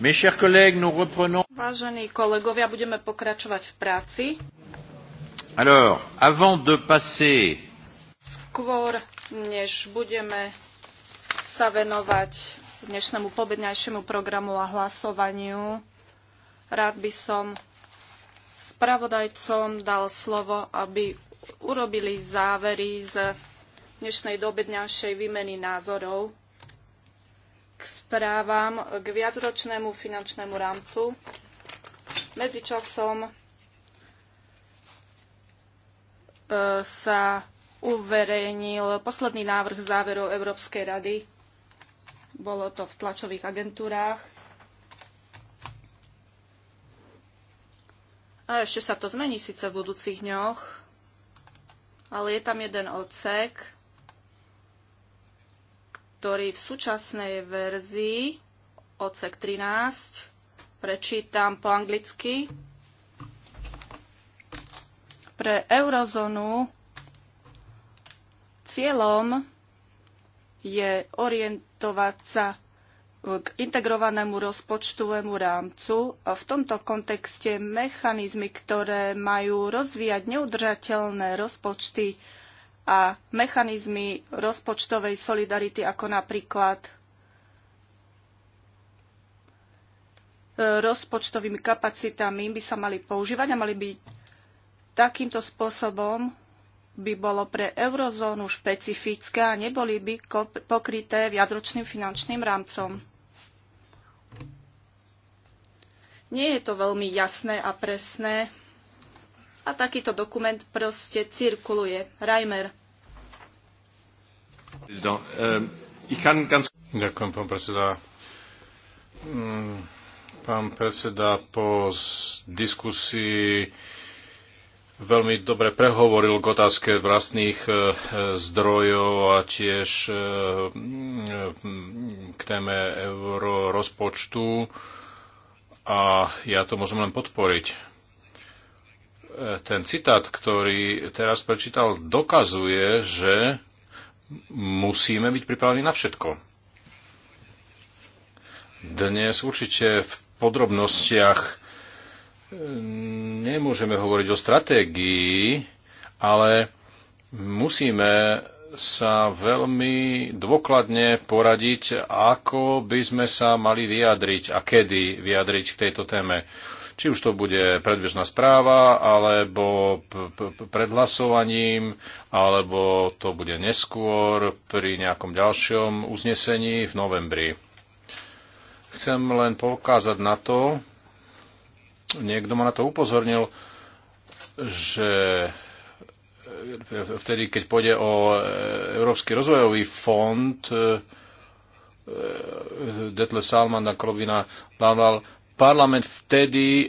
Vážení kolegovia, budeme pokračovať v práci. Alors, avant de passer... Skôr, než budeme sa venovať dnešnému pobedňajšiemu programu a hlasovaniu, rád by som spravodajcom dal slovo, aby urobili závery z dnešnej dobedňajšej výmeny názorov k správam k viacročnému finančnému rámcu. Medzičasom e, sa uverejnil posledný návrh záverov Európskej rady. Bolo to v tlačových agentúrách. A ešte sa to zmení síce v budúcich dňoch, ale je tam jeden odsek, ktorý v súčasnej verzii odsek 13 prečítam po anglicky. Pre eurozónu cieľom je orientovať sa k integrovanému rozpočtovému rámcu. A v tomto kontexte mechanizmy, ktoré majú rozvíjať neudržateľné rozpočty a mechanizmy rozpočtovej solidarity, ako napríklad e, rozpočtovými kapacitami, by sa mali používať a mali byť takýmto spôsobom by bolo pre eurozónu špecifické a neboli by pokryté viacročným finančným rámcom. Nie je to veľmi jasné a presné, a takýto dokument proste cirkuluje. Reimer. Eh, Ďakujem, pán predseda. Mm, pán predseda, po diskusii veľmi dobre prehovoril k otázke vlastných eh, zdrojov a tiež eh, mm, k téme eurorozpočtu. a ja to môžem len podporiť ten citát, ktorý teraz prečítal, dokazuje, že musíme byť pripravení na všetko. Dnes určite v podrobnostiach eh, nemôžeme hovoriť o stratégii, ale musíme sa veľmi dôkladne poradiť, ako by sme sa mali vyjadriť a kedy vyjadriť k tejto téme. Či už to bude predbežná správa, alebo pred hlasovaním, alebo to bude neskôr pri nejakom ďalšom uznesení v novembri. Chcem len poukázať na to, niekto ma na to upozornil, že vtedy, keď pôjde o Európsky rozvojový fond, eh, Detle Salman a Krovina Lanval parlament vtedy e, e,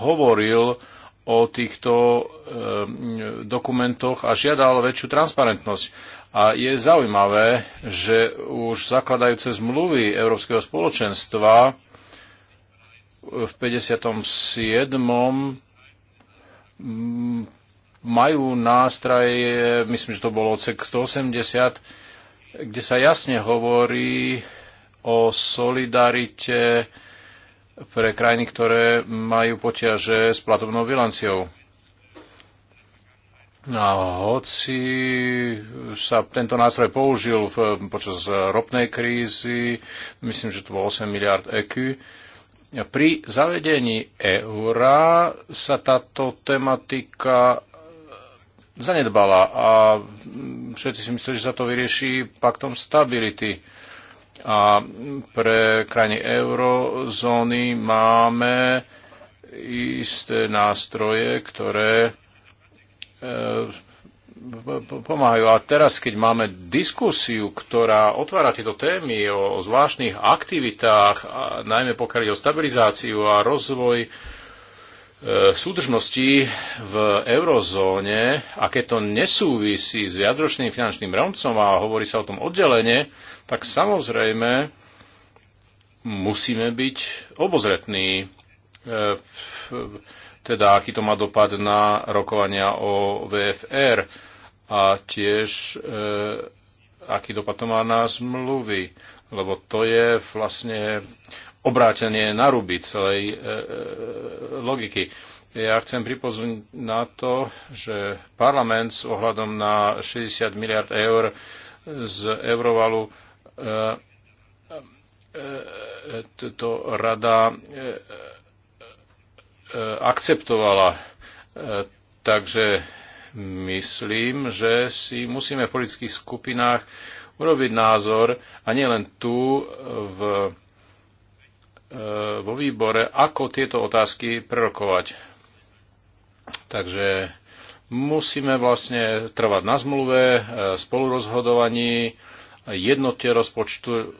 hovoril o týchto e, dokumentoch a žiadal väčšiu transparentnosť. A je zaujímavé, že už zakladajúce zmluvy Európskeho spoločenstva v 57. majú nástraje, myslím, že to bolo odsek 180, kde sa jasne hovorí o solidarite pre krajiny, ktoré majú potiaže s platobnou bilanciou. No a hoci sa tento nástroj použil v, počas ropnej krízy, myslím, že to bolo 8 miliard EQ, pri zavedení eura sa táto tematika zanedbala a všetci si mysleli, že sa to vyrieši paktom stability a pre krajiny eurozóny máme isté nástroje, ktoré e, pomáhajú. A teraz, keď máme diskusiu, ktorá otvára tieto témy o, zvláštnych aktivitách, najmä pokiaľ ide o stabilizáciu a rozvoj E, súdržnosti v eurozóne, a keď to nesúvisí s viacročným finančným rámcom a hovorí sa o tom oddelenie, tak samozrejme musíme byť obozretní, e, teda aký to má dopad na rokovania o VFR a tiež e, aký dopad to má na zmluvy, lebo to je vlastne obrátenie na ruby celej e, e logiky. Ja chcem pripozrieť na to, že parlament s ohľadom na 60 miliard eur z eurovalu e, e, to rada akceptovala. Takže myslím, že si musíme v politických skupinách urobiť názor a nielen tu v E, vo výbore, ako tieto otázky prerokovať. Takže musíme vlastne trvať na zmluve, e, spolurozhodovaní, jednotie rozpočtu,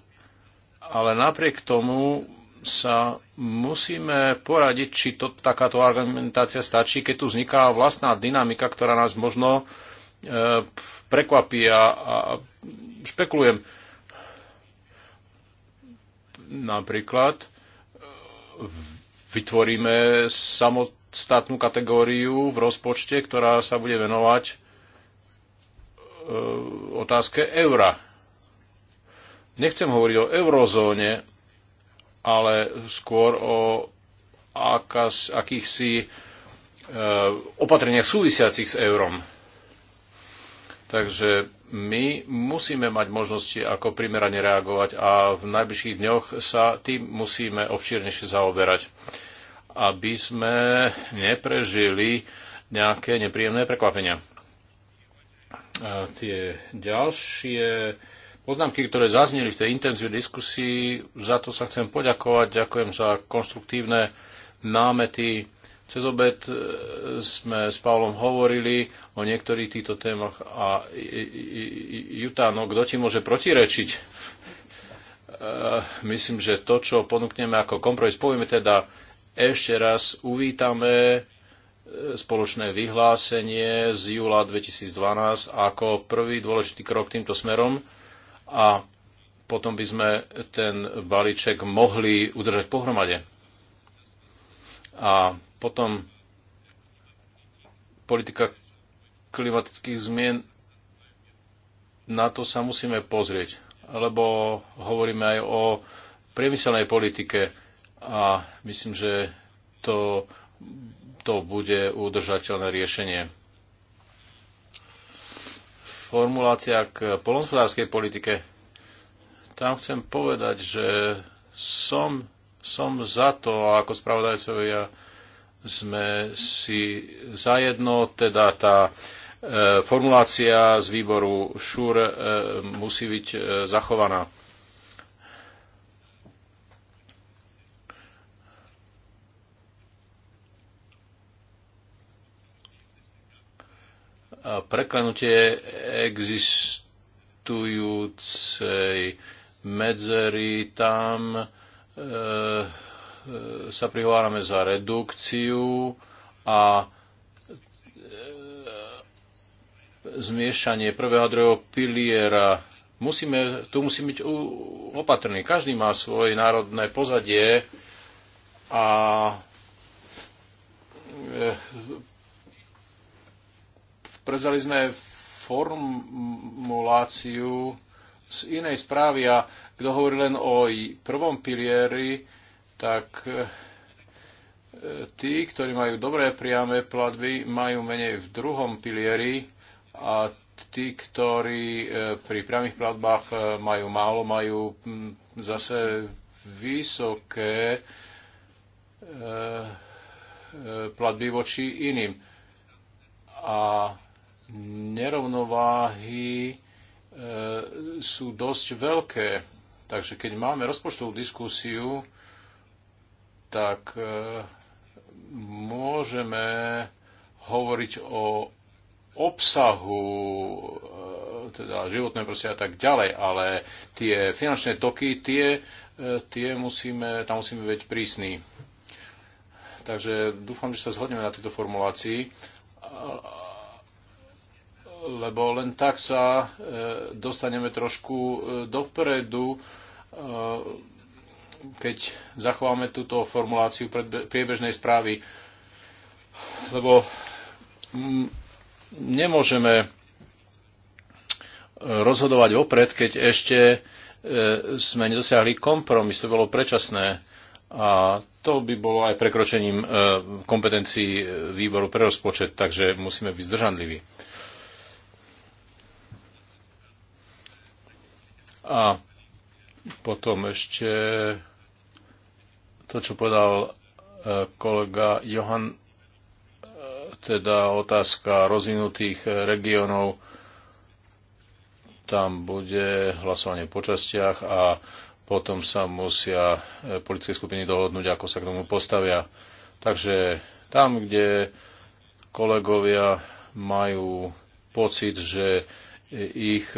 ale napriek tomu sa musíme poradiť, či to, takáto argumentácia stačí, keď tu vzniká vlastná dynamika, ktorá nás možno e, prekvapí a, a špekulujem. Napríklad vytvoríme samostatnú kategóriu v rozpočte, ktorá sa bude venovať e, otázke eura. Nechcem hovoriť o eurozóne, ale skôr o akas, akýchsi e, opatreniach súvisiacich s eurom. Takže my musíme mať možnosti, ako primerane reagovať a v najbližších dňoch sa tým musíme obšírnejšie zaoberať, aby sme neprežili nejaké nepríjemné prekvapenia. A tie ďalšie poznámky, ktoré zazneli v tej intenzívnej diskusii, za to sa chcem poďakovať. Ďakujem za konstruktívne námety. Cez obed e, sme s Pavlom hovorili o niektorých týchto témach a Jutá, no kto ti môže protirečiť? E, myslím, že to, čo ponúkneme ako kompromis, povieme teda ešte raz uvítame e, spoločné vyhlásenie z júla 2012 ako prvý dôležitý krok týmto smerom a potom by sme ten balíček mohli udržať pohromade. A potom politika klimatických zmien, na to sa musíme pozrieť, lebo hovoríme aj o priemyselnej politike a myslím, že to, to bude udržateľné riešenie. Formulácia k polnospodárskej politike. Tam chcem povedať, že som, som za to, ako spravodajcovia sme si zajedno, teda tá E, formulácia z výboru ŠUR e, musí byť e, zachovaná. Preklenutie existujúcej medzery tam sa prihovárame za redukciu a zmiešanie prvého a druhého piliera. Musíme, tu musí byť opatrný, Každý má svoje národné pozadie a e, prezali sme formuláciu z inej správy a kto hovorí len o prvom pilieri, tak e, e, tí, ktorí majú dobré priame platby, majú menej v druhom pilieri a tí, ktorí e, pri priamých platbách e, majú málo, majú zase vysoké e, platby voči iným. A nerovnováhy sú dosť veľké. Takže keď máme rozpočtovú diskusiu, tak môžeme hovoriť o obsahu, e, teda životné prostredie a tak ďalej, ale tie finančné toky, tie, e, tie musíme, tam musíme byť prísni. Takže dúfam, že sa zhodneme na tejto formulácii, lebo len tak sa e, dostaneme trošku dopredu, keď zachováme túto formuláciu priebežnej správy, lebo mm, nemôžeme e, rozhodovať opred, keď ešte e, sme nedosiahli kompromis, to bolo predčasné a to by bolo aj prekročením e, kompetencií výboru pre rozpočet, takže musíme byť zdržanliví. A potom ešte to, čo povedal kolega Johan teda otázka rozvinutých eh, regiónov. Tam bude hlasovanie po častiach a potom sa musia eh, politické skupiny dohodnúť, ako sa k tomu postavia. Takže tam, kde kolegovia majú pocit, že eh, ich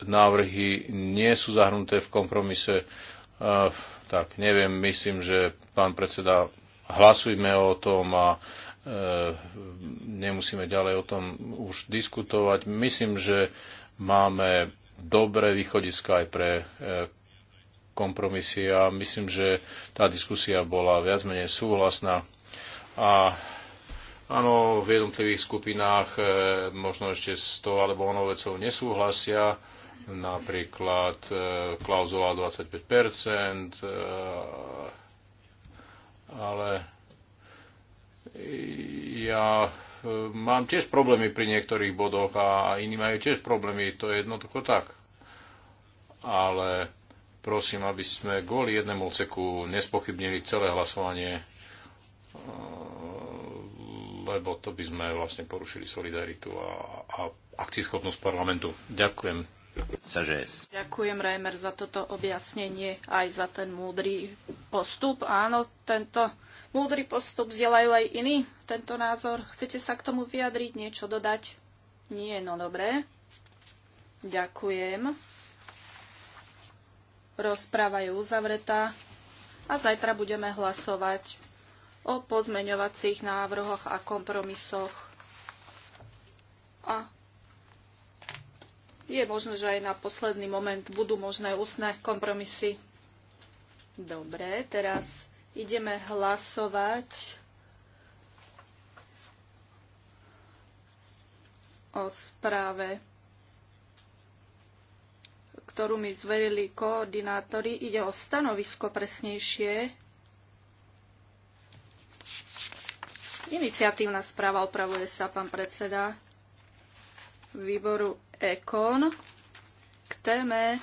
návrhy nie sú zahrnuté v kompromise, tak neviem, myslím, že pán predseda, hlasujme o tom a E, nemusíme ďalej o tom už diskutovať. Myslím, že máme dobré východiska aj pre e, kompromisy a myslím, že tá diskusia bola viac menej súhlasná. A áno, v jednotlivých skupinách e, možno ešte s to alebo onou vecou nesúhlasia, napríklad klauzula 25%, ale ja e, mám tiež problémy pri niektorých bodoch a iní majú tiež problémy, to je jednoducho tak. Ale prosím, aby sme kvôli jednému odseku nespochybnili celé hlasovanie, e, lebo to by sme vlastne porušili solidaritu a, a akcieschopnosť parlamentu. Ďakujem. Sažes. Ďakujem, Reimer, za toto objasnenie, aj za ten múdry postup. Áno, tento múdry postup, zdieľajú aj iní tento názor. Chcete sa k tomu vyjadriť, niečo dodať? Nie, no dobré. Ďakujem. Rozpráva je uzavretá a zajtra budeme hlasovať o pozmeňovacích návrhoch a kompromisoch. A je možné, že aj na posledný moment budú možné ústne kompromisy. Dobre, teraz Ideme hlasovať o správe, ktorú mi zverili koordinátori. Ide o stanovisko presnejšie. Iniciatívna správa, opravuje sa pán predseda výboru EKON k téme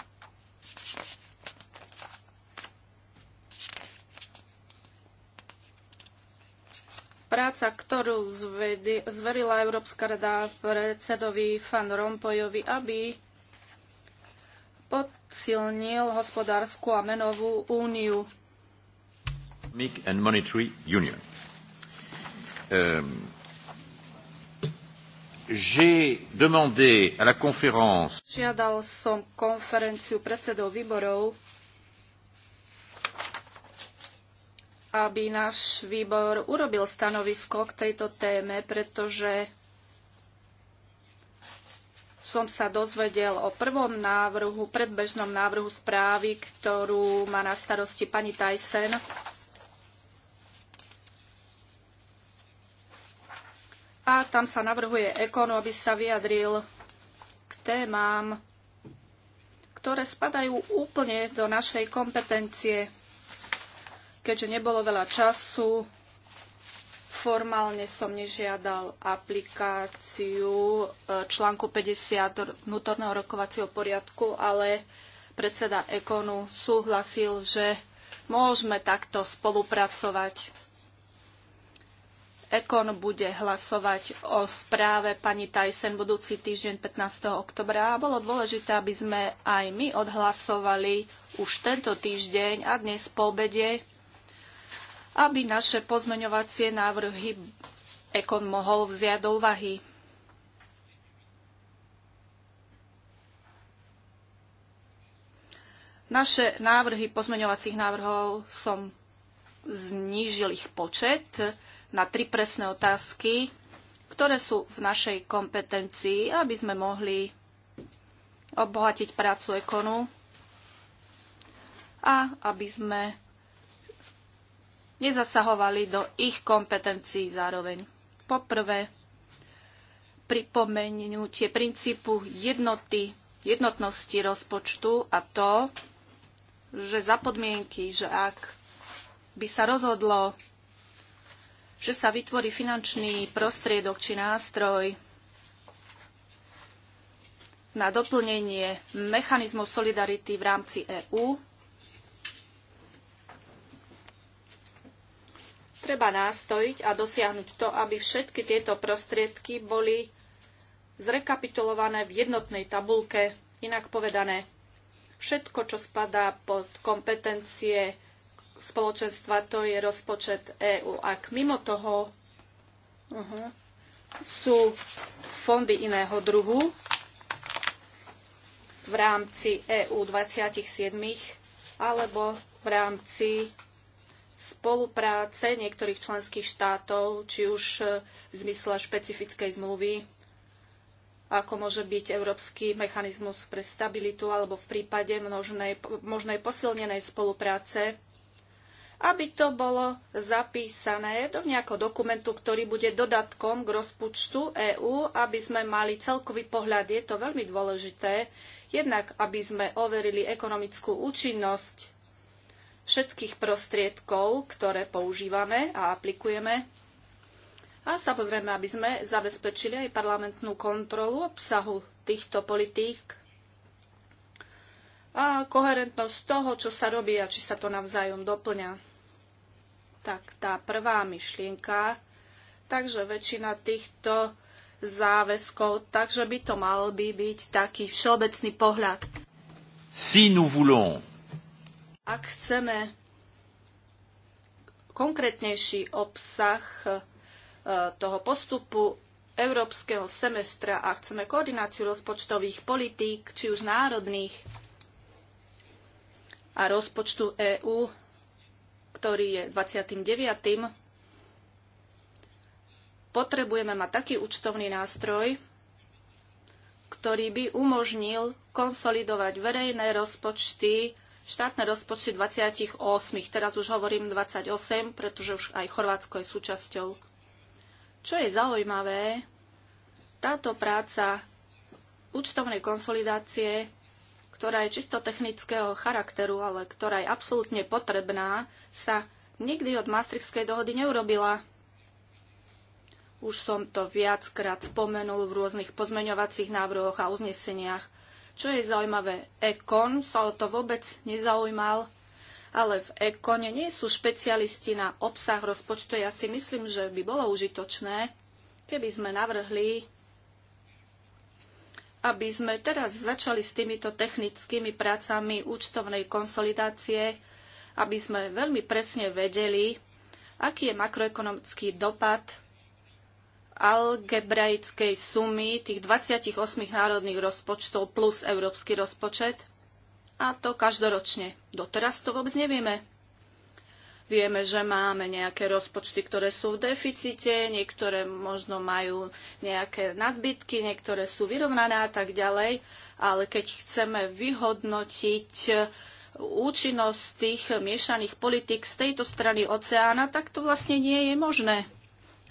Práca, ktorú zvedi, zverila Európska rada predsedovi Fan Rompojovi, aby podsilnil hospodárskú a menovú úniu. And monetary union. Um, J'ai demandé à la conférence... Žiadal som konferenciu predsedov výborov aby náš výbor urobil stanovisko k tejto téme, pretože som sa dozvedel o prvom návrhu, predbežnom návrhu správy, ktorú má na starosti pani Tyson. A tam sa navrhuje ekonu, aby sa vyjadril k témam, ktoré spadajú úplne do našej kompetencie. Keďže nebolo veľa času, formálne som nežiadal aplikáciu e, článku 50 vnútorného rokovacieho poriadku, ale predseda Ekonu súhlasil, že môžeme takto spolupracovať. Ekon bude hlasovať o správe pani Tyson budúci týždeň 15. oktobra a bolo dôležité, aby sme aj my odhlasovali už tento týždeň a dnes po obede aby naše pozmeňovacie návrhy Ekon mohol vziať do úvahy. Naše návrhy pozmeňovacích návrhov som znížil ich počet na tri presné otázky, ktoré sú v našej kompetencii, aby sme mohli obohatiť prácu ekonu a aby sme nezasahovali do ich kompetencií zároveň. Poprvé, pripomenutie princípu jednoty, jednotnosti rozpočtu a to, že za podmienky, že ak by sa rozhodlo, že sa vytvorí finančný prostriedok či nástroj na doplnenie mechanizmu solidarity v rámci EÚ, treba nástojiť a dosiahnuť to, aby všetky tieto prostriedky boli zrekapitulované v jednotnej tabulke, inak povedané všetko, čo spadá pod kompetencie spoločenstva, to je rozpočet EÚ. Ak mimo toho uh -huh, sú fondy iného druhu v rámci EÚ 27 alebo v rámci spolupráce niektorých členských štátov, či už e, v zmysle špecifickej zmluvy, ako môže byť európsky mechanizmus pre stabilitu alebo v prípade množnej, možnej posilnenej spolupráce, aby to bolo zapísané do nejakého dokumentu, ktorý bude dodatkom k rozpočtu EÚ, aby sme mali celkový pohľad. Je to veľmi dôležité, jednak aby sme overili ekonomickú účinnosť všetkých prostriedkov, ktoré používame a aplikujeme. A samozrejme, aby sme zabezpečili aj parlamentnú kontrolu obsahu týchto politík a koherentnosť toho, čo sa robí a či sa to navzájom doplňa. Tak tá prvá myšlienka, takže väčšina týchto záväzkov, takže by to mal by byť taký všeobecný pohľad. Si nous voulons ak chceme konkrétnejší obsah e, toho postupu európskeho semestra a chceme koordináciu rozpočtových politík, či už národných a rozpočtu EÚ, ktorý je 29. Potrebujeme mať taký účtovný nástroj, ktorý by umožnil konsolidovať verejné rozpočty štátne rozpočty 28. Teraz už hovorím 28, pretože už aj Chorvátsko je súčasťou. Čo je zaujímavé, táto práca účtovnej konsolidácie, ktorá je čisto technického charakteru, ale ktorá je absolútne potrebná, sa nikdy od Maastrichtskej dohody neurobila. Už som to viackrát spomenul v rôznych pozmeňovacích návrhoch a uzneseniach. Čo je zaujímavé, Ekon sa o to vôbec nezaujímal, ale v Ekone nie sú špecialisti na obsah rozpočtu. Ja si myslím, že by bolo užitočné, keby sme navrhli, aby sme teraz začali s týmito technickými prácami účtovnej konsolidácie, aby sme veľmi presne vedeli, aký je makroekonomický dopad algebraickej sumy tých 28 národných rozpočtov plus európsky rozpočet. A to každoročne. Doteraz to vôbec nevieme. Vieme, že máme nejaké rozpočty, ktoré sú v deficite, niektoré možno majú nejaké nadbytky, niektoré sú vyrovnané a tak ďalej, ale keď chceme vyhodnotiť e, účinnosť tých miešaných politik z tejto strany oceána, tak to vlastne nie je možné.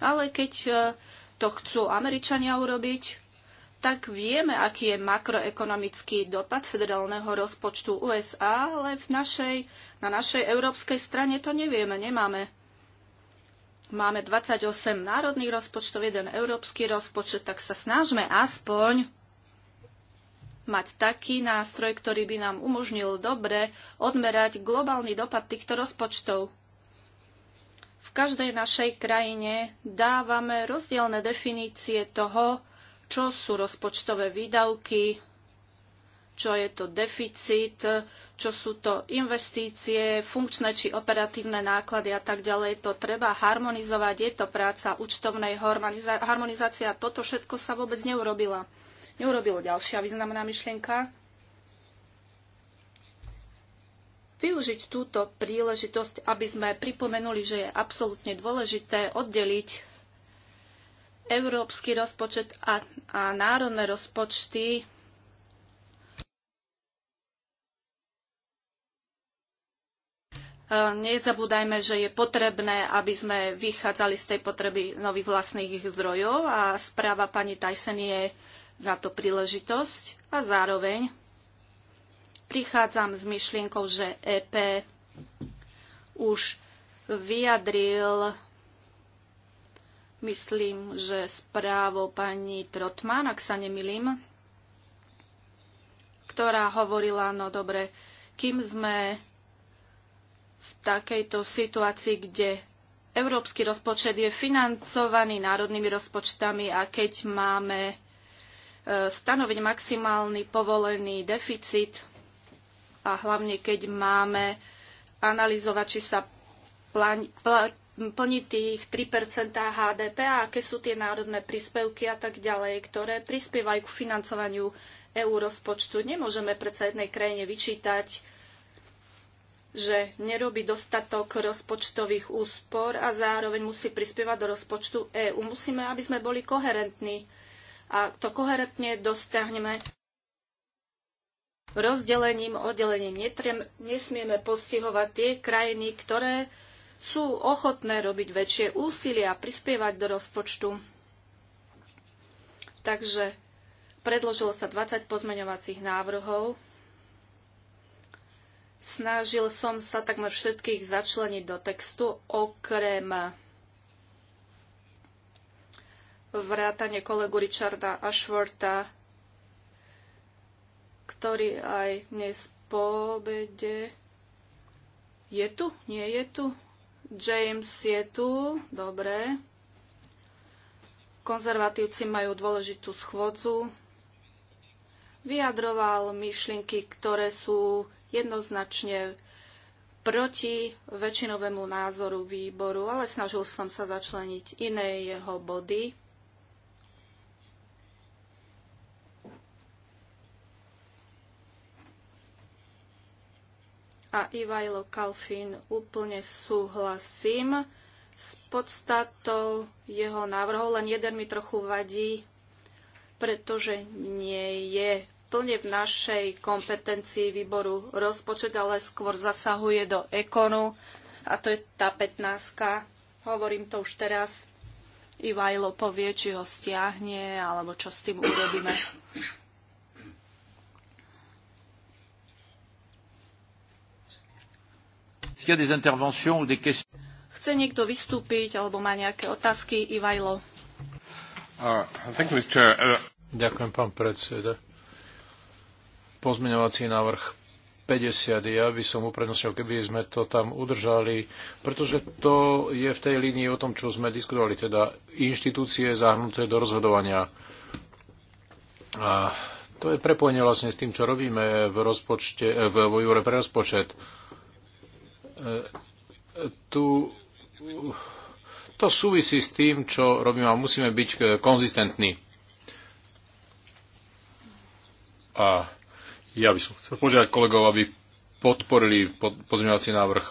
Ale keď e, to chcú Američania urobiť, tak vieme, aký je makroekonomický dopad federálneho rozpočtu USA, ale v našej, na našej európskej strane to nevieme, nemáme. Máme 28 národných rozpočtov, jeden európsky rozpočet, tak sa snažme aspoň mať taký nástroj, ktorý by nám umožnil dobre odmerať globálny dopad týchto rozpočtov. V každej našej krajine dávame rozdielne definície toho, čo sú rozpočtové výdavky, čo je to deficit, čo sú to investície, funkčné či operatívne náklady a tak ďalej. To treba harmonizovať, je to práca účtovnej harmonizácia. Toto všetko sa vôbec neurobila. Neurobilo ďalšia významná myšlienka. využiť túto príležitosť, aby sme pripomenuli, že je absolútne dôležité oddeliť európsky rozpočet a, a národné rozpočty. Nezabúdajme, že je potrebné, aby sme vychádzali z tej potreby nových vlastných zdrojov a správa pani Tyson je na to príležitosť a zároveň prichádzam s myšlienkou, že EP už vyjadril, myslím, že správo pani Trotman, ak sa nemilím, ktorá hovorila, no dobre, kým sme v takejto situácii, kde európsky rozpočet je financovaný národnými rozpočtami a keď máme e, stanoviť maximálny povolený deficit, a hlavne keď máme analyzovať, či sa plán, pl, plní tých 3 HDP a aké sú tie národné príspevky a tak ďalej, ktoré prispievajú k financovaniu EU rozpočtu. Nemôžeme predsa jednej krajine vyčítať, že nerobí dostatok rozpočtových úspor a zároveň musí prispievať do rozpočtu EÚ. Musíme, aby sme boli koherentní. A to koherentne dostiahneme rozdelením, oddelením. Netrem, nesmieme postihovať tie krajiny, ktoré sú ochotné robiť väčšie úsilia a prispievať do rozpočtu. Takže predložilo sa 20 pozmeňovacích návrhov. Snažil som sa takmer všetkých začleniť do textu, okrem vrátane kolegu Richarda Ashworta, ktorý aj dnes po obede je tu? Nie je tu? James je tu, dobre. Konzervatívci majú dôležitú schôdzu. Vyjadroval myšlienky, ktoré sú jednoznačne proti väčšinovému názoru výboru, ale snažil som sa začleniť iné jeho body a Ivajlo Kalfin úplne súhlasím s podstatou jeho návrhov, len jeden mi trochu vadí, pretože nie je plne v našej kompetencii výboru rozpočet, ale skôr zasahuje do ekonu a to je tá 15. Hovorím to už teraz. Ivajlo povie, či ho stiahne, alebo čo s tým urobíme. Chce niekto vystúpiť alebo má nejaké otázky? Ivajlo. Uh, uh, Ďakujem, pán predseda. Pozmeňovací návrh 50 ja by som uprednostnil, keby sme to tam udržali, pretože to je v tej línii o tom, čo sme diskutovali, teda inštitúcie zahrnuté do rozhodovania. A to je prepojenie vlastne s tým, čo robíme v, rozpočte, eh, v, v pre rozpočet. E, e, tu, to súvisí s tým, čo robíme a musíme byť e, konzistentní. A ja by som chcel požiadať kolegov, aby podporili pozmeňovací návrh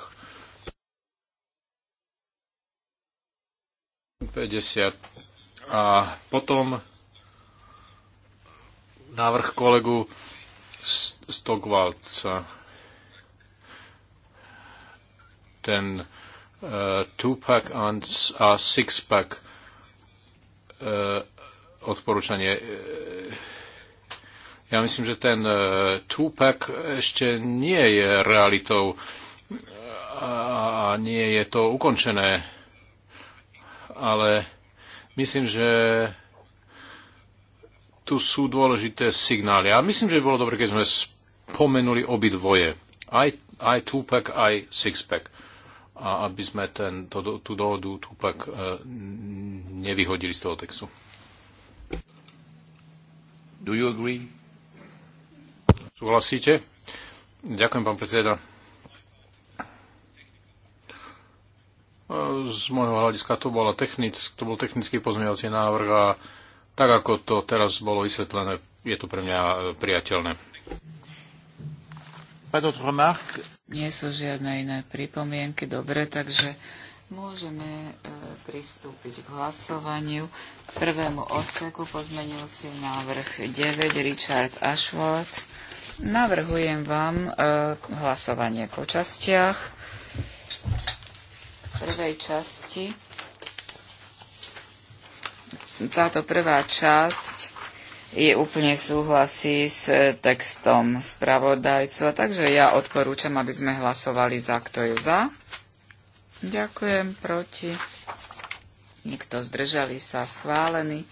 50. A potom návrh kolegu Stokvalca ten uh, two-pack a six-pack uh, odporúčanie. Uh, ja myslím, že ten uh, two-pack ešte nie je realitou uh, a nie je to ukončené. Ale myslím, že tu sú dôležité signály. A myslím, že by bolo dobre, keď sme spomenuli obidvoje. Aj, aj two-pack, aj six-pack a aby sme ten, to, tú dohodu Tupak e, nevyhodili z toho textu. Do you agree? Súhlasíte? Ďakujem, pán predseda. E, z môjho hľadiska to, bola technick, to bol technický pozmeňovací návrh a tak, ako to teraz bolo vysvetlené, je to pre mňa e, priateľné. Pas d'autres remarques nie sú žiadne iné pripomienky, dobre, takže môžeme e, pristúpiť k hlasovaniu. K prvému odseku pozmenujúci návrh 9 Richard Ashworth. Navrhujem vám e, hlasovanie po častiach. V prvej časti táto prvá časť je úplne súhlasí s e, textom spravodajcov. Takže ja odporúčam, aby sme hlasovali za, kto je za. Ďakujem, proti. Nikto zdržali sa, schválený.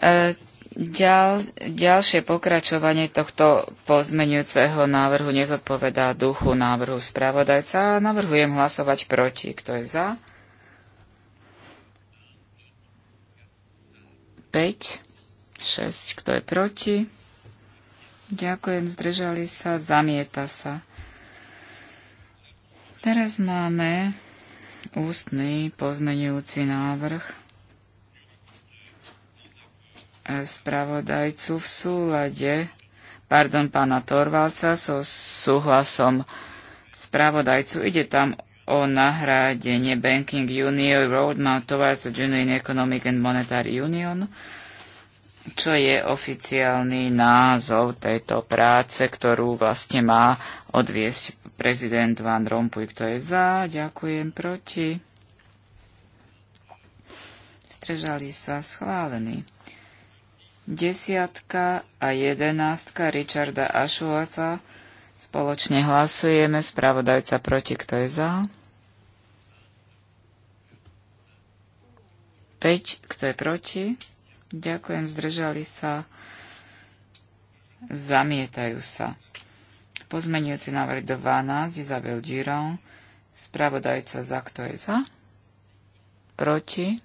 E, ďal, ďalšie pokračovanie tohto pozmenujúceho návrhu nezodpovedá duchu návrhu spravodajca. Navrhujem hlasovať proti. Kto je za? 5. 6. Kto je proti? Ďakujem, zdržali sa, zamieta sa. Teraz máme ústny pozmenujúci návrh spravodajcu v súlade, pardon, pána Torvalca so súhlasom spravodajcu. Ide tam o nahrádenie Banking Union Roadmap towards the Genuine Economic and Monetary Union čo je oficiálny názov tejto práce, ktorú vlastne má odviesť prezident Van Rompuy. Kto je za? Ďakujem. Proti? Strežali sa. schválení. Desiatka a jedenástka Richarda Ashworta. Spoločne hlasujeme. Spravodajca proti. Kto je za? 5. Kto je proti? Ďakujem, zdržali sa. Zamietajú sa. Pozmenujúci návrh 12, Izabel Duron. Spravodajca za, kto je za? Proti?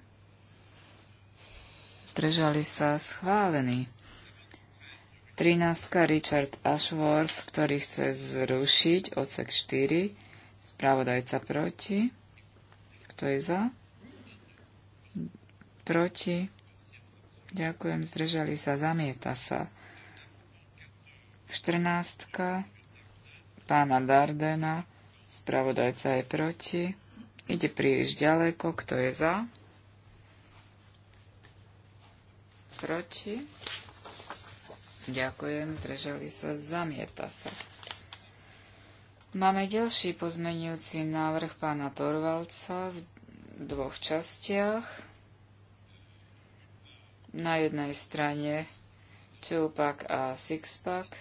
Zdržali sa schválený. 13. Richard Ashworth, ktorý chce zrušiť odsek 4. Spravodajca proti. Kto je za? Proti. Ďakujem, zdržali sa, zamieta sa. 14. Pána Dardena, spravodajca je proti. Ide príliš ďaleko, kto je za? Proti. Ďakujem, zdržali sa, zamieta sa. Máme ďalší pozmenujúci návrh pána Torvalca v dvoch častiach. Na jednej strane Tupac a Sixpack.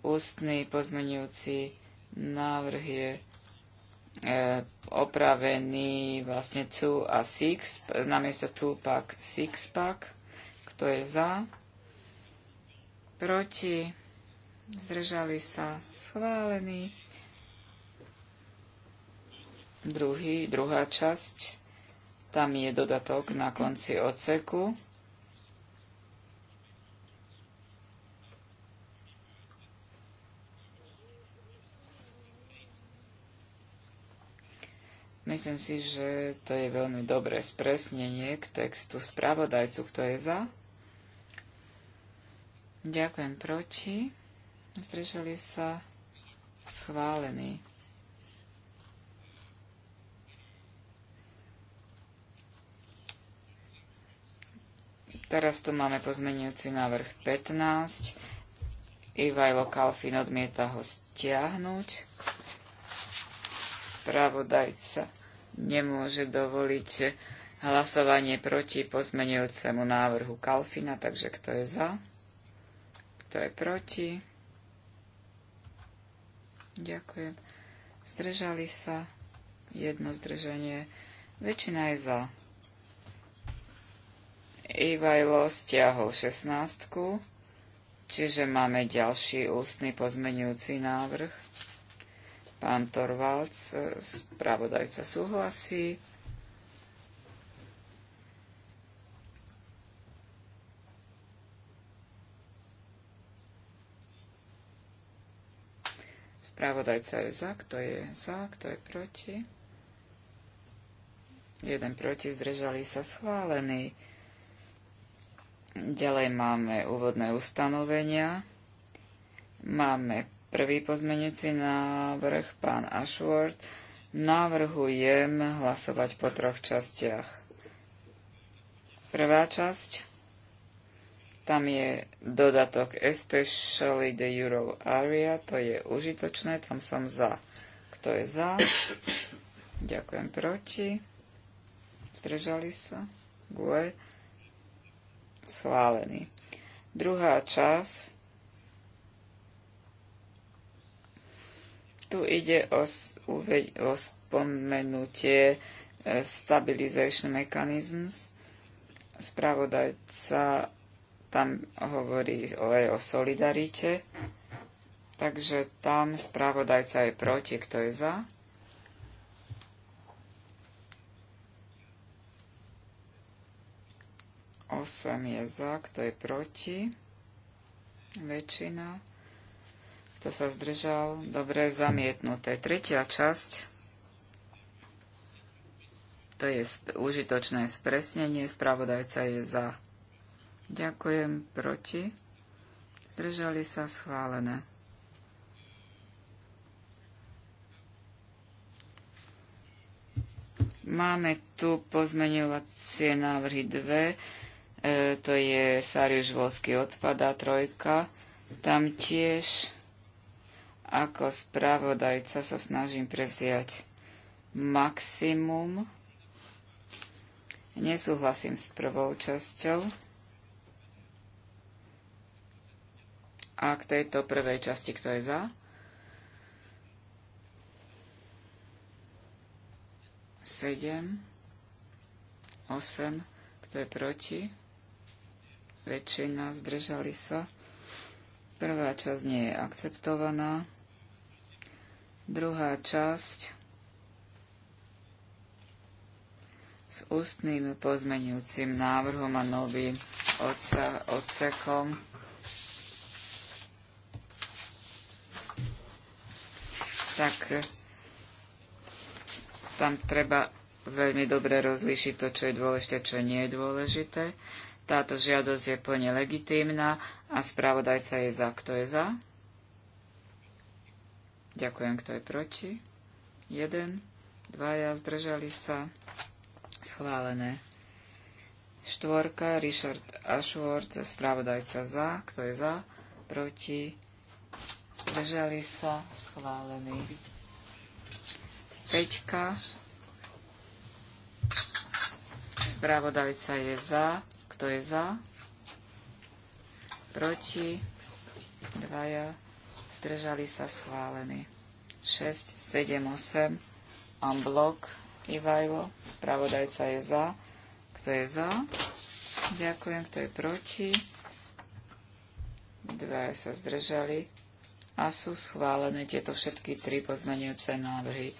Ústny pozmenujúci návrh je e, opravený vlastne tu a six, namiesto two pack, six pack. Kto je za? Proti? Zdržali sa? Schválený. Druhý, druhá časť. Tam je dodatok na konci oceku. Myslím si, že to je veľmi dobré spresnenie k textu spravodajcu. Kto je za? Ďakujem proti. Zdržali sa schválený. Teraz tu máme pozmenujúci návrh 15. Ivajlo Kalfin odmieta ho stiahnuť spravodajca nemôže dovoliť hlasovanie proti pozmenujúcemu návrhu Kalfina, takže kto je za? Kto je proti? Ďakujem. Zdržali sa. Jedno zdržanie. Väčšina je za. Ivajlo stiahol 16, čiže máme ďalší ústny pozmenujúci návrh. Pán Torvalds, e, spravodajca, súhlasí. Spravodajca je za, kto je za, kto je proti. Jeden proti, zdržali sa schválený. Ďalej máme úvodné ustanovenia. Máme Prvý pozmenujúci návrh, pán Ashworth, navrhujem hlasovať po troch častiach. Prvá časť, tam je dodatok Especially the Euro Area, to je užitočné, tam som za. Kto je za? Ďakujem proti. Zdržali sa. Gue. Schválený. Druhá časť Tu ide o, o spomenutie e, stabilization mechanisms. Spravodajca tam hovorí aj o solidarite. Takže tam spravodajca je proti, kto je za. Osem je za, kto je proti. Väčšina. Kto sa zdržal? Dobre, zamietnuté. Tretia časť. To je sp- užitočné spresnenie. Spravodajca je za. Ďakujem. Proti? Zdržali sa schválené. Máme tu pozmeňovacie návrhy 2, e, to je Sariuš Volský odpada, trojka, tam tiež ako spravodajca sa snažím prevziať maximum. Nesúhlasím s prvou časťou. A k tejto prvej časti, kto je za? Sedem. Osem. Kto je proti? Väčšina. Zdržali sa. Prvá časť nie je akceptovaná. Druhá časť s ústnym pozmenujúcim návrhom a novým odsekom. Tak tam treba veľmi dobre rozlíšiť to, čo je dôležité, čo nie je dôležité. Táto žiadosť je plne legitímna a spravodajca je za. Kto je za? Ďakujem, kto je proti. Jeden, dvaja, zdržali sa. Schválené. Štvorka, Richard Ashworth, správodajca za. Kto je za? Proti. Zdržali sa. Schválený. Peťka. Správodajca je za. Kto je za? Proti. Dvaja zdržali sa schválení. 6, 7, 8, unblock, Ivajlo, spravodajca je za. Kto je za? Ďakujem, kto je proti? Dva sa zdržali a sú schválené tieto všetky tri pozmenujúce návrhy.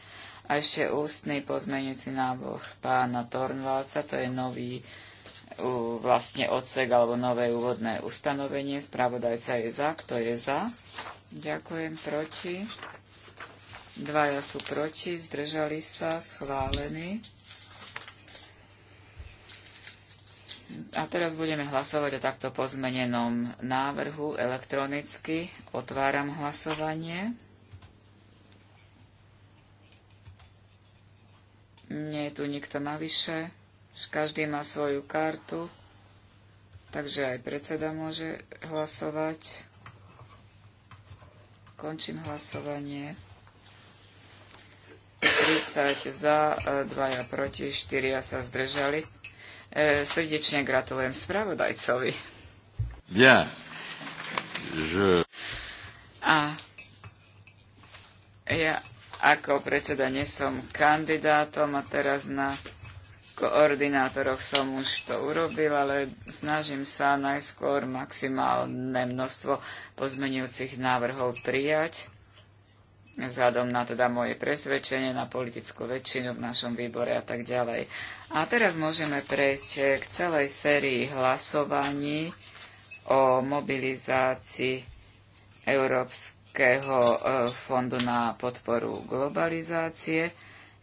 A ešte ústny pozmenujúci návrh pána Tornvalca, to je nový vlastne odsek alebo nové úvodné ustanovenie. Spravodajca je za. Kto je za? Ďakujem proti. Dvaja sú proti, zdržali sa, schválení. A teraz budeme hlasovať o takto pozmenenom návrhu elektronicky. Otváram hlasovanie. Nie je tu nikto navyše. Každý má svoju kartu, takže aj predseda môže hlasovať. Končím hlasovanie. 30 za, 2 e, proti, 4 sa zdržali. E, srdečne gratulujem spravodajcovi. Bien. Je... A ja ako predseda nesom kandidátom a teraz na koordinátoroch som už to urobil, ale snažím sa najskôr maximálne množstvo pozmenujúcich návrhov prijať, vzhľadom na teda moje presvedčenie, na politickú väčšinu v našom výbore a tak ďalej. A teraz môžeme prejsť k celej sérii hlasovaní o mobilizácii Európskeho e, fondu na podporu globalizácie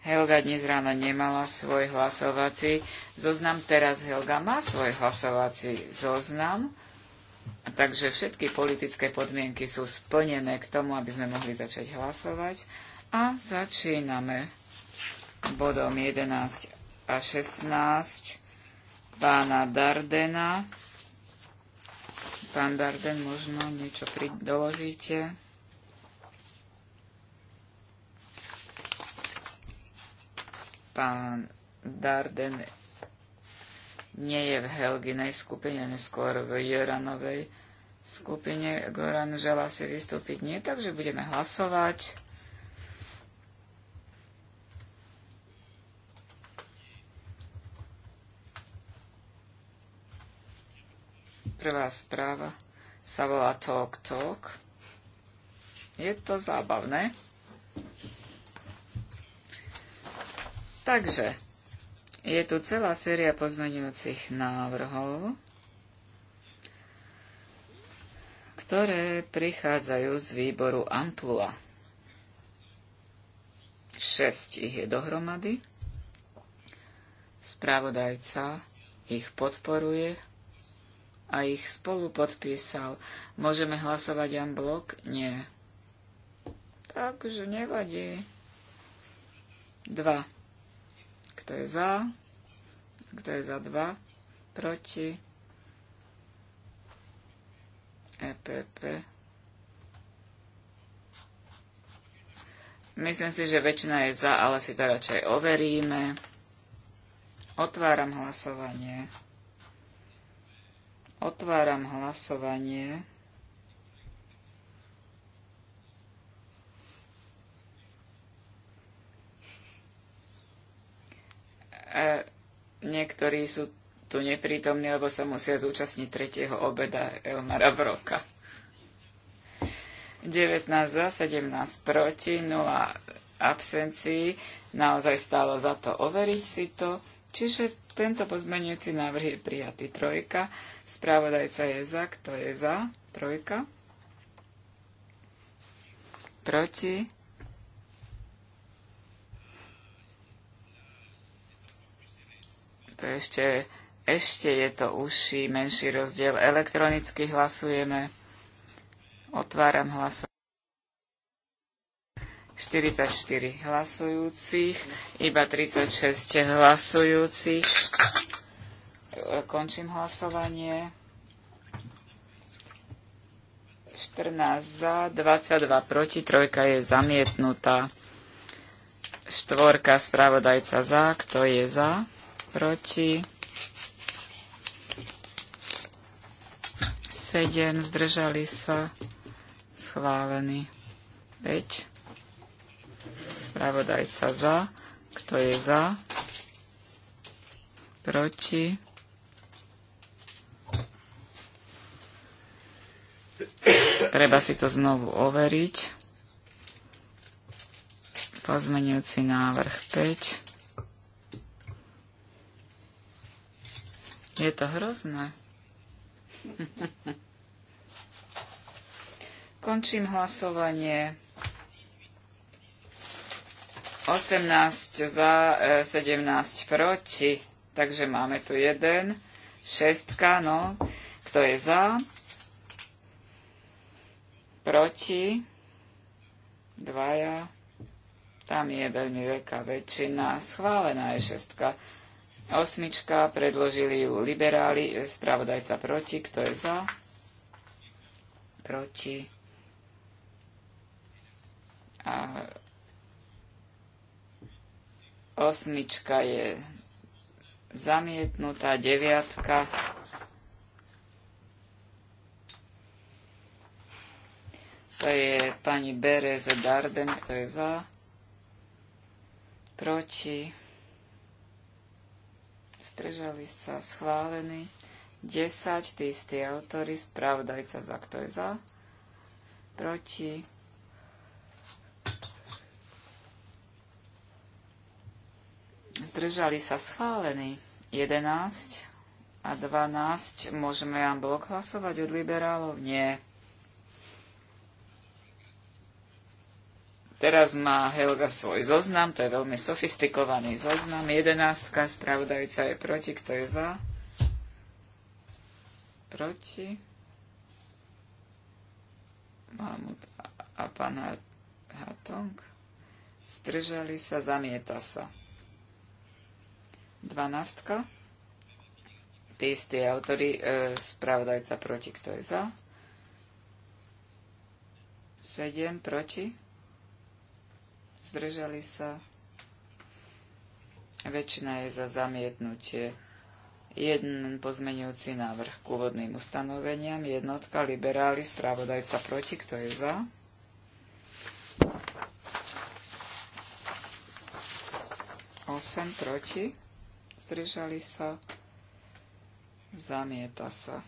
Helga dnes ráno nemala svoj hlasovací zoznam, teraz Helga má svoj hlasovací zoznam, takže všetky politické podmienky sú splnené k tomu, aby sme mohli začať hlasovať. A začíname bodom 11 a 16 pána Dardena. Pán Darden, možno niečo doložíte? Pán Darden nie je v Helginej skupine, neskôr v Joranovej skupine. Goran želá si vystúpiť nie, takže budeme hlasovať. Prvá správa sa volá Talk Talk. Je to zábavné. Takže je tu celá séria pozmeňujúcich návrhov, ktoré prichádzajú z výboru Amplua. 6 ich je dohromady. Správodajca ich podporuje a ich spolu podpísal. Môžeme hlasovať Jan blok? Nie. Takže nevadí. 2. Kto je za? Kto je za 2? Proti? EPP. Myslím si, že väčšina je za, ale si to radšej overíme. Otváram hlasovanie. Otváram hlasovanie. niektorí sú tu neprítomní, lebo sa musia zúčastniť tretieho obeda Elmara Broka. 19 za, 17 proti, 0 absencií. Naozaj stálo za to overiť si to. Čiže tento pozmenujúci návrh je prijatý. Trojka. Spravodajca je za. Kto je za? Trojka. Proti to je ešte, ešte je to užší, menší rozdiel. Elektronicky hlasujeme. Otváram hlasov. 44 hlasujúcich, iba 36 hlasujúcich. Končím hlasovanie. 14 za, 22 proti, trojka je zamietnutá. Štvorka spravodajca za, kto je za? proti, 7, zdržali sa, schválený 5, spravodajca za, kto je za, proti, treba si to znovu overiť, pozmenujúci návrh 5, Je to hrozné. Končím hlasovanie. 18 za, 17 e, proti. Takže máme tu jeden, šestka, no. Kto je za? Proti? Dvaja. Tam je veľmi veľká väčšina. Schválená je šestka. Osmička, predložili ju liberáli, spravodajca proti, kto je za? Proti. A osmička je zamietnutá, deviatka. To je pani Bereze Darden, kto je za, proti, zdržali sa, schválený. 10, tí istí autory, spravodajca za, kto je za, proti. Zdržali sa, schválení 11 a 12, môžeme vám blok hlasovať od liberálov? Nie. Teraz má Helga svoj zoznam, to je veľmi sofistikovaný zoznam. Jedenástka, spravodajca je proti, kto je za? Proti. Mahmud a pán Hatong. Stržali sa, zamieta sa. Dvanástka. Tí istí autory, e, spravodajca proti, kto je za? Sedem proti zdržali sa. Väčšina je za zamietnutie. Jeden pozmenujúci návrh k úvodným ustanoveniam, jednotka, liberáli, správodajca proti, kto je za? Osem proti, zdržali sa, zamieta sa.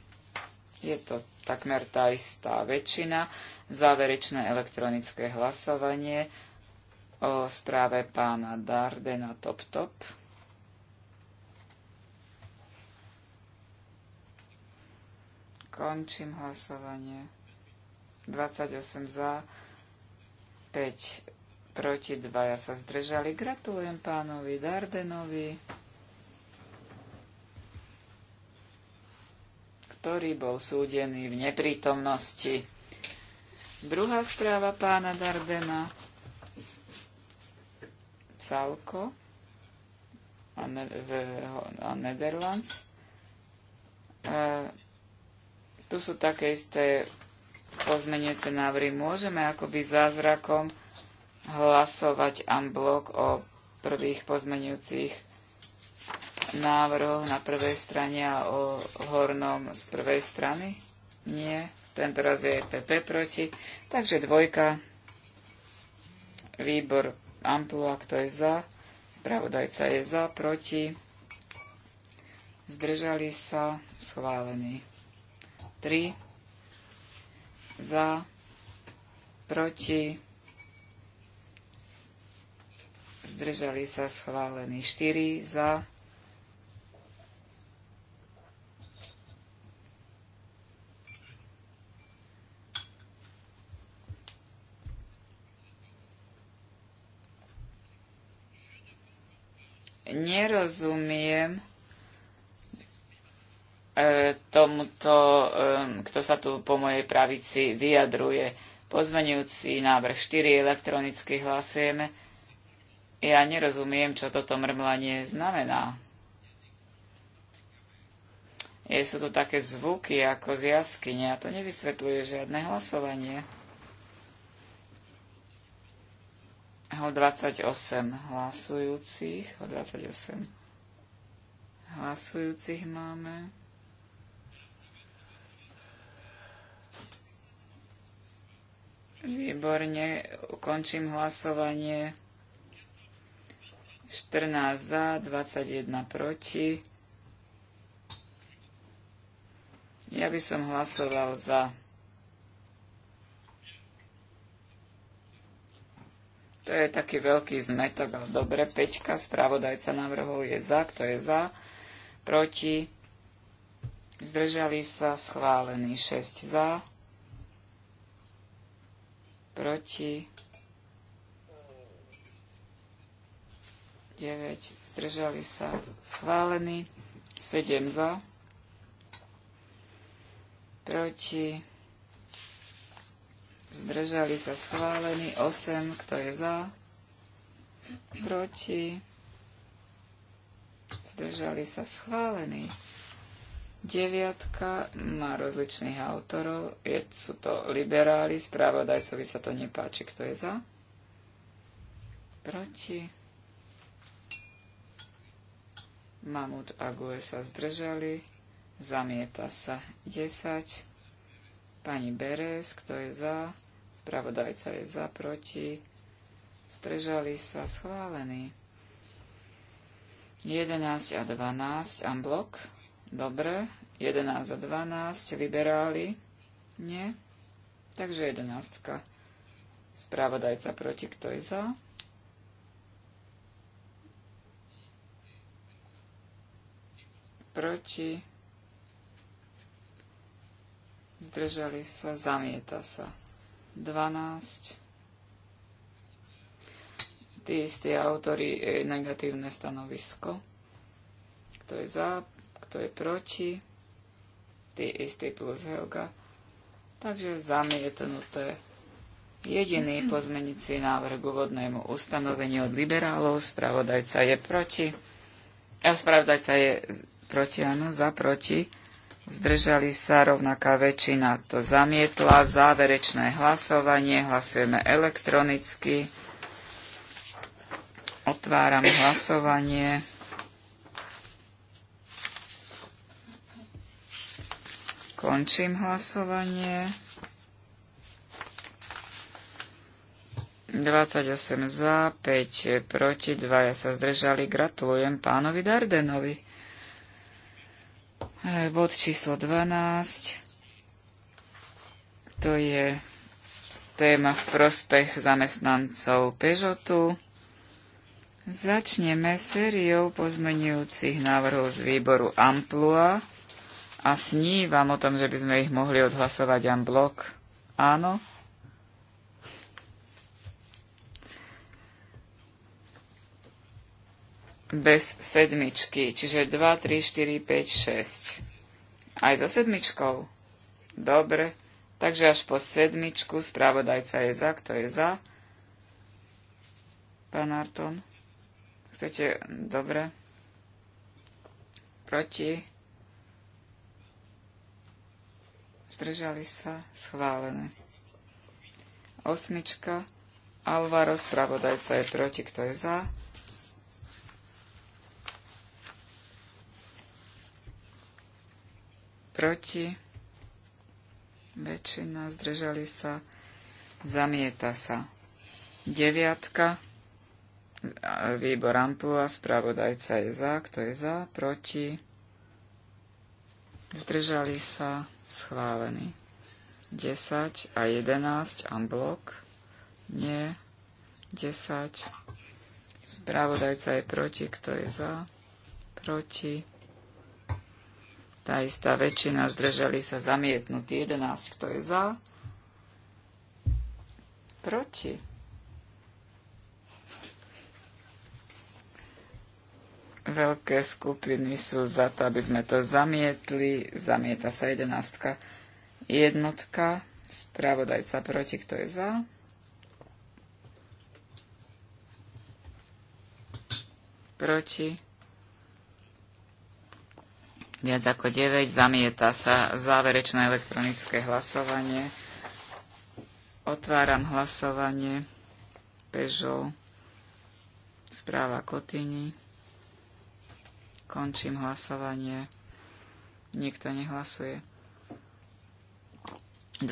Je to takmer tá istá väčšina. Záverečné elektronické hlasovanie o správe pána Dardena Top Top. Končím hlasovanie. 28 za, 5 proti, 2 ja sa zdržali. Gratulujem pánovi Dardenovi, ktorý bol súdený v neprítomnosti. Druhá správa pána Dardena Salko a, ne, v, a Netherlands. E, tu sú také isté pozmeniece návry. Môžeme akoby zázrakom hlasovať unblock o prvých pozmeniujúcich návrhoch na prvej strane a o hornom z prvej strany? Nie. Tento raz je PP e proti. Takže dvojka. Výbor Amplua, kto je za, spravodajca je za, proti, zdržali sa, schválený. 3, za, proti, zdržali sa, schválený. 4, za, nerozumiem e, tomuto, e, kto sa tu po mojej pravici vyjadruje. Pozmenujúci návrh 4 elektronicky hlasujeme. Ja nerozumiem, čo toto mrmlanie znamená. Je, sú to také zvuky ako z jaskyne a to nevysvetľuje žiadne hlasovanie. Ho 28 hlasujúcich, 28 hlasujúcich máme. Výborne, ukončím hlasovanie. 14 za, 21 proti. Ja by som hlasoval za. To je taký veľký zmetok, ale dobre, Peťka, spravodajca návrhov je za, kto je za, proti, zdržali sa, schválený 6 za, proti, 9, zdržali sa, schválený, 7 za, proti, zdržali sa schválení, 8, kto je za, proti, zdržali sa schválení. Deviatka má rozličných autorov, je, sú to liberáli, správodajcovi sa to nepáči, kto je za, proti, Mamut a Gue sa zdržali, zamieta sa 10, pani Beres, kto je za, Spravodajca je za, proti. Strežali sa schválení. 11 a 12 amblok, Dobre. 11 a 12 liberáli. Nie. Takže 11. Spravodajca proti, kto je za? Proti. Zdržali sa, zamieta sa. 12. Tí istí autory e, negatívne stanovisko. Kto je za, kto je proti. Tí istí plus Helga. Takže zamietnuté. Jediný pozmenicí návrh k úvodnému ustanoveniu od liberálov. Spravodajca je proti. A spravodajca je proti, áno, za proti. Zdržali sa rovnaká väčšina to zamietla. Záverečné hlasovanie. Hlasujeme elektronicky. Otváram hlasovanie. Končím hlasovanie. 28 za, 5 proti, 2 ja sa zdržali. Gratulujem pánovi Dardenovi. Eh, bod číslo 12. To je téma v prospech zamestnancov Pežotu. Začneme sériou pozmenujúcich návrhov z výboru Amplua a snívam o tom, že by sme ich mohli odhlasovať en blok. Áno? bez sedmičky, čiže 2, 3, 4, 5, 6. Aj so sedmičkou? Dobre, takže až po sedmičku správodajca je za, kto je za? Pán Arton? Chcete, dobre. Proti? Zdržali sa, schválené. Osmička, Alvaro, spravodajca je proti, kto je za? proti, väčšina, zdržali sa, zamieta sa. Deviatka, výbor Ampula, spravodajca je za, kto je za, proti, zdržali sa, schválený. 10 a 11 Amblok, nie, 10, spravodajca je proti, kto je za, proti, tá istá väčšina, zdržali sa zamietnutí. 11, kto je za? Proti. Veľké skupiny sú za to, aby sme to zamietli. Zamieta sa jedenáctka. Jednotka. Spravodajca proti, kto je za? Proti viac ako 9, zamieta sa záverečné elektronické hlasovanie. Otváram hlasovanie Peugeot, správa Kotiny. Končím hlasovanie. Nikto nehlasuje. 25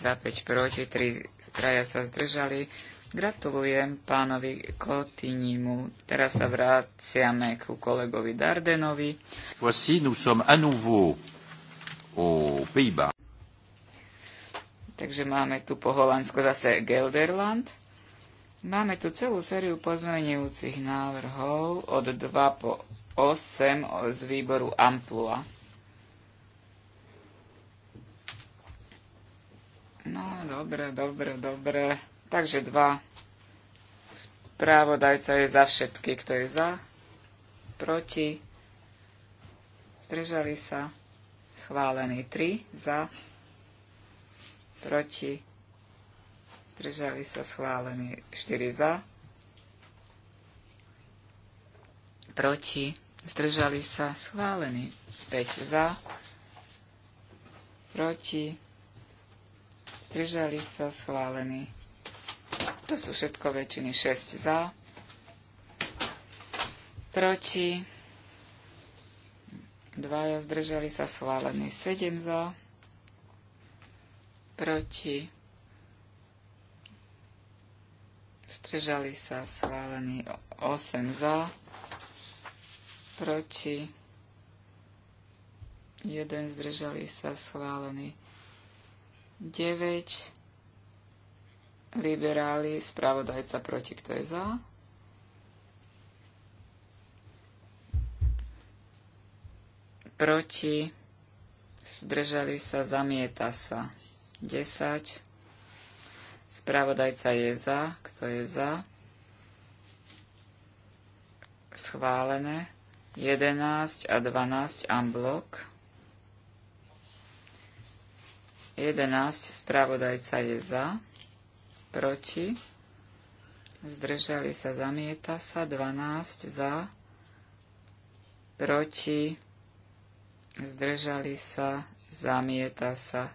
za 5 proti, 3 traja sa zdržali. Gratulujem pánovi Kotinimu. Teraz sa vráciame ku kolegovi Dardenovi. Voici, nous sommes à nouveau aux Pays-Bas. Takže máme tu po Holandsko zase Gelderland. Máme tu celú sériu pozmenujúcich návrhov od 2 po 8 z výboru Amplua. No, dobre, dobre, dobre. Takže dva Správodajca je za všetky, kto je za, proti, zdržali sa, schválený 3, za, proti, zdržali sa, schválený 4 za, proti, zdržali sa, schválený 5 za, proti, zdržali sa, schválený to sú všetko väčšiny 6 za. Proti. Dvaja zdržali sa schválený 7 za. Proti. Zdržali sa schválený 8 za. Proti. Jeden zdržali sa schválený 9 liberáli, spravodajca proti, kto je za. Proti, zdržali sa, zamieta sa. 10. Spravodajca je za, kto je za. Schválené. 11 a 12 unblock. 11. Spravodajca je za proti, zdržali sa, zamieta sa, 12 za, proti, zdržali sa, zamieta sa.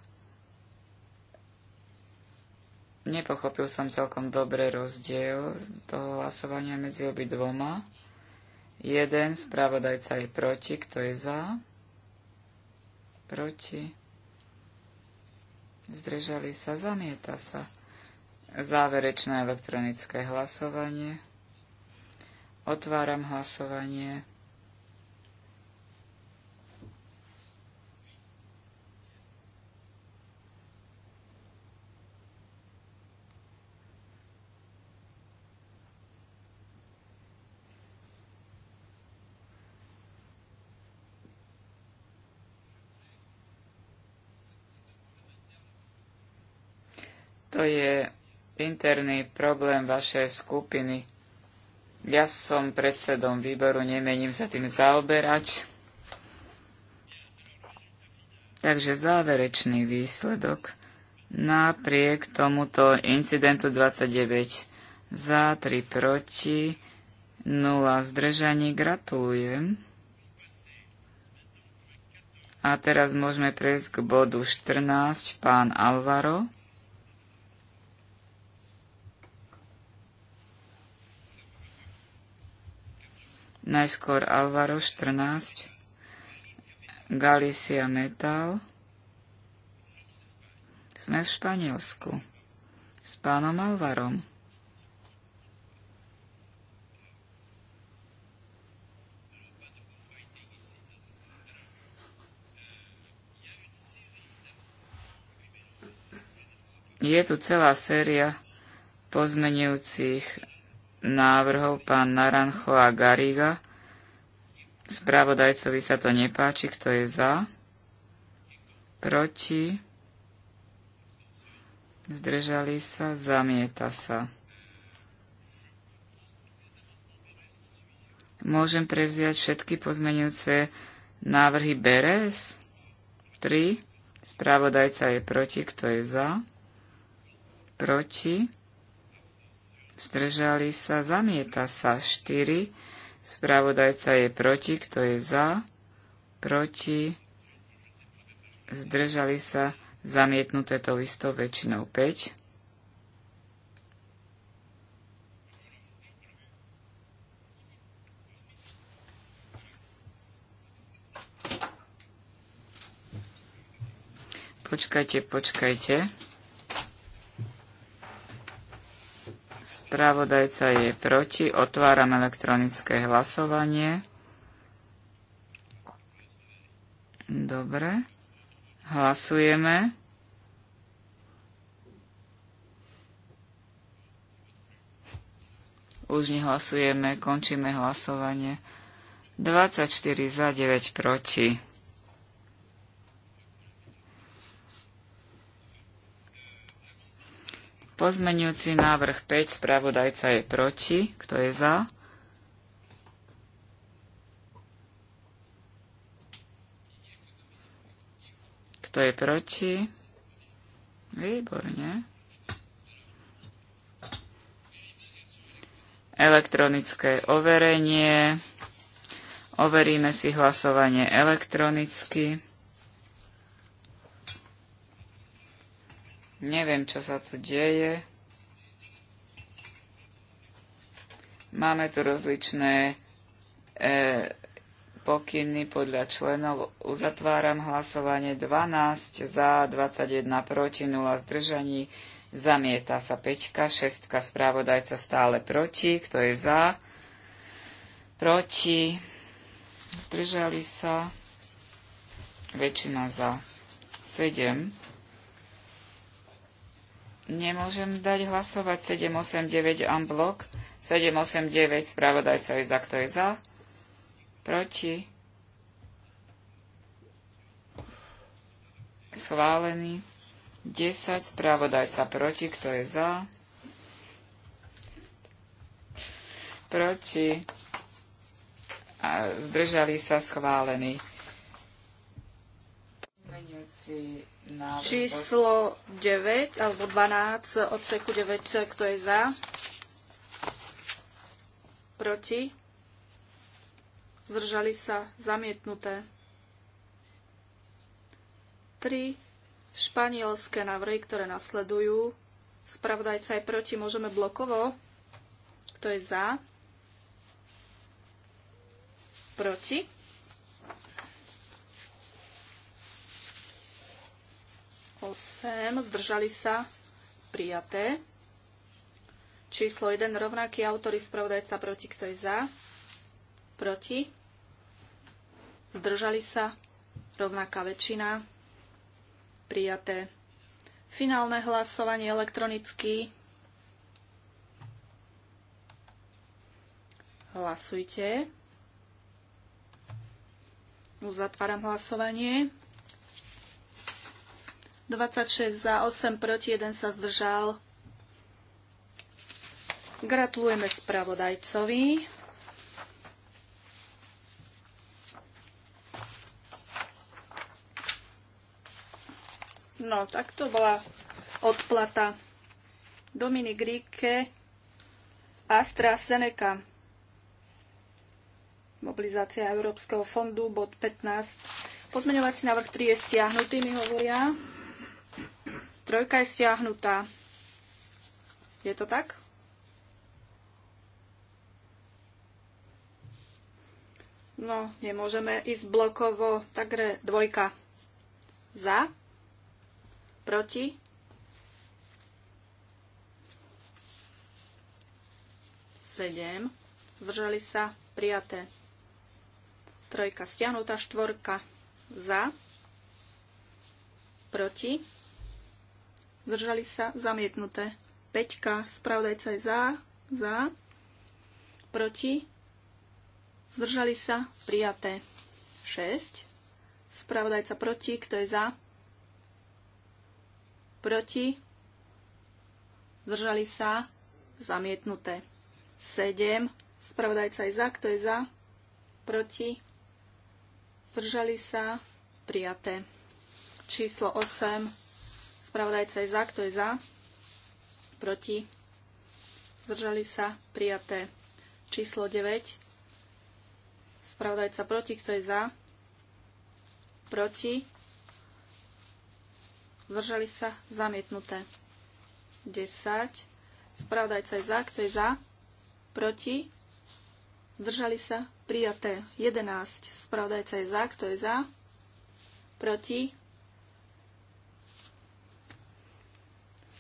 Nepochopil som celkom dobre rozdiel toho hlasovania medzi obi dvoma. Jeden spravodajca je proti, kto je za? Proti. Zdržali sa, zamieta sa. Záverečné elektronické hlasovanie. Otváram hlasovanie. To je interný problém vašej skupiny. Ja som predsedom výboru, nemením sa tým zaoberať. Takže záverečný výsledok. Napriek tomuto incidentu 29 za, 3 proti, 0 zdržaní. Gratulujem. A teraz môžeme prejsť k bodu 14, pán Alvaro. najskôr Alvaro 14, Galicia Metal. Sme v Španielsku s pánom Alvarom. Je tu celá séria pozmenujúcich návrhov pán Naranjo a Gariga. Spravodajcovi sa to nepáči, kto je za, proti, zdržali sa, zamieta sa. Môžem prevziať všetky pozmenujúce návrhy Beres? 3. Spravodajca je proti, kto je za? Proti zdržali sa, zamieta sa 4, spravodajca je proti, kto je za, proti, zdržali sa, zamietnuté to listo väčšinou 5. Počkajte, počkajte. Spravodajca je proti. Otváram elektronické hlasovanie. Dobre. Hlasujeme. Už nehlasujeme, končíme hlasovanie. 24 za 9 proti. Pozmenujúci návrh 5, spravodajca je proti. Kto je za? Kto je proti? Výborne. Elektronické overenie. Overíme si hlasovanie elektronicky. Neviem, čo sa tu deje. Máme tu rozličné e, pokyny podľa členov. Uzatváram hlasovanie 12 za, 21 proti, 0 zdržaní. Zamieta sa 5, 6 správodajca stále proti, kto je za, proti, zdržali sa, väčšina za 7 Nemôžem dať hlasovať 789 unblock. 789 spravodajca je za, kto je za. Proti. Schválený. 10 spravodajca proti, kto je za. Proti. A zdržali sa schválený. Zmenujúci Číslo 9 alebo 12 odseku 9, kto je za? Proti? Zdržali sa zamietnuté. 3 španielské návrhy, ktoré nasledujú. Spravodajca je proti, môžeme blokovo. Kto je za? Proti? 8, zdržali sa, prijaté. Číslo 1, rovnaký autory, spravodajca proti, kto je za, proti, zdržali sa, rovnaká väčšina, prijaté. Finálne hlasovanie elektronicky. Hlasujte. Uzatváram hlasovanie. 26 za, 8 proti, 1 sa zdržal. Gratulujeme spravodajcovi. No, tak to bola odplata Dominik Ríke, Seneca. Mobilizácia Európskeho fondu, bod 15. Pozmeňovací návrh 3 je stiahnutý, mi hovoria. Trojka je stiahnutá. Je to tak? No, nemôžeme ísť blokovo. Takže dvojka. Za. Proti. Sedem. Zdržali sa. Prijaté. Trojka stiahnutá. Štvorka. Za. Proti zdržali sa, zamietnuté. Peťka. Spravodajca je za, za, proti, zdržali sa, prijaté. 6. Spravodajca proti, kto je za, proti, zdržali sa, zamietnuté. 7. Spravodajca je za, kto je za, proti, zdržali sa, prijaté. Číslo 8 Spravodajca je za, kto je za? Proti? Zdržali sa? Prijaté. Číslo 9. Spravodajca proti, kto je za? Proti? Zdržali sa? Zamietnuté. 10. Spravodajca je za, kto je za? Proti? Zdržali sa? Prijaté. 11. Spravodajca je za, kto je za? Proti?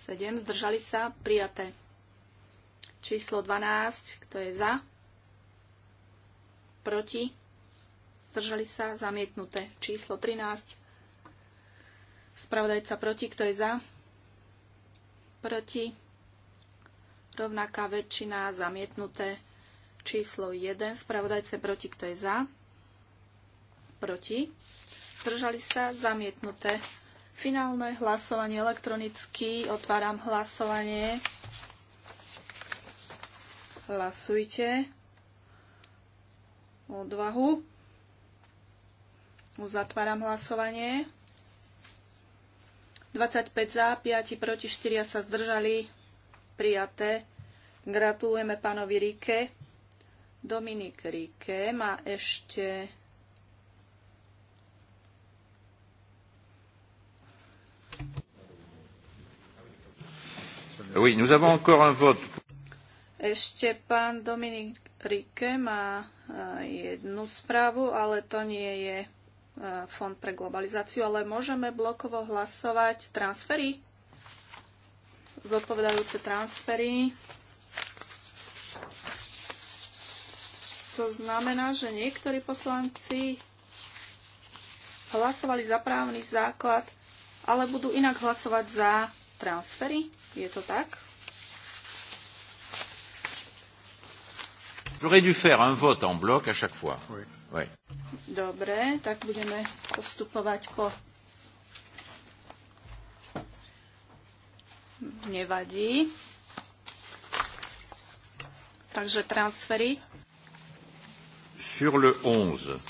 7. Zdržali sa. Prijaté. Číslo 12. Kto je za? Proti. Zdržali sa. Zamietnuté. Číslo 13. Spravodajca proti. Kto je za? Proti. Rovnaká väčšina. Zamietnuté. Číslo 1. spravodajce proti. Kto je za? Proti. Zdržali sa. Zamietnuté Finálne hlasovanie elektronicky. Otváram hlasovanie. Hlasujte. Odvahu. Uzatváram hlasovanie. 25 za, 5 proti, 4 sa zdržali. Prijaté. Gratulujeme pánovi Ríke. Dominik Ríke má ešte Oui, nous avons encore un vote. Ešte pán Dominik Rike má eh, jednu správu, ale to nie je eh, Fond pre globalizáciu, ale môžeme blokovo hlasovať transfery, zodpovedajúce transfery. To znamená, že niektorí poslanci hlasovali za právny základ, ale budú inak hlasovať za transfery. Je to tak? J'aurais dû faire un vote en bloc à chaque fois. Oui. Oui. Dobre, tak budeme postupovať po... Nevadí. Takže transfery. Sur le 11.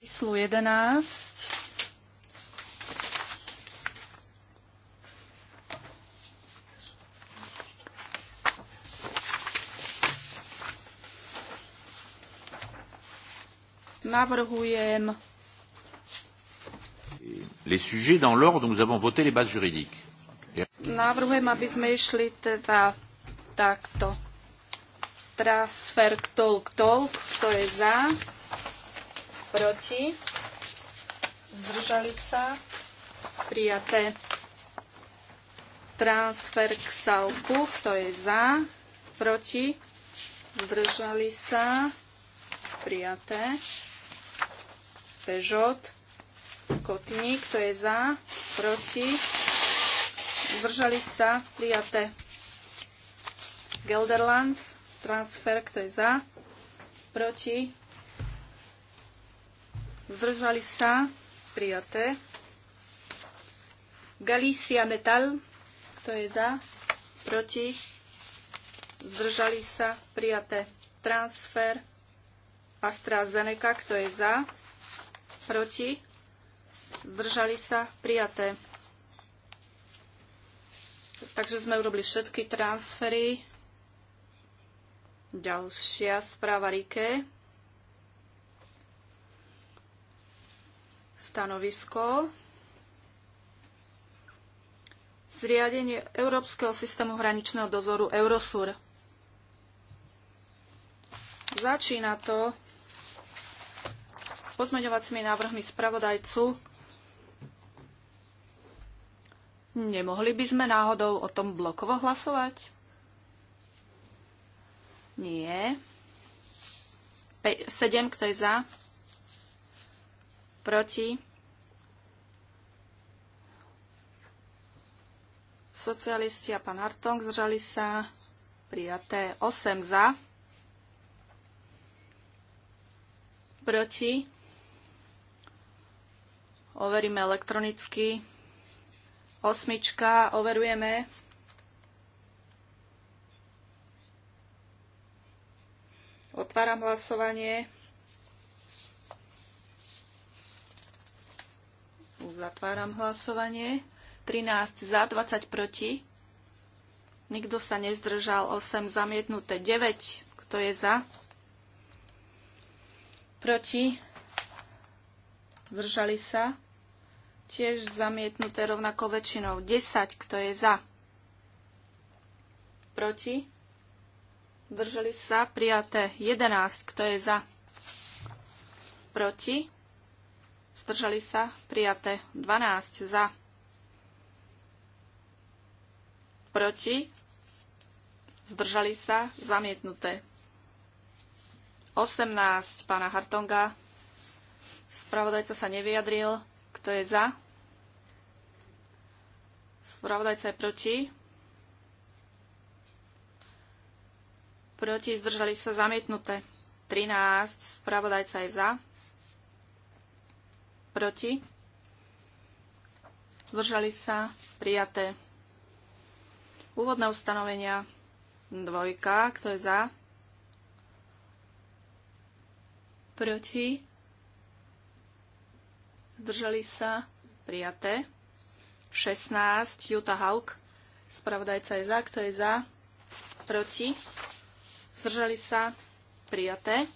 Číslo 11. navrhujem les sujets dans l'ordre nous avons voté les bases juridiques. Navrhujem, aby sme išli teda takto. Transfer tolk kto, kto je za, proti, zdržali sa, prijaté. Transfer k salku, kto je za, proti, zdržali sa, prijaté. Peugeot, Kotník, kto je za, proti, zdržali sa, prijaté. Gelderland, transfer, kto je za, proti, zdržali sa, prijaté. Galicia Metal, kto je za, proti, zdržali sa, prijaté. Transfer, AstraZeneca, kto je za, proti, zdržali sa, prijaté. Takže sme urobili všetky transfery. Ďalšia správa Rike. Stanovisko. Zriadenie Európskeho systému hraničného dozoru Eurosur. Začína to pozmeňovacími návrhmi spravodajcu. Nemohli by sme náhodou o tom blokovo hlasovať? Nie. 7, kto je za? Proti? Socialisti a pán Artong, zržali sa. Prijaté 8 za. Proti? Overíme elektronicky. Osmička, overujeme. Otváram hlasovanie. Uzatváram hlasovanie. 13 za, 20 proti. Nikto sa nezdržal, 8 zamietnuté, 9. Kto je za? Proti? zdržali sa, tiež zamietnuté rovnako väčšinou. 10, kto je za, proti, zdržali sa, prijaté. 11, kto je za, proti, zdržali sa, prijaté. 12, za, proti, zdržali sa, zamietnuté. 18 pána Hartonga Spravodajca sa nevyjadril. Kto je za? Spravodajca je proti. Proti zdržali sa zamietnuté. 13. Spravodajca je za. Proti. Zdržali sa prijaté. Úvodné ustanovenia. Dvojka. Kto je za? Proti zdržali sa, prijaté. 16, Juta Hauk, spravodajca je za, kto je za, proti, zdržali sa, prijaté.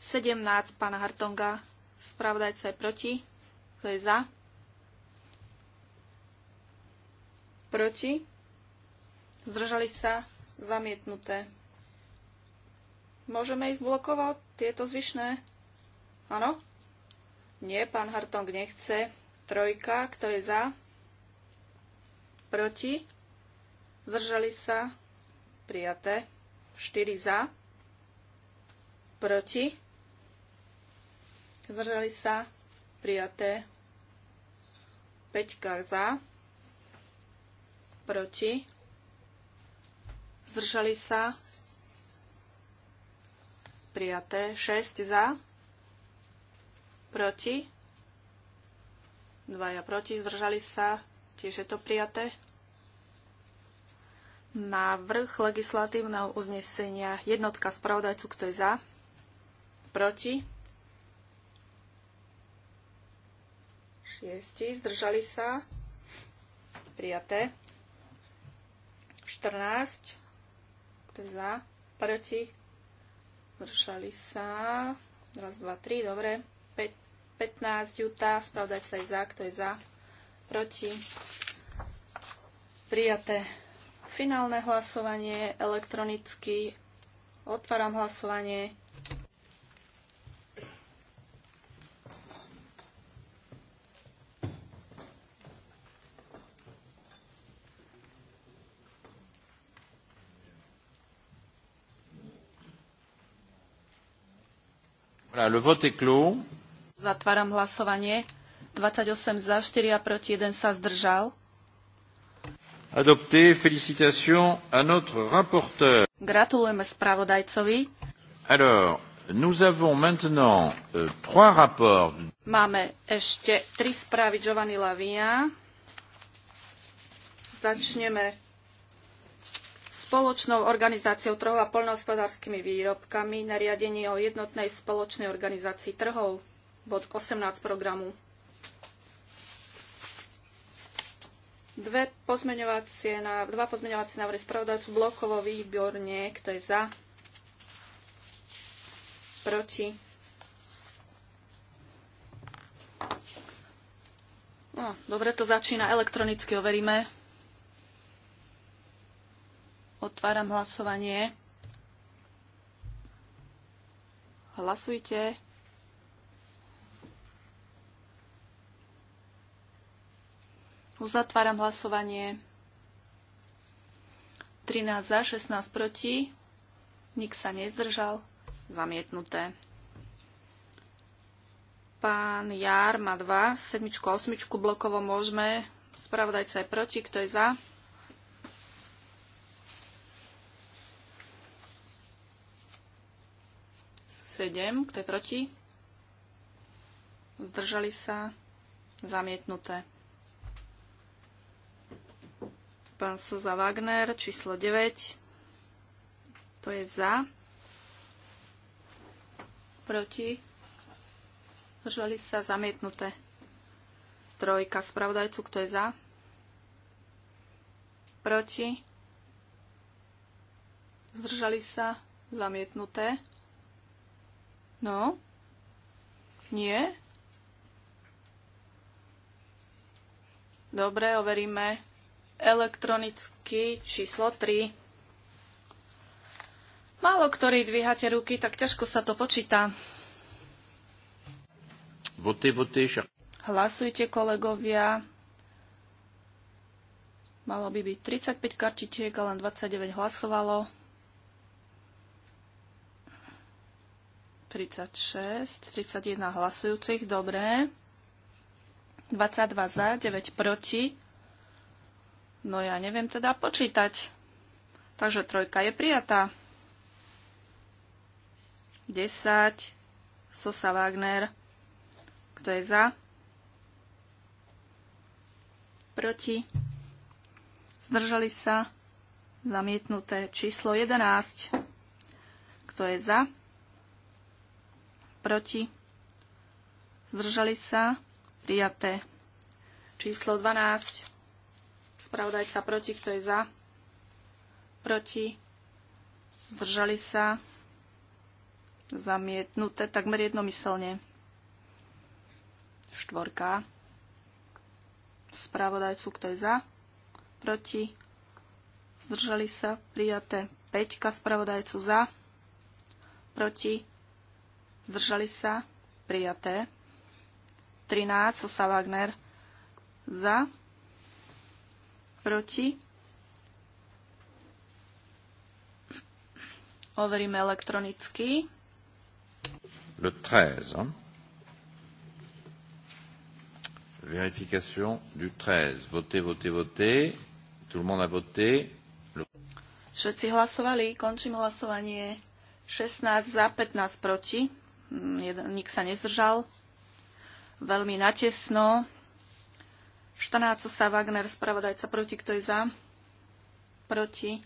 17, pána Hartonga, spravodajca je proti, kto je za, proti, zdržali sa, zamietnuté. Môžeme ísť blokovať tieto zvyšné? Áno? Nie, pán Hartong nechce. Trojka, kto je za? Proti? Zdržali sa? Prijaté. Štyri za. Proti? Zdržali sa? Prijaté. Peťka za. Proti? Zdržali sa? Prijaté. Šesť za proti, dvaja proti, zdržali sa, tiež je to prijaté. Návrh legislatívneho uznesenia jednotka spravodajcu, kto je za, proti, šiesti, zdržali sa, prijaté. 14, kto je za, proti, zdržali sa, raz, dva, tri, dobre, 15, Juta, spravdať sa aj za, kto je za, proti, prijaté. Finálne hlasovanie elektronicky. Otváram hlasovanie. Voilà, le vote est clos. Zatváram hlasovanie. 28 za, 4 a proti 1 sa zdržal. Adopté, félicitations à notre rapporteur. Gratulujeme spravodajcovi. Alors, nous avons maintenant euh, trois rapports. Máme ešte tri správy Giovanni Lavia. Začneme spoločnou organizáciou trhov a poľnohospodárskymi výrobkami, nariadenie o jednotnej spoločnej organizácii trhov bod 18 programu. Dve pozmeňovacie, dva pozmeňovacie návrhy spravodajcu blokovo výborne, kto je za, proti. No, dobre, to začína elektronicky, overíme. Otváram hlasovanie. Hlasujte. Uzatváram hlasovanie. 13 za, 16 proti. Nik sa nezdržal. Zamietnuté. Pán Jar má 2. Sedmičku a osmičku blokovo môžeme. Spravodajca je proti. Kto je za? Sedem. Kto je proti? Zdržali sa. Zamietnuté. Pán Suza Wagner, číslo 9. To je za. Proti. Zdržali sa zamietnuté. Trojka spravodajcu, kto je za? Proti. Zdržali sa zamietnuté. No. Nie. Dobre, overíme elektronicky číslo 3. Málo ktorý dvíhate ruky, tak ťažko sa to počíta. Voty, voty, ša. Hlasujte, kolegovia. Malo by byť 35 kartičiek ale len 29 hlasovalo. 36, 31 hlasujúcich, dobré. 22 za, 9 proti. No ja neviem teda počítať. Takže trojka je prijatá. 10. Sosa Wagner. Kto je za? Proti? Zdržali sa? Zamietnuté číslo 11. Kto je za? Proti? Zdržali sa? Prijaté. Číslo 12. Spravodajca proti, kto je za? Proti. Zdržali sa. Zamietnuté takmer jednomyselne. Štvorka. Spravodajcu, kto je za? Proti. Zdržali sa. Prijaté. Peťka spravodajcu za. Proti. Zdržali sa. Prijaté. 13. Sosa Wagner za proti. Overíme elektronicky. Le 13. Vérification du 13. Votez, votez, votez. Tout le monde a voté. Le... Všetci hlasovali. Končím hlasovanie. 16 za, 15 proti. Mm, nik sa nezdržal. Veľmi natesno. 14 sa Wagner, spravodajca proti, kto je za? Proti.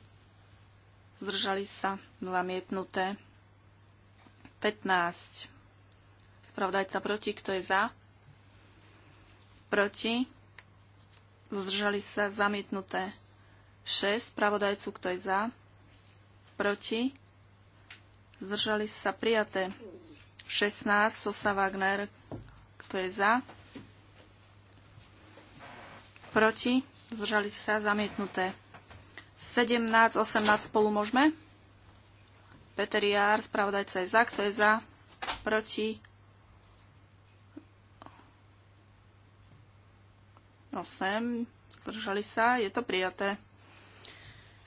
Zdržali sa zamietnuté. 15. Spravodajca proti, kto je za? Proti. Zdržali sa zamietnuté. 6. Spravodajcu, kto je za? Proti. Zdržali sa prijaté. 16. Sosa Wagner, kto je za? proti, zdržali sa, zamietnuté. 17, 18 spolu môžeme. Peter Jár, spravodajca je za, kto je za, proti. Osem, zdržali sa, je to prijaté.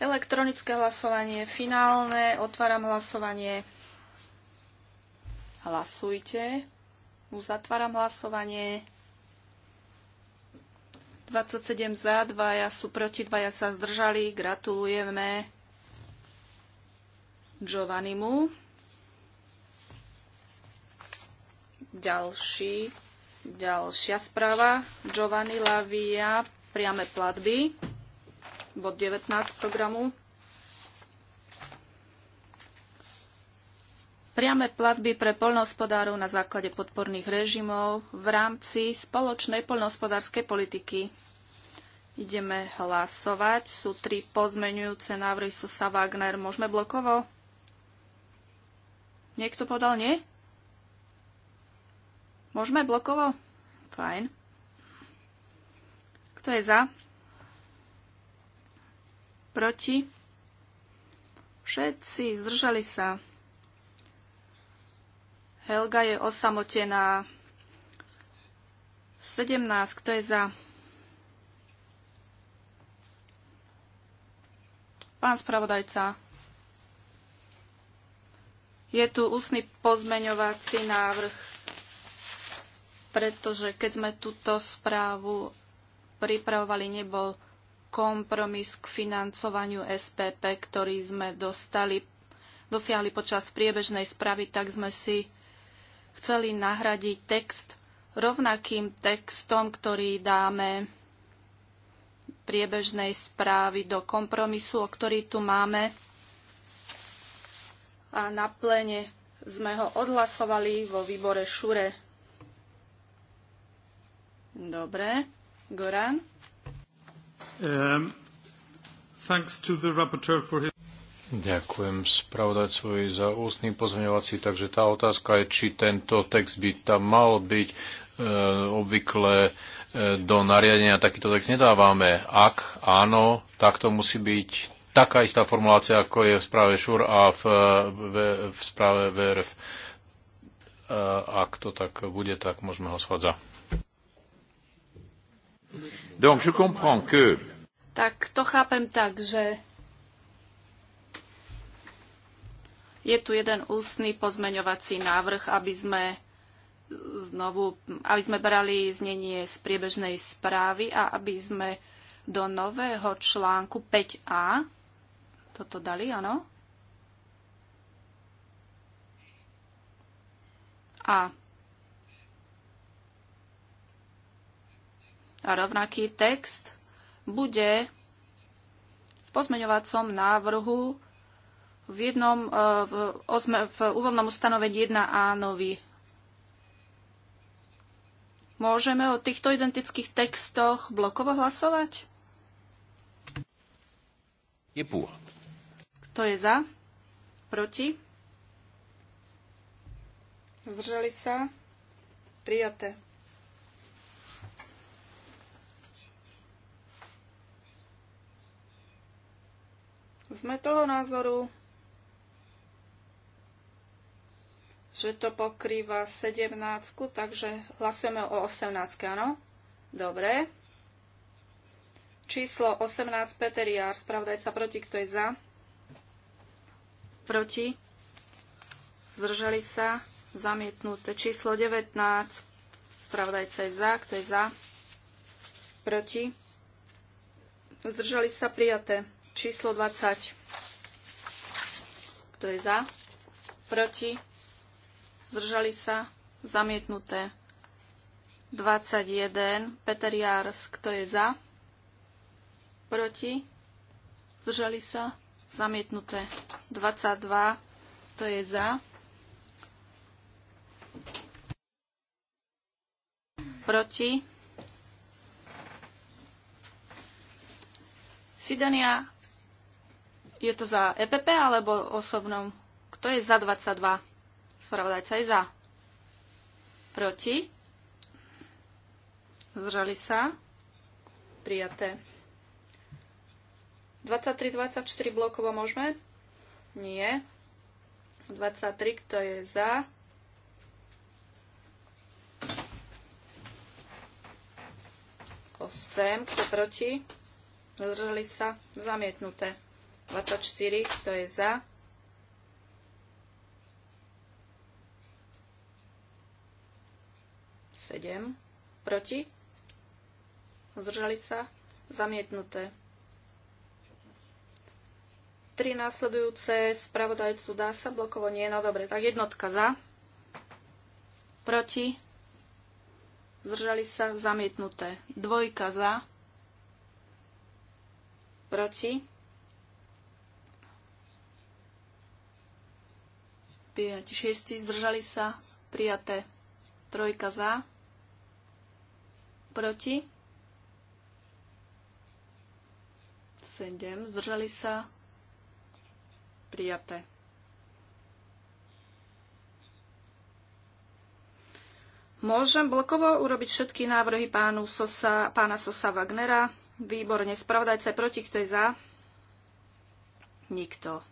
Elektronické hlasovanie, finálne, otváram hlasovanie. Hlasujte, uzatváram hlasovanie. 27 za, 2 sú proti, 2 sa zdržali. Gratulujeme Giovannimu. Ďalší, ďalšia správa. Giovanni Lavia, priame platby, bod 19 programu. priame platby pre poľnohospodárov na základe podporných režimov v rámci spoločnej poľnohospodárskej politiky. Ideme hlasovať. Sú tri pozmenujúce návrhy Sosa Wagner. Môžeme blokovo? Niekto podal nie? Môžeme blokovo? Fajn. Kto je za? Proti? Všetci zdržali sa. Helga je osamotená. 17, kto je za? Pán spravodajca. Je tu ústny pozmeňovací návrh, pretože keď sme túto správu pripravovali, nebol kompromis k financovaniu SPP, ktorý sme dostali, dosiahli počas priebežnej správy, tak sme si chceli nahradiť text rovnakým textom, ktorý dáme priebežnej správy do kompromisu, o ktorý tu máme. A na plene sme ho odhlasovali vo výbore Šure. Dobre. Goran? Um, thanks to the rapporteur for his... Ďakujem spravodajcovi za ústny pozmeňovací, takže tá otázka je, či tento text by tam mal byť e, obvykle e, do nariadenia takýto text nedávame. Ak áno, tak to musí byť taká istá formulácia, ako je v správe ŠUR a v, v, v správe VRF. E, ak to tak bude, tak môžeme hlasovať za. Donc, je comprends que... Tak to chápem tak, že Je tu jeden ústny pozmeňovací návrh, aby sme znovu, aby sme brali znenie z priebežnej správy a aby sme do nového článku 5a toto dali, áno? A a rovnaký text bude v pozmeňovacom návrhu v jednom, e, v, osme, v úvodnom ustanovení 1a nový. Môžeme o týchto identických textoch blokovo hlasovať? Je púr. Kto je za? Proti? Zdržali sa? Prijaté. Sme toho názoru, že to pokrýva 17, takže hlasujeme o 18, áno? Dobre. Číslo 18, Peter Jár, spravodajca proti, kto je za? Proti. Zdržali sa. Zamietnuté. Číslo 19, spravodajca je za, kto je za? Proti. Zdržali sa prijaté. Číslo 20. Kto je za? Proti zdržali sa, zamietnuté. 21, Peter Jars, kto je za, proti, zdržali sa, zamietnuté. 22, kto je za, proti, Sidonia, je to za EPP alebo osobnom? Kto je za 22? Spravodajca je za. Proti. Zdržali sa. Prijaté. 23, 24 blokovo môžeme? Nie. 23, kto je za? Osem, kto proti? Zdržali sa? Zamietnuté. 24, kto je za? 7. Proti? Zdržali sa? Zamietnuté. Tri následujúce spravodajcu dá sa blokovo nie, no dobre, tak jednotka za, proti, zdržali sa, zamietnuté, dvojka za, proti, piati, šiesti, zdržali sa, prijaté, trojka za, proti, 7, zdržali sa, prijaté. Môžem blokovo urobiť všetky návrhy pánu Sosa, pána Sosa Wagnera. Výborne, spravodajca je proti, kto je za? Nikto.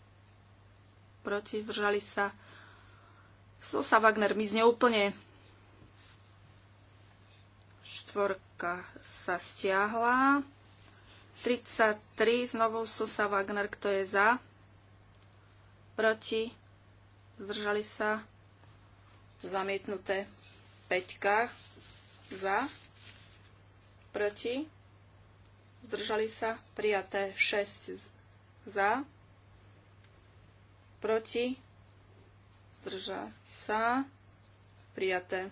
Proti, zdržali sa. Sosa Wagner mi úplne Štvorka sa stiahla. 33, znovu Susa Wagner, kto je za? Proti? Zdržali sa? Zamietnuté. Peťka za? Proti? Zdržali sa? Prijaté. 6 za? Proti? Zdržali sa? Prijaté.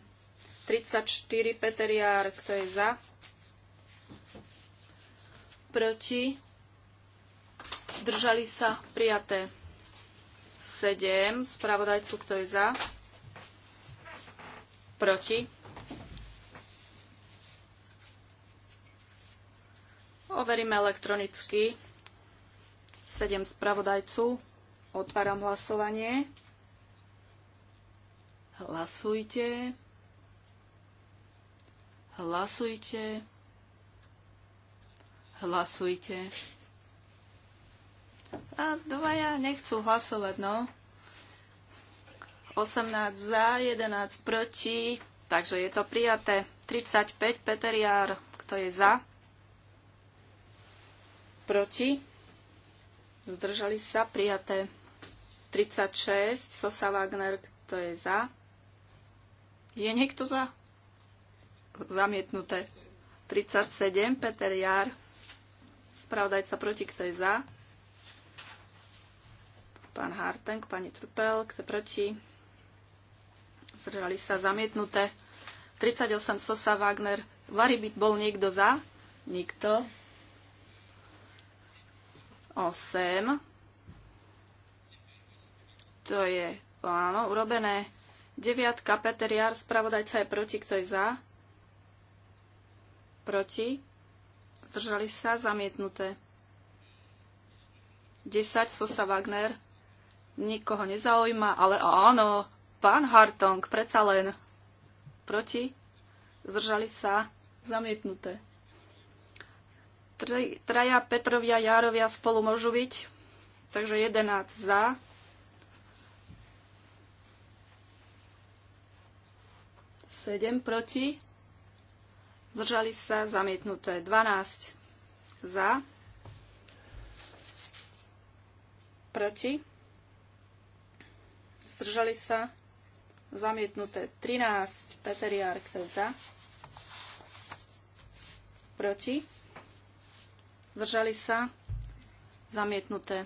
34 Peter Jár, kto je za? Proti? Zdržali sa prijaté. 7 spravodajcu, kto je za? Proti? Overíme elektronicky. 7 spravodajcu. Otváram hlasovanie. Hlasujte. Hlasujte. Hlasujte. A dvaja nechcú hlasovať, no. 18 za, 11 proti, takže je to prijaté. 35, Peter Jár, kto je za? Proti? Zdržali sa, prijaté. 36, Sosa Wagner, kto je za? Je niekto za? zamietnuté. 37, Peter Jár, spravodajca proti, kto je za. Pán Hartenk, pani Trupel, kto proti. Zdržali sa zamietnuté. 38, Sosa Wagner. Vary byt bol niekto za? Nikto. 8. To je, áno, urobené. 9, Peter Jár, spravodajca je proti, kto je za proti, zdržali sa, zamietnuté. 10, Sosa Wagner, nikoho nezaujíma, ale áno, pán Hartong, predsa len, proti, zdržali sa, zamietnuté. Traja Petrovia, Járovia spolu môžu byť, takže 11 za, sedem proti, zdržali sa, zamietnuté 12 za, proti, zdržali sa, zamietnuté 13, Peter Jark, za, proti, zdržali sa, zamietnuté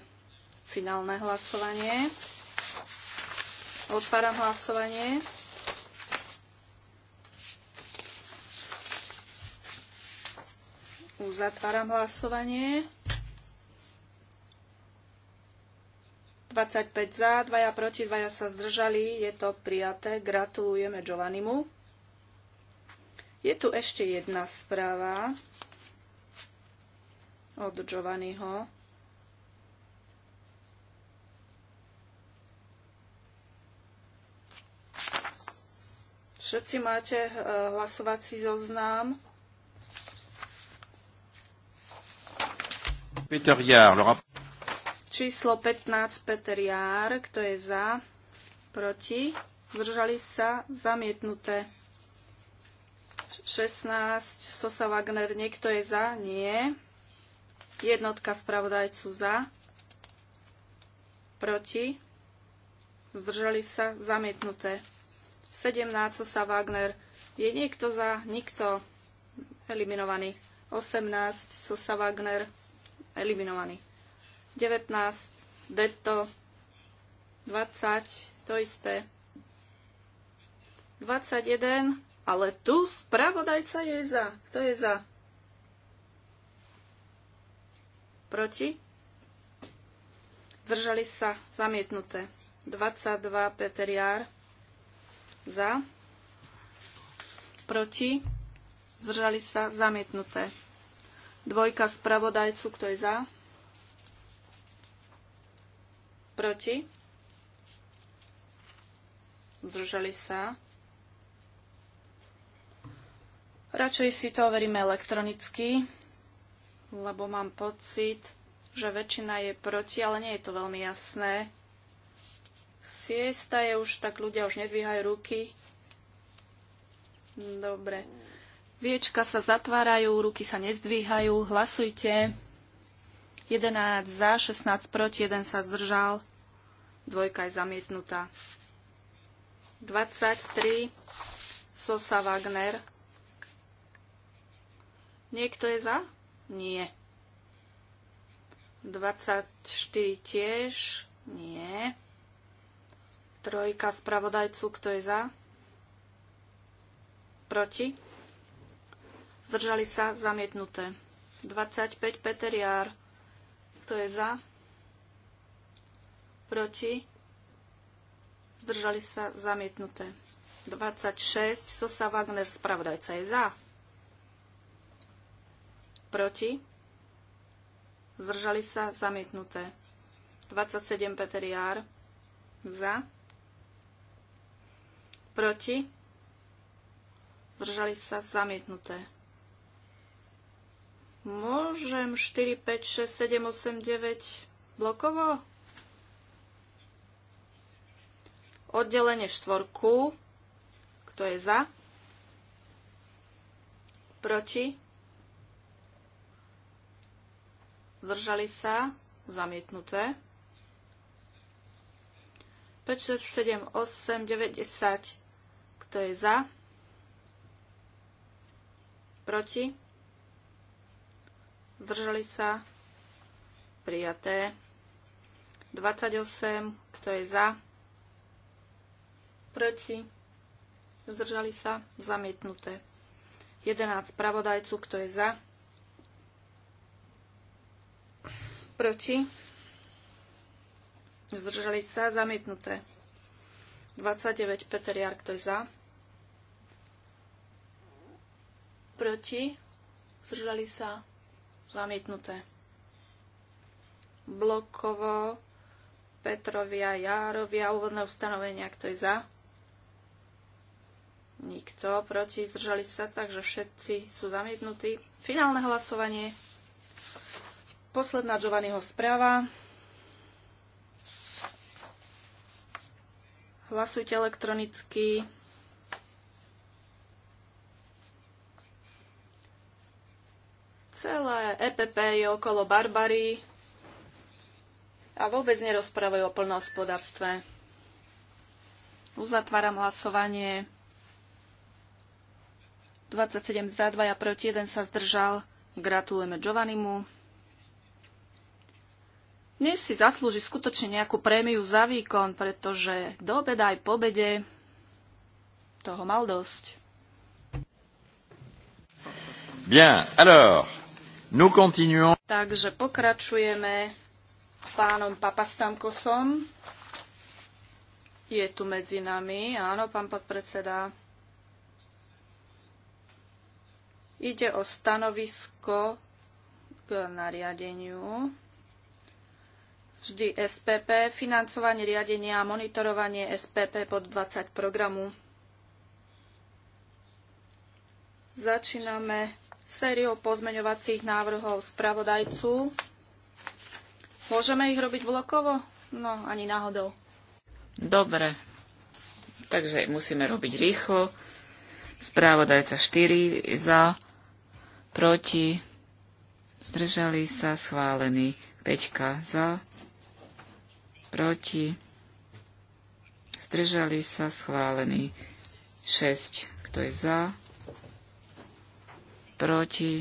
finálne hlasovanie. Otváram hlasovanie. Uzatváram hlasovanie. 25 za, 2 proti, 2 sa zdržali. Je to prijaté. Gratulujeme Giovannimu. Je tu ešte jedna správa od Giovanniho. Všetci máte eh, hlasovací zoznam. Peter Jár. Číslo 15, Peter Jár. Kto je za? Proti? Zdržali sa? Zamietnuté. 16, Sosa Wagner. Niekto je za? Nie. Jednotka spravodajcu za. Proti? Zdržali sa? Zamietnuté. 17, Sosa Wagner. Je niekto za? Nikto. Eliminovaný. 18, Sosa Wagner eliminovaný. 19, Detto, 20, to isté. 21, ale tu spravodajca je za. Kto je za? Proti? Zdržali sa zamietnuté. 22 Peter Jár za. Proti? Zdržali sa zamietnuté. Dvojka spravodajcu, kto je za? Proti? Zdržali sa? Radšej si to overíme elektronicky, lebo mám pocit, že väčšina je proti, ale nie je to veľmi jasné. Siesta je už, tak ľudia už nedvíhajú ruky. Dobre. Viečka sa zatvárajú, ruky sa nezdvíhajú, hlasujte. 11 za, 16 proti, 1 sa zdržal. Dvojka je zamietnutá. 23 Sosa Wagner. Niekto je za? Nie. 24 tiež? Nie. Trojka spravodajcu, kto je za? Proti? Zdržali sa zamietnuté. 25 Peter Jár. Kto je za? Proti? Zdržali sa zamietnuté. 26 Sosa Wagner, spravodajca je za. Proti? Zdržali sa zamietnuté. 27 Peter Jár. Za. Proti? Zdržali sa zamietnuté. Môžem 4, 5, 6, 7, 8, 9 blokovo? Oddelenie štvorku. Kto je za? Proti? Zdržali sa? Zamietnuté. 5, 6, 7, 8, 9, 10. Kto je za? Proti? zdržali sa, prijaté. 28, kto je za, proti, zdržali sa, zamietnuté. 11 pravodajcu, kto je za, proti, zdržali sa, zamietnuté. 29 Peter Jark, kto je za, proti, zdržali sa, Zamietnuté. Blokovo Petrovia, Járovia, úvodné ustanovenia, kto je za? Nikto proti, zdržali sa, takže všetci sú zamietnutí. Finálne hlasovanie. Posledná Giovanniho správa. Hlasujte elektronicky. Celé EPP je okolo Barbary a vôbec nerozprávajú o plnohospodárstve. Uzatváram hlasovanie. 27 za, 2 a proti, 1 sa zdržal. Gratulujeme Giovannimu. Dnes si zaslúži skutočne nejakú prémiu za výkon, pretože do obeda aj po obede toho mal dosť. Bien, alors, Takže pokračujeme pánom Papastamkosom. Je tu medzi nami, áno, pán podpredseda. Ide o stanovisko k nariadeniu. Vždy SPP, financovanie riadenia a monitorovanie SPP pod 20 programu. Začíname sériou pozmeňovacích návrhov spravodajcu. Môžeme ich robiť blokovo? No, ani náhodou. Dobre. Takže musíme robiť rýchlo. Správodajca 4 za, proti, zdržali sa, schválený. 5 za, proti, zdržali sa, schválený. 6, kto je za, proti,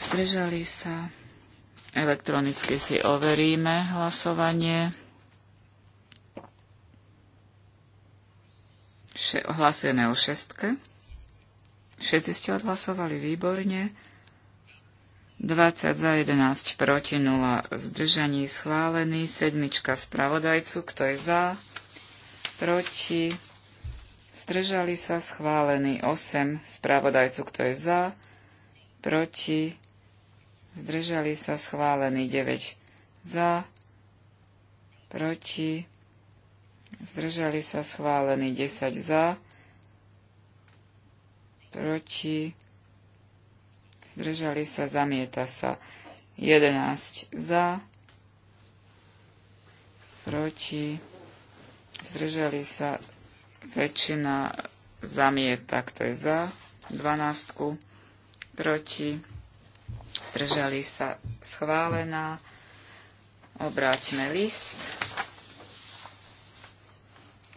zdržali sa. Elektronicky si overíme hlasovanie. Še, hlasujeme o šestke. Všetci ste odhlasovali výborne. 20 za 11 proti 0 zdržaní schválený. Sedmička spravodajcu. Kto je za? Proti? Zdržali sa schválení 8 spravodajcu, kto je za, proti. Zdržali sa schválení 9 za, proti. Zdržali sa schválení 10 za, proti. Zdržali sa, zamieta sa 11 za, proti. Zdržali sa väčšina zamieta, kto je za dvanástku, proti, zdržali sa schválená. Obráťme list.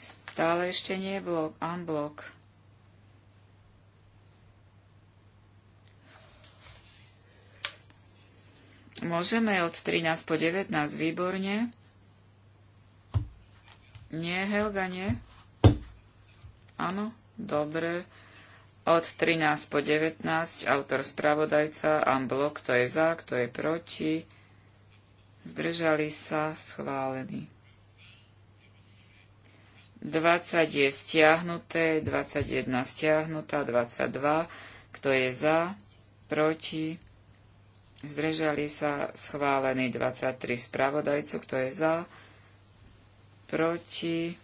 Stále ešte nie blok, unblock. Môžeme od 13 po 19, výborne. Nie, Helga, nie. Áno, dobre. Od 13 po 19 autor spravodajca Amblok, kto je za, kto je proti. Zdržali sa, schválený. 20 je stiahnuté, 21 stiahnutá, 22. Kto je za, proti. Zdržali sa, schválený 23 spravodajcu. Kto je za, proti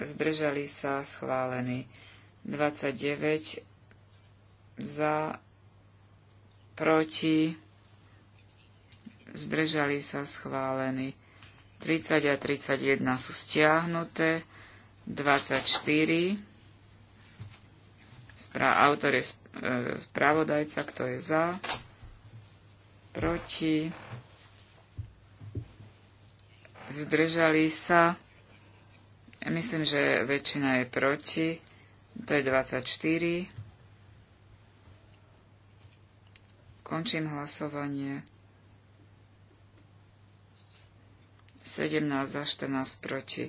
zdržali sa schválení. 29 za, proti, zdržali sa schválení. 30 a 31 sú stiahnuté, 24. Spra- autor je e, spravodajca, kto je za, proti, zdržali sa Myslím, že väčšina je proti. To je 24. Končím hlasovanie. 17 za 14 proti.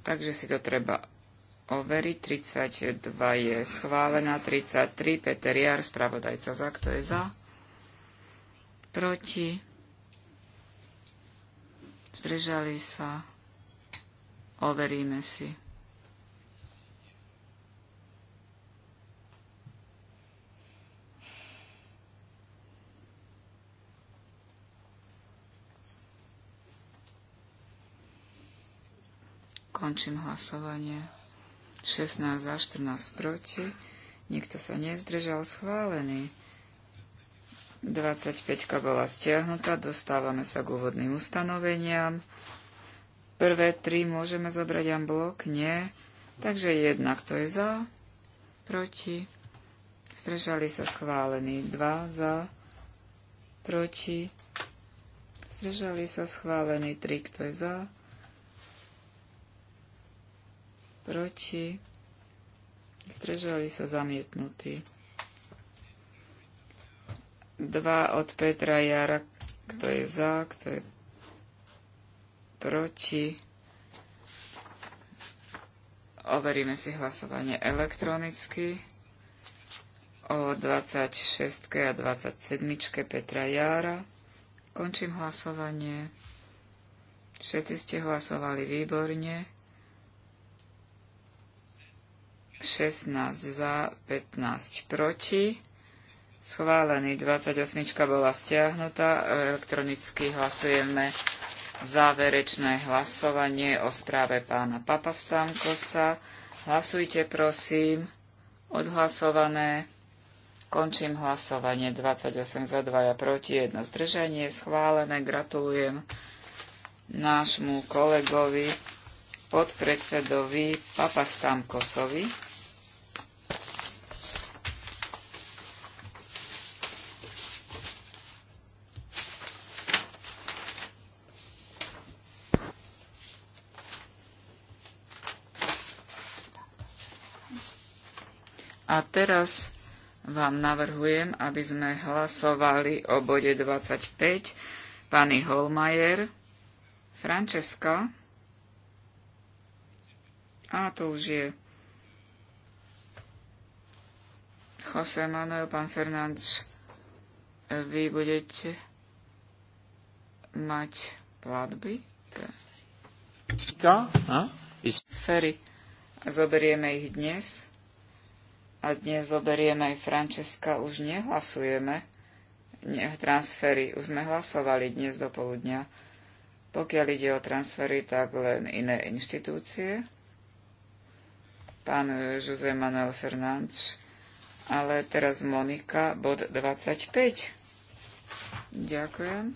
Takže si to treba overiť. 32 je schválená. 33 Peter Jar, spravodajca za. Kto je za? Proti. Zdržali sa. Overíme si. Končím hlasovanie. 16 za, 14 proti. Nikto sa nezdržal. Schválený. 25 bola stiahnutá. Dostávame sa k úvodným ustanoveniam. Prvé tri môžeme zobrať blok? Nie. Takže jednak to je za, proti, zdržali sa schválení. Dva za, proti, zdržali sa schválení. Tri, kto je za, proti, zdržali sa zamietnutí. 2 od Petra Jara, kto je za, kto je proti. Overíme si hlasovanie elektronicky o 26. a 27. Petra Jára. Končím hlasovanie. Všetci ste hlasovali výborne. 16 za, 15 proti. Schválený 28 bola stiahnutá. Elektronicky hlasujeme záverečné hlasovanie o správe pána Papastánkosa. Hlasujte prosím. Odhlasované. Končím hlasovanie. 28 za 2 proti 1 zdržanie. Schválené. Gratulujem nášmu kolegovi, podpredsedovi Papastamkosovi. A teraz vám navrhujem, aby sme hlasovali o bode 25 pani Holmajer, Frančeska. A to už je Jose Manuel, pán Fernández, vy budete mať platby? Sféry. Zoberieme ich dnes a dnes zoberieme aj Frančeska, už nehlasujeme. Ne, transfery už sme hlasovali dnes do poludnia. Pokiaľ ide o transfery, tak len iné inštitúcie. Pán Jose Manuel Fernández, ale teraz Monika, bod 25. Ďakujem.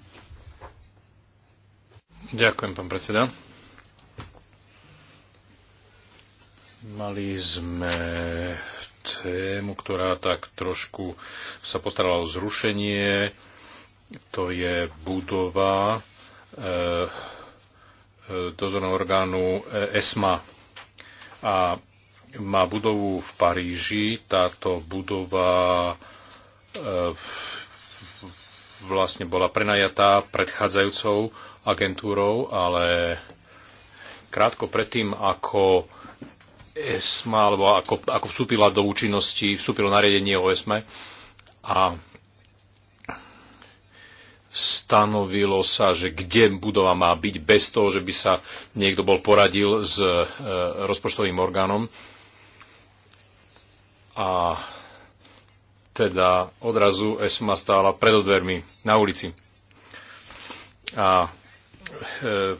Ďakujem, pán predseda. Mali sme tému, ktorá tak trošku sa postarala o zrušenie. To je budova e, dozorného orgánu eh, ESMA. A má budovu v Paríži. Táto budova vlastne bola prenajatá predchádzajúcou agentúrou, ale krátko predtým, ako ESMA, alebo ako, ako vstúpila do účinnosti, vstúpilo nariadenie o ESMA a stanovilo sa, že kde budova má byť bez toho, že by sa niekto bol poradil s e, rozpočtovým orgánom. A teda odrazu Esma stála pred odvermi na ulici. A e,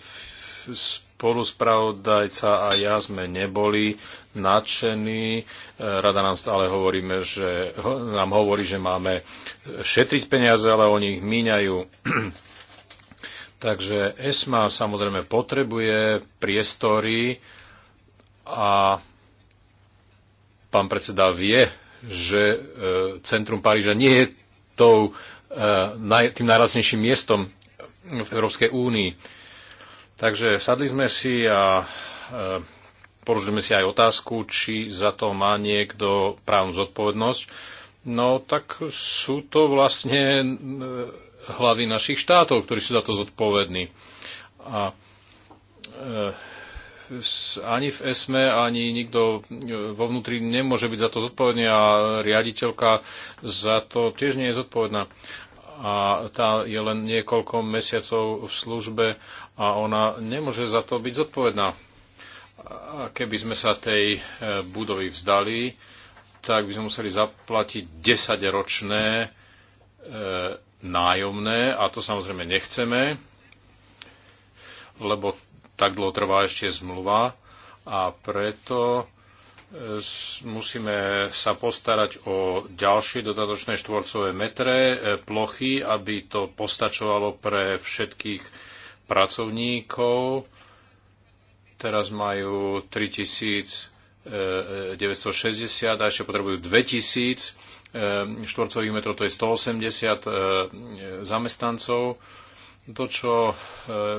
spoluspravodajca a ja sme neboli nadšení. E, rada nám stále hovoríme, že, nám hovorí, že máme šetriť peniaze, ale oni ich míňajú. Takže ESMA samozrejme potrebuje priestory a pán predseda vie, že e, centrum Paríža nie je tou, e, tým najraznejším miestom v Európskej únii Takže sadli sme si a e, položili si aj otázku, či za to má niekto právnu zodpovednosť. No tak sú to vlastne e, hlavy našich štátov, ktorí sú za to zodpovední. A e, ani v ESME, ani nikto vo vnútri nemôže byť za to zodpovedný a riaditeľka za to tiež nie je zodpovedná a tá je len niekoľko mesiacov v službe a ona nemôže za to byť zodpovedná. A keby sme sa tej e, budovy vzdali, tak by sme museli zaplatiť 10-ročné e, nájomné a to samozrejme nechceme, lebo tak dlho trvá ešte zmluva a preto musíme sa postarať o ďalšie dodatočné štvorcové metre e, plochy, aby to postačovalo pre všetkých pracovníkov. Teraz majú 3960 e, e, a ešte potrebujú 2000 štvorcových metrov, to je 180 zamestnancov. To, čo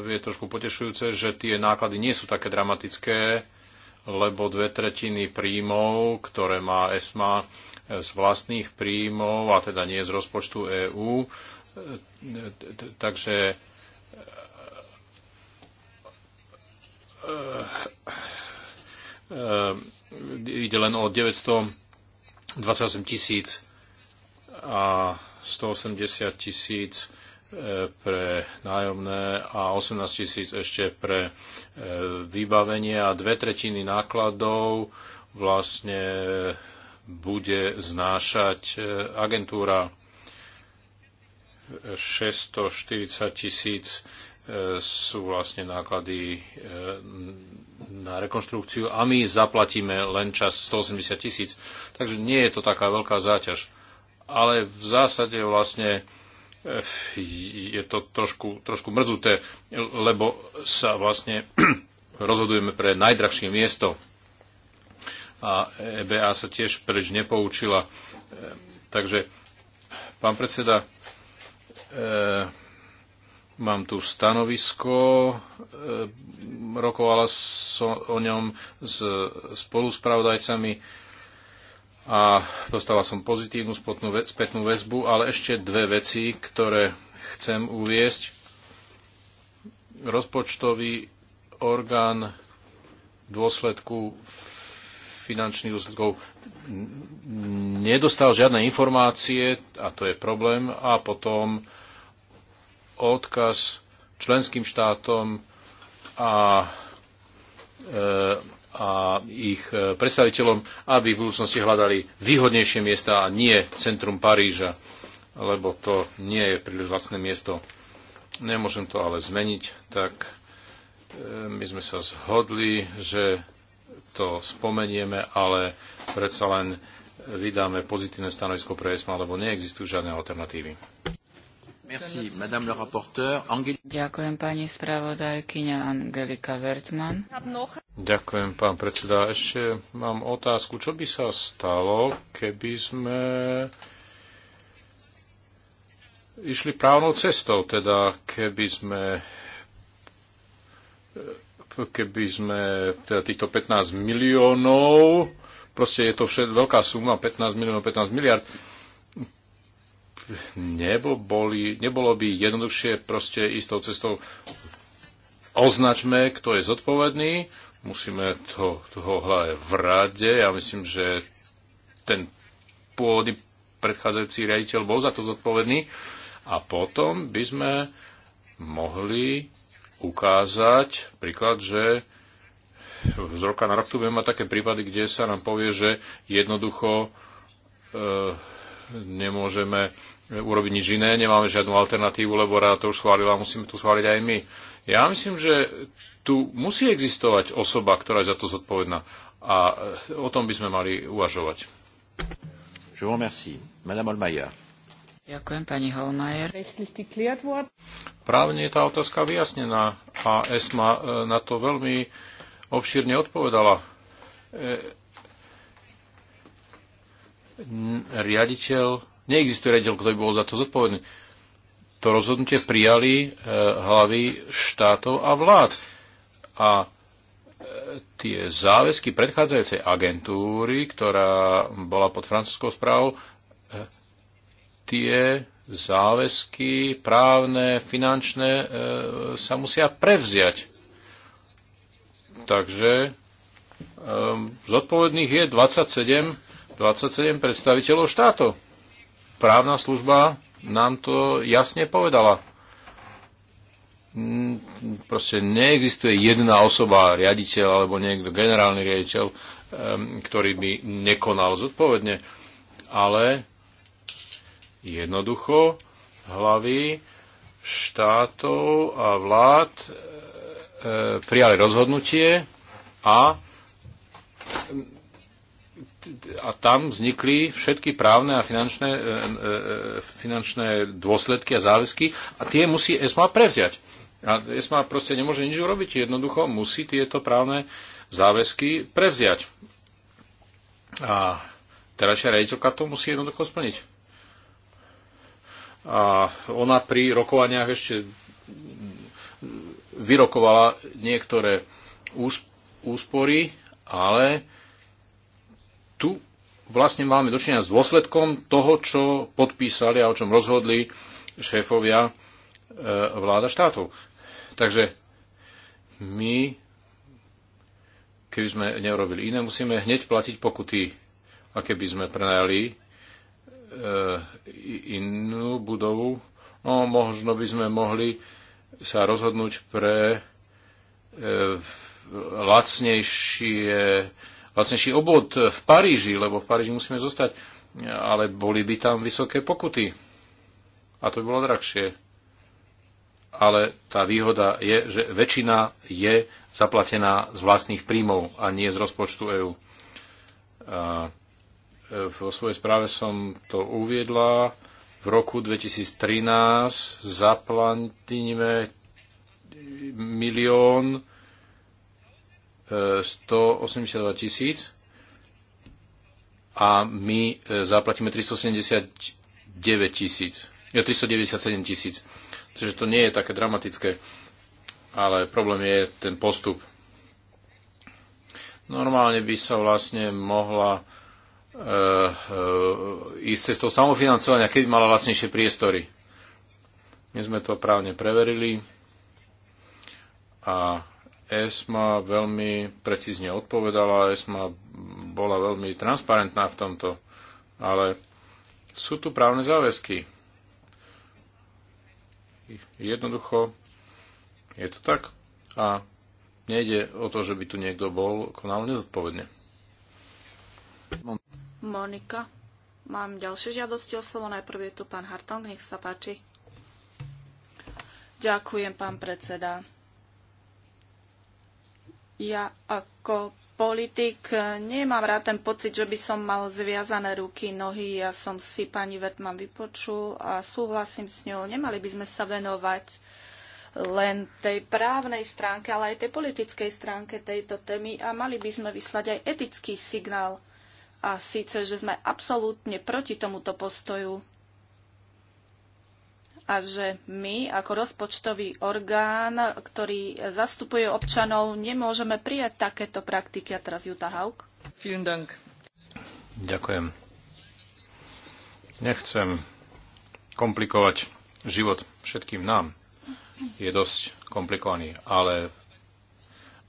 je trošku potešujúce, že tie náklady nie sú také dramatické, lebo dve tretiny príjmov, ktoré má ESMA z vlastných príjmov, a teda nie z rozpočtu EÚ, e, takže e, e, ide len o 928 tisíc a 180 tisíc pre nájomné a 18 tisíc ešte pre e, vybavenie a dve tretiny nákladov vlastne bude znášať e, agentúra 640 tisíc e, sú vlastne náklady na rekonštrukciu a my zaplatíme len čas 180 tisíc. Takže nie je to taká veľká záťaž. Ale v zásade vlastne je to trošku, trošku mrzuté, lebo sa vlastne rozhodujeme pre najdrahšie miesto. A EBA sa tiež preč nepoučila. E, takže, pán predseda, e, mám tu stanovisko, e, rokovala som o ňom s spoluspravodajcami a dostala som pozitívnu spätnú väzbu, ale ešte dve veci, ktoré chcem uviesť. Rozpočtový orgán v dôsledku finančných dôsledkov nedostal žiadne informácie, a to je problém, a potom odkaz členským štátom a e, a ich e, predstaviteľom, aby v budúcnosti hľadali výhodnejšie miesta a nie centrum Paríža, lebo to nie je príliš vlastné miesto. Nemôžem to ale zmeniť, tak e, my sme sa zhodli, že to spomenieme, ale predsa len vydáme pozitívne stanovisko pre ESMA, lebo neexistujú žiadne alternatívy. Merci, madame le rapporteur. Angel... Ďakujem pani spravodajkyňa Angelika Wertmann. Ďakujem, pán predseda. Ešte mám otázku. Čo by sa stalo, keby sme išli právnou cestou, teda keby sme keby sme teda týchto 15 miliónov, proste je to všetko veľká suma, 15 miliónov, 15 miliard, nebo boli, nebolo by jednoduchšie proste istou cestou označme, kto je zodpovedný, musíme to, toho hľadať v rade. Ja myslím, že ten pôvodný predchádzajúci riaditeľ bol za to zodpovedný a potom by sme mohli ukázať príklad, že z roka na rok tu budeme mať také prípady, kde sa nám povie, že jednoducho e, nemôžeme urobiť nič iné, nemáme žiadnu alternatívu, lebo rada to už schválila, musíme to schváliť aj my. Ja myslím, že tu musí existovať osoba, ktorá je za to zodpovedná a e, o tom by sme mali uvažovať. Je vous remercie. Madame Olmayer. Ďakujem, pani Holmajer. Právne je tá otázka vyjasnená a ESMA e, na to veľmi obšírne odpovedala. E, riaditeľ Neexistuje riaditeľ, kto by bol za to zodpovedný. To rozhodnutie prijali e, hlavy štátov a vlád. A e, tie záväzky predchádzajúcej agentúry, ktorá bola pod francúzskou správou, e, tie záväzky právne, finančné e, sa musia prevziať. Takže e, zodpovedných je 27, 27 predstaviteľov štátov právna služba nám to jasne povedala. Mm, proste neexistuje jedna osoba, riaditeľ alebo niekto, generálny riaditeľ, ktorý by nekonal zodpovedne. Ale jednoducho hlavy štátov a vlád e, e, prijali rozhodnutie a a tam vznikli všetky právne a finančné, e, e, e, finančné dôsledky a záväzky a tie musí ESMA prevziať. A ESMA proste nemôže nič urobiť, jednoducho musí tieto právne záväzky prevziať. A terajšia rejiteľka to musí jednoducho splniť. A ona pri rokovaniach ešte vyrokovala niektoré úspory, ale tu vlastne máme dočinenia s dôsledkom toho, čo podpísali a o čom rozhodli šéfovia e, vláda štátov. Takže my, keby sme neurobili iné, musíme hneď platiť pokuty. A keby sme prenajali e, inú budovu, no možno by sme mohli sa rozhodnúť pre e, lacnejšie lacnejší obvod v Paríži, lebo v Paríži musíme zostať, ale boli by tam vysoké pokuty. A to by bolo drahšie. Ale tá výhoda je, že väčšina je zaplatená z vlastných príjmov a nie z rozpočtu EÚ. E, vo svojej správe som to uviedla. V roku 2013 zaplatíme milión 182 tisíc a my e, zaplatíme 379 tisíc, 397 tisíc. Takže to nie je také dramatické, ale problém je ten postup. Normálne by sa vlastne mohla e, e, ísť cestou samofinancovania, keď mala vlastnejšie priestory. My sme to právne preverili a ESMA veľmi precízne odpovedala, ESMA bola veľmi transparentná v tomto, ale sú tu právne záväzky. Jednoducho je to tak a nejde o to, že by tu niekto bol konal nezodpovedne. Monika, mám ďalšie žiadosti o slovo. Najprv je tu pán Hartong, nech sa páči. Ďakujem, pán predseda. Ja ako politik eh, nemám rád ten pocit, že by som mal zviazané ruky, nohy. Ja som si pani Vertman vypočul a súhlasím s ňou. Nemali by sme sa venovať len tej právnej stránke, ale aj tej politickej stránke tejto témy a mali by sme vyslať aj etický signál. A síce, že sme absolútne proti tomuto postoju a že my ako rozpočtový orgán, ktorý zastupuje občanov, nemôžeme prijať takéto praktiky. A teraz Juta Haug. Ďakujem. Nechcem komplikovať život všetkým nám. Je dosť komplikovaný, ale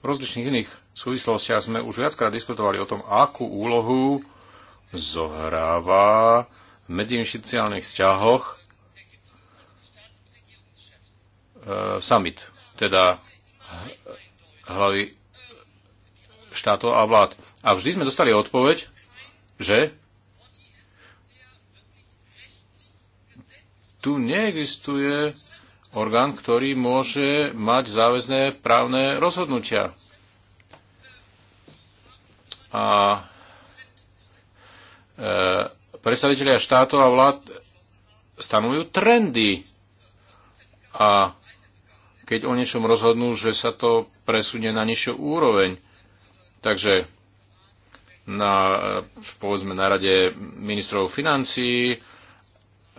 v rozličných iných súvislostiach sme už viackrát diskutovali o tom, akú úlohu zohráva v medziinstitucionálnych vzťahoch E, summit, teda hlavy štátov a vlád. A vždy sme dostali odpoveď, že tu neexistuje orgán, ktorý môže mať záväzné právne rozhodnutia. A e, predstavitelia štátov a vlád stanovujú trendy a keď o niečom rozhodnú, že sa to presunie na nižšiu úroveň. Takže na, eh, povedzme, na rade ministrov financií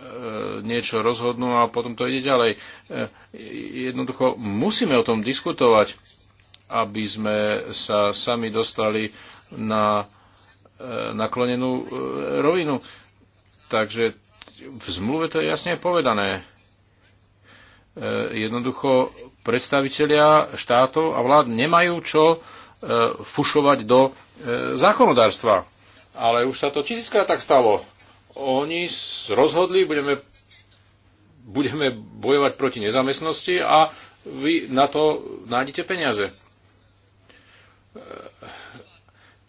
e, eh, niečo rozhodnú a potom to ide ďalej. E, jednoducho musíme o tom diskutovať, aby sme sa sami dostali na e, naklonenú rovinu. Takže v zmluve to je jasne povedané E, jednoducho predstavitelia štátov a vlád nemajú čo e, fušovať do e, zákonodárstva. Ale už sa to tisíckrát tak stalo. Oni rozhodli, budeme, budeme bojovať proti nezamestnosti a vy na to nájdete peniaze.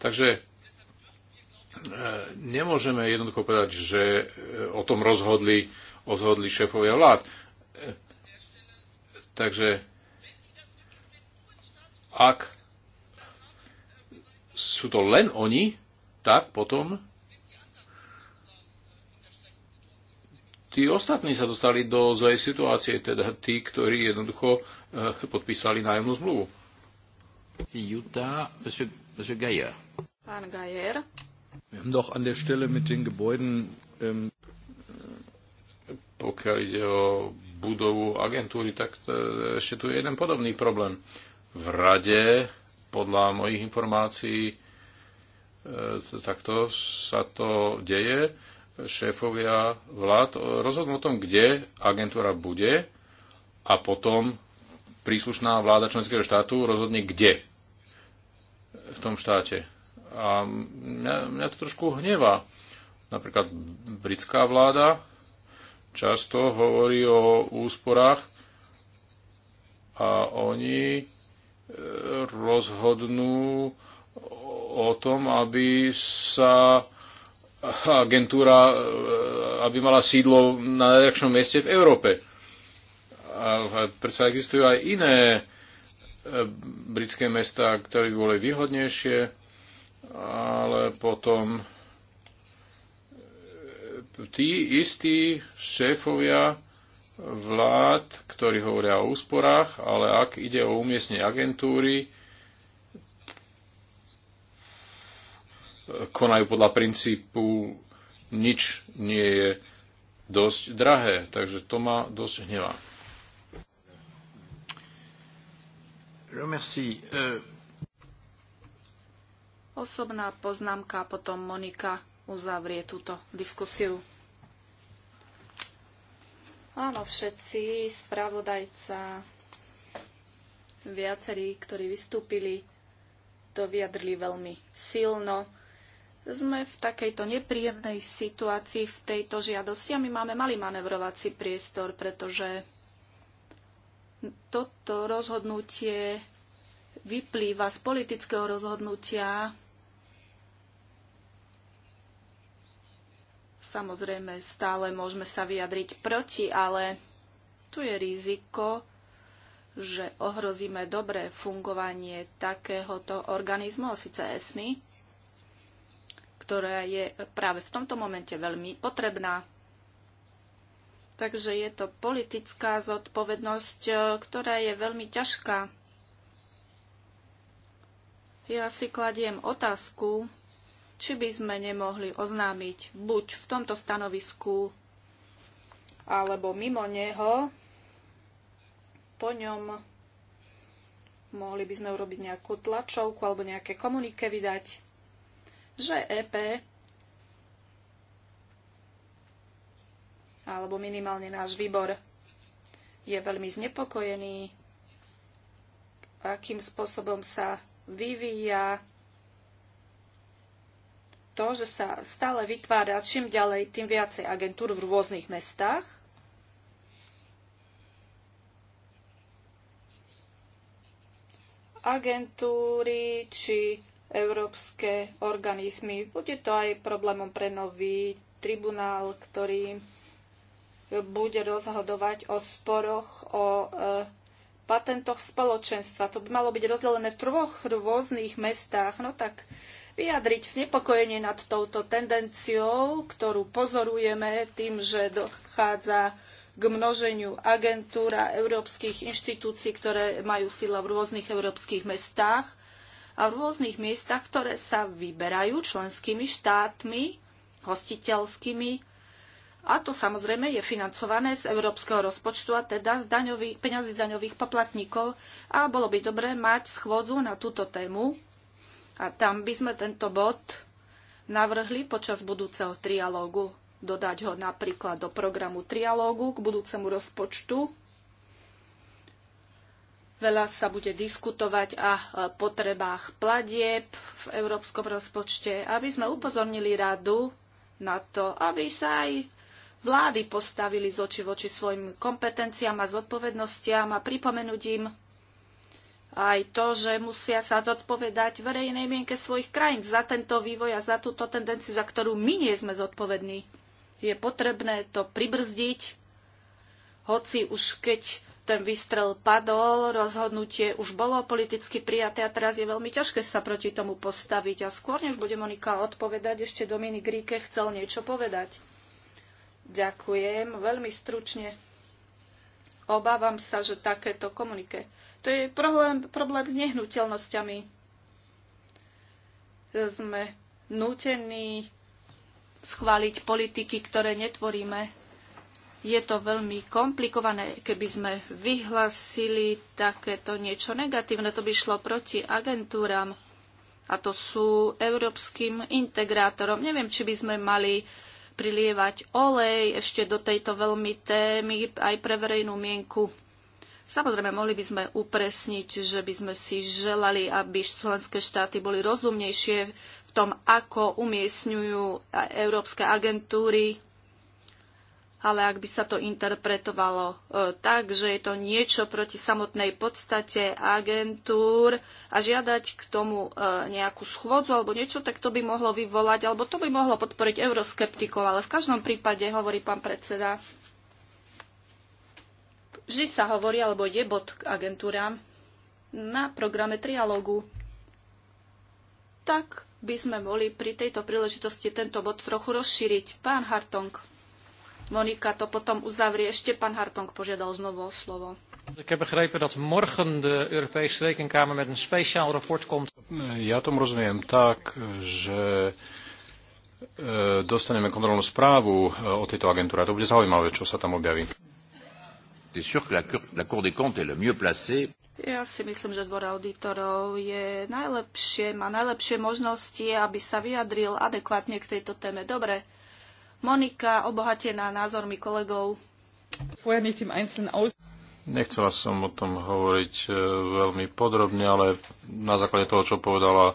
Takže nemôžeme jednoducho povedať, že o tom rozhodli, rozhodli šéfovia vlád. Takže ak sú to len oni, tak potom tí ostatní sa dostali do zlej situácie, teda tí, ktorí jednoducho eh, podpísali nájomnú zmluvu. Pán Gajer. Doch an der Stelle mit den Gebäuden, ähm, pokiaľ ide o budovu agentúry, tak e, ešte tu je jeden podobný problém. V rade, podľa mojich informácií, e, takto sa to deje. Šéfovia vlád rozhodnú o tom, kde agentúra bude a potom príslušná vláda členského štátu rozhodne, kde v tom štáte. A mňa, mňa to trošku hnevá. Napríklad britská vláda často hovorí o úsporách a oni e, rozhodnú o tom, aby sa agentúra, e, aby mala sídlo na najľakšom mieste v Európe. A predsa existujú aj iné e, britské mesta, ktoré by boli výhodnejšie, ale potom tí istí šéfovia vlád, ktorí hovoria o úsporách, ale ak ide o umiestnenie agentúry, konajú podľa princípu nič nie je dosť drahé. Takže to ma dosť hnevá. Osobná poznámka potom Monika uzavrie túto diskusiu. Áno, všetci, spravodajca, viacerí, ktorí vystúpili, to vyjadrili veľmi silno. Sme v takejto nepríjemnej situácii v tejto žiadosti a my máme malý manevrovací priestor, pretože toto rozhodnutie vyplýva z politického rozhodnutia Samozrejme, stále môžeme sa vyjadriť proti, ale tu je riziko, že ohrozíme dobré fungovanie takéhoto organizmu, síce ESMI, ktorá je práve v tomto momente veľmi potrebná. Takže je to politická zodpovednosť, e, ktorá je veľmi ťažká. Ja si kladiem otázku, či by sme nemohli oznámiť buď v tomto stanovisku alebo mimo neho, po ňom mohli by sme urobiť nejakú tlačovku alebo nejaké komunike vydať, že EP alebo minimálne náš výbor je veľmi znepokojený, akým spôsobom sa vyvíja to, že sa stále vytvára čím ďalej, tým viacej agentúr v rôznych mestách. Agentúry či európske organizmy. Bude to aj problémom pre nový tribunál, ktorý bude rozhodovať o sporoch, o e, patentoch spoločenstva. To by malo byť rozdelené v troch rôznych mestách. No tak vyjadriť znepokojenie nad touto tendenciou, ktorú pozorujeme tým, že dochádza k množeniu agentúr a európskych inštitúcií, ktoré majú síla v rôznych európskych mestách a v rôznych miestach, ktoré sa vyberajú členskými štátmi, hostiteľskými. A to samozrejme je financované z európskeho rozpočtu a teda z daňových, peňazí z daňových poplatníkov. A bolo by dobré mať schôdzu na túto tému, a tam by sme tento bod navrhli počas budúceho trialógu dodať ho napríklad do programu trialógu k budúcemu rozpočtu. Veľa sa bude diskutovať a e, potrebách platieb v európskom rozpočte, aby sme upozornili radu na to, aby sa aj vlády postavili z oči voči svojim kompetenciám a zodpovednostiam a pripomenúť im, aj to, že musia sa zodpovedať verejnej mienke svojich krajín za tento vývoj a za túto tendenciu, za ktorú my nie sme zodpovední. Je potrebné to pribrzdiť, hoci už keď ten výstrel padol, rozhodnutie už bolo politicky prijaté a teraz je veľmi ťažké sa proti tomu postaviť. A skôr, než bude Monika odpovedať, ešte Dominik Ríke chcel niečo povedať. Ďakujem, veľmi stručne. Obávam sa, že takéto komunike to je problém, problém s nehnuteľnosťami. Sme nútení schváliť politiky, ktoré netvoríme. Je to veľmi komplikované. Keby sme vyhlasili takéto niečo negatívne, to by šlo proti agentúram a to sú európskym integrátorom. Neviem, či by sme mali prilievať olej ešte do tejto veľmi témy aj pre verejnú mienku. Samozrejme, mohli by sme upresniť, že by sme si želali, aby členské štáty boli rozumnejšie v tom, ako umiestňujú európske agentúry, ale ak by sa to interpretovalo e, tak, že je to niečo proti samotnej podstate agentúr a žiadať k tomu e, nejakú schôdzu alebo niečo, tak to by mohlo vyvolať, alebo to by mohlo podporiť euroskeptikov, ale v každom prípade, hovorí pán predseda, Vždy sa hovorí, alebo je bod k agentúram na programe trialógu. Tak by sme mohli pri tejto príležitosti tento bod trochu rozšíriť. Pán Hartong. Monika to potom uzavrie. Ešte pán Hartong požiadal znovu o slovo. Ja tomu rozumiem tak, že eh, dostaneme kontrolnú správu eh, o tejto agentúre. To bude zaujímavé, čo sa tam objaví c'est sûr que la Cour, la Cour des comptes est le mieux placée. Ja si myslím, že dvor auditorov je najlepšie, má najlepšie možnosti, aby sa vyjadril adekvátne k tejto téme. Dobre, Monika, obohatená názormi kolegov. Nechcela som o tom hovoriť e, veľmi podrobne, ale na základe toho, čo povedala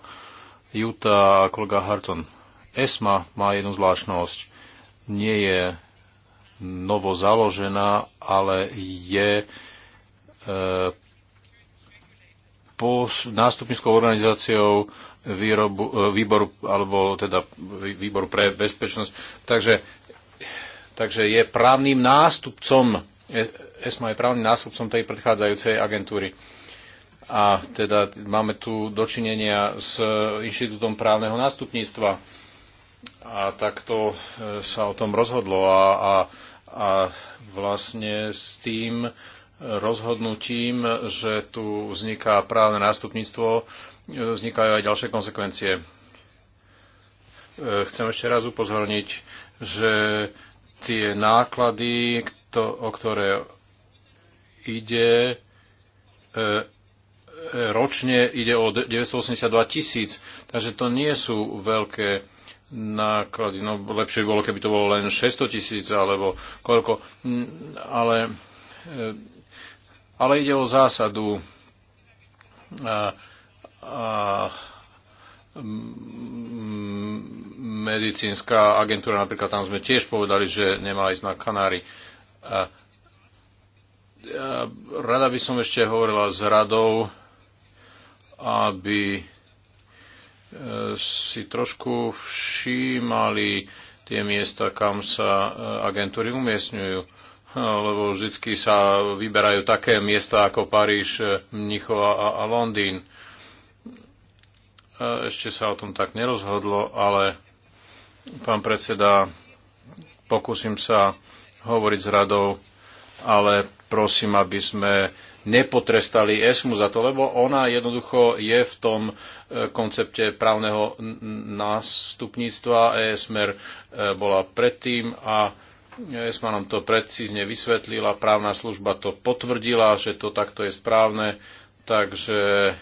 Juta a kolega Harton. ESMA má jednu zvláštnosť. Nie je novo založená, ale je e, po nástupnickou organizáciou výrobu, e, výboru, alebo teda výboru pre bezpečnosť. Takže, takže je právnym nástupcom, e, ESMA je právnym nástupcom tej predchádzajúcej agentúry. A teda máme tu dočinenia s Inštitútom právneho nástupníctva. A takto sa o tom rozhodlo. A, a a vlastne s tým rozhodnutím, že tu vzniká právne nástupníctvo, e, vznikajú aj ďalšie konsekvencie. E, chcem ešte raz upozorniť, že tie náklady, o ktoré ide, e, ročne ide o 982 tisíc, takže to nie sú veľké náklady. No lepšie by bolo, keby to bolo len 600 tisíc alebo koľko. Mm, ale, e, ale ide o zásadu. A, a, mm, medicínska agentúra, napríklad tam sme tiež povedali, že nemá ísť na Kanári. A, rada by som ešte hovorila s radou, aby E, si trošku všímali tie miesta, kam sa e, agentúry umiestňujú. E, lebo vždy sa vyberajú také miesta ako Paríž, Mnichova a Londýn. Ešte sa o tom tak nerozhodlo, ale pán predseda, pokúsim sa hovoriť s radou, ale prosím, aby sme nepotrestali ESMU za to, lebo ona jednoducho je v tom koncepte právneho nástupníctva. ESMER e, bola predtým a ESMA nám to precízne vysvetlila, právna služba to potvrdila, že to takto je správne, takže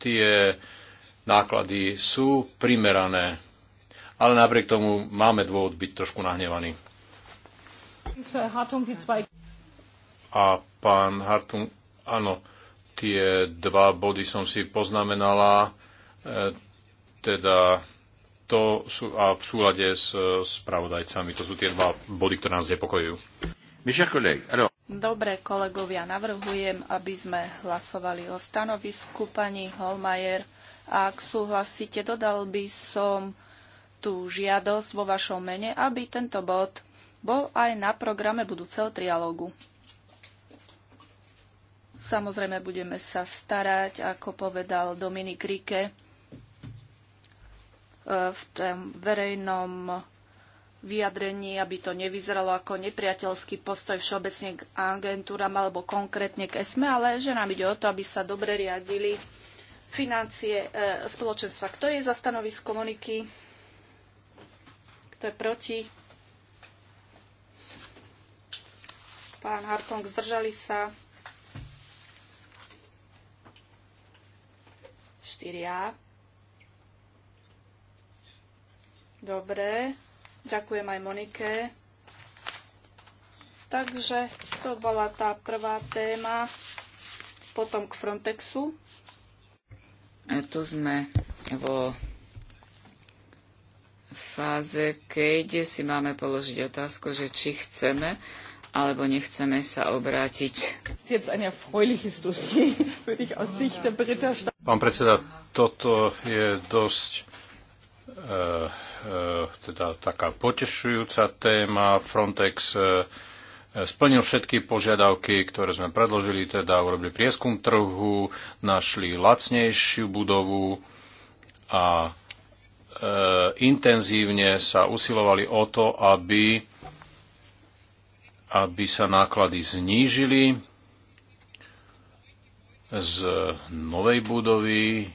tie náklady sú primerané. Ale napriek tomu máme dôvod byť trošku nahnevaní. A pán Hartung, áno, tie dva body som si poznamenala. E, teda to sú a v súlade e, s spravodajcami. To sú tie dva body, ktoré nás nepokojujú. Dobre, kolegovia, navrhujem, aby sme hlasovali o stanovisku pani Holmajer. A ak súhlasíte, dodal by som tú žiadosť vo vašom mene, aby tento bod bol aj na programe budúceho trialógu. Samozrejme, budeme sa starať, ako povedal Dominik Rike, E, v tom verejnom vyjadrení, aby to nevyzeralo ako nepriateľský postoj všeobecne k agentúram alebo konkrétne k ESME, ale že nám ide o to, aby sa dobre riadili financie e, spoločenstva. Kto je za stanovisko Moniky? Kto je proti? Pán Hartong, zdržali sa. Štyria. Dobre, ďakujem aj Monike. Takže to bola tá prvá téma, potom k Frontexu. A tu sme vo fáze, keď si máme položiť otázku, že či chceme alebo nechceme sa obrátiť. Pán predseda, toto je dosť uh, Eh, teda taká potešujúca téma. Frontex eh, splnil všetky požiadavky, ktoré sme predložili, teda urobili prieskum trhu, našli lacnejšiu budovu a eh, intenzívne sa usilovali o to, aby, aby sa náklady znížili z novej budovy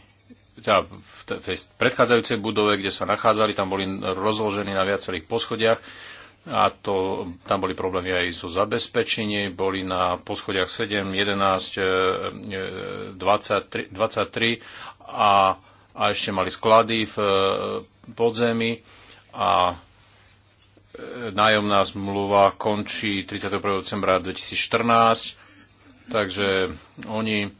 teda v tej predchádzajúcej budove, kde sa nachádzali, tam boli rozložení na viacerých poschodiach a to, tam boli problémy aj so zabezpečením, boli na poschodiach 7, 11, 23, 23 a, a ešte mali sklady v e, podzemí a e, nájomná zmluva končí 31. decembra 2014, takže oni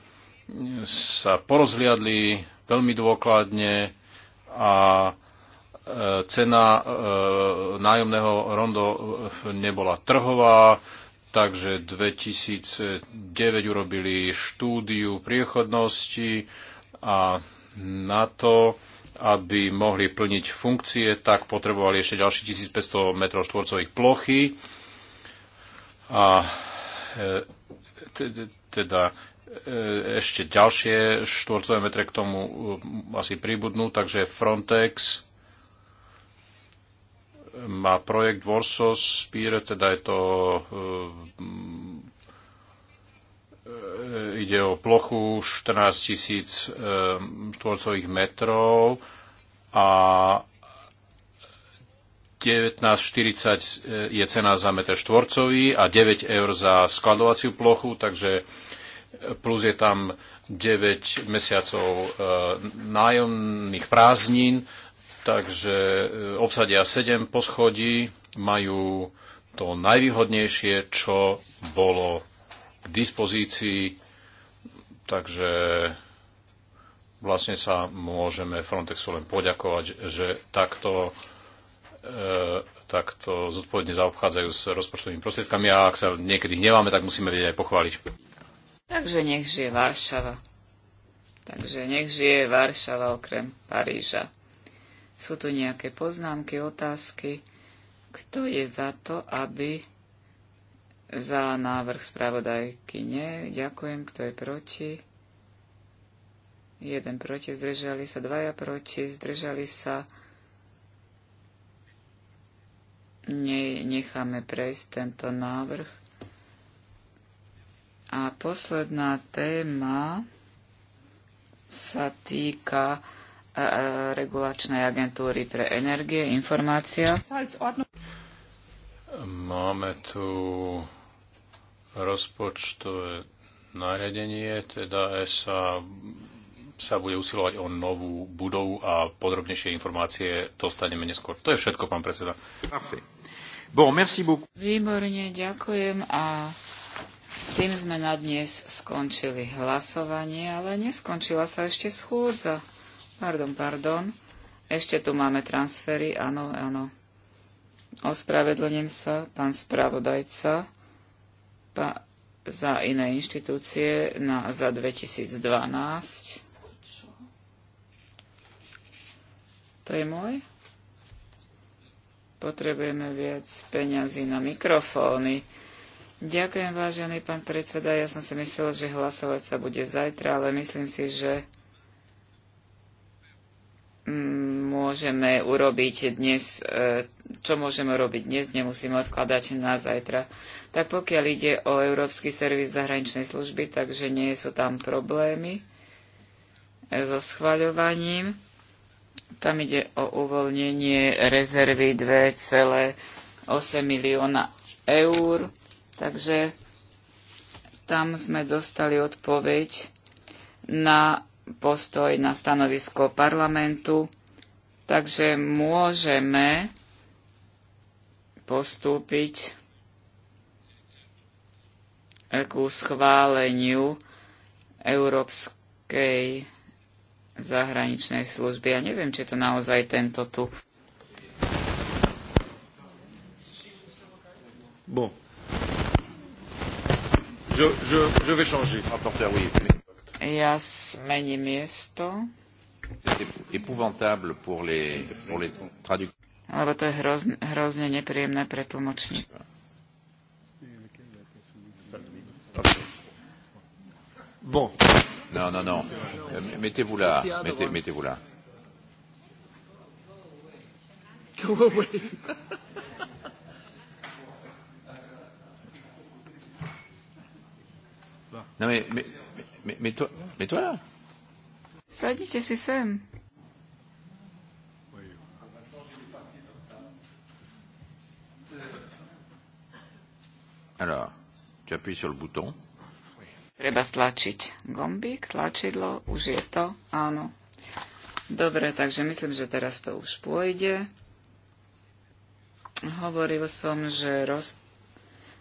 sa porozliadli veľmi dôkladne a e, cena e, nájomného rondo e, nebola trhová, takže 2009 urobili štúdiu priechodnosti a na to, aby mohli plniť funkcie, tak potrebovali ešte ďalší 1500 m štvorcových plochy. A teda E, ešte ďalšie štvorcové metre k tomu e, asi príbudnú, takže Frontex má projekt Warsaw Spire, teda je to e, ide o plochu 14 tisíc štvorcových metrov a 19,40 je cena za meter štvorcový a 9 eur za skladovaciu plochu, takže plus je tam 9 mesiacov e, nájomných prázdnin, takže e, obsadia 7 poschodí, majú to najvýhodnejšie, čo bolo k dispozícii, takže vlastne sa môžeme Frontexu len poďakovať, že takto, e, takto zodpovedne zaobchádzajú s rozpočtovými prostriedkami a ak sa niekedy hneváme, tak musíme vedieť aj pochváliť. Takže nech žije Varšava. Takže nech žije Varšava okrem Paríža. Sú tu nejaké poznámky, otázky? Kto je za to, aby za návrh spravodajky nie? Ďakujem. Kto je proti? Jeden proti, zdržali sa. Dvaja proti, zdržali sa. Ne, necháme prejsť tento návrh. A posledná téma sa týka e, e, regulačnej agentúry pre energie, informácia. Máme tu rozpočtové nariadenie, teda sa, sa bude usilovať o novú budovu a podrobnejšie informácie dostaneme neskôr. To je všetko, pán predseda. Bon, merci beaucoup. Výborne, ďakujem a tým sme na dnes skončili hlasovanie, ale neskončila sa ešte schôdza. Pardon, pardon. Ešte tu máme transfery, áno, áno. Ospravedlňujem sa, pán spravodajca, pa, za iné inštitúcie na, za 2012. To je môj? Potrebujeme viac peňazí na mikrofóny Ďakujem, vážený pán predseda. Ja som si myslel, že hlasovať sa bude zajtra, ale myslím si, že môžeme urobiť dnes, e, čo môžeme robiť dnes, nemusíme odkladať na zajtra. Tak pokiaľ ide o Európsky servis zahraničnej služby, takže nie sú tam problémy e, so schvaľovaním. Tam ide o uvoľnenie rezervy 2,8 milióna eur Takže tam sme dostali odpoveď na postoj, na stanovisko parlamentu. Takže môžeme postúpiť ku schváleniu Európskej zahraničnej služby. Ja neviem, či je to naozaj tento tu. Bon. Je, je, je vais changer, rapporteur, oui. Ja zmením miesto. Épouvantable pour les, pour les traducteurs. Lebo to je hrozne, hrozne nepríjemné pre tlmočníka. Bon. Non, non, non. Mettez-vous là. Mettez-vous mettez là. Go away. Non mais, mais, mais, mais, toi, mais toi là Sadite si sem. Alors, tu appuies sur le bouton. Treba stlačiť gombík, tlačidlo, už je to, áno. Dobre, takže myslím, že teraz to už pôjde. Hovoril som, že roz,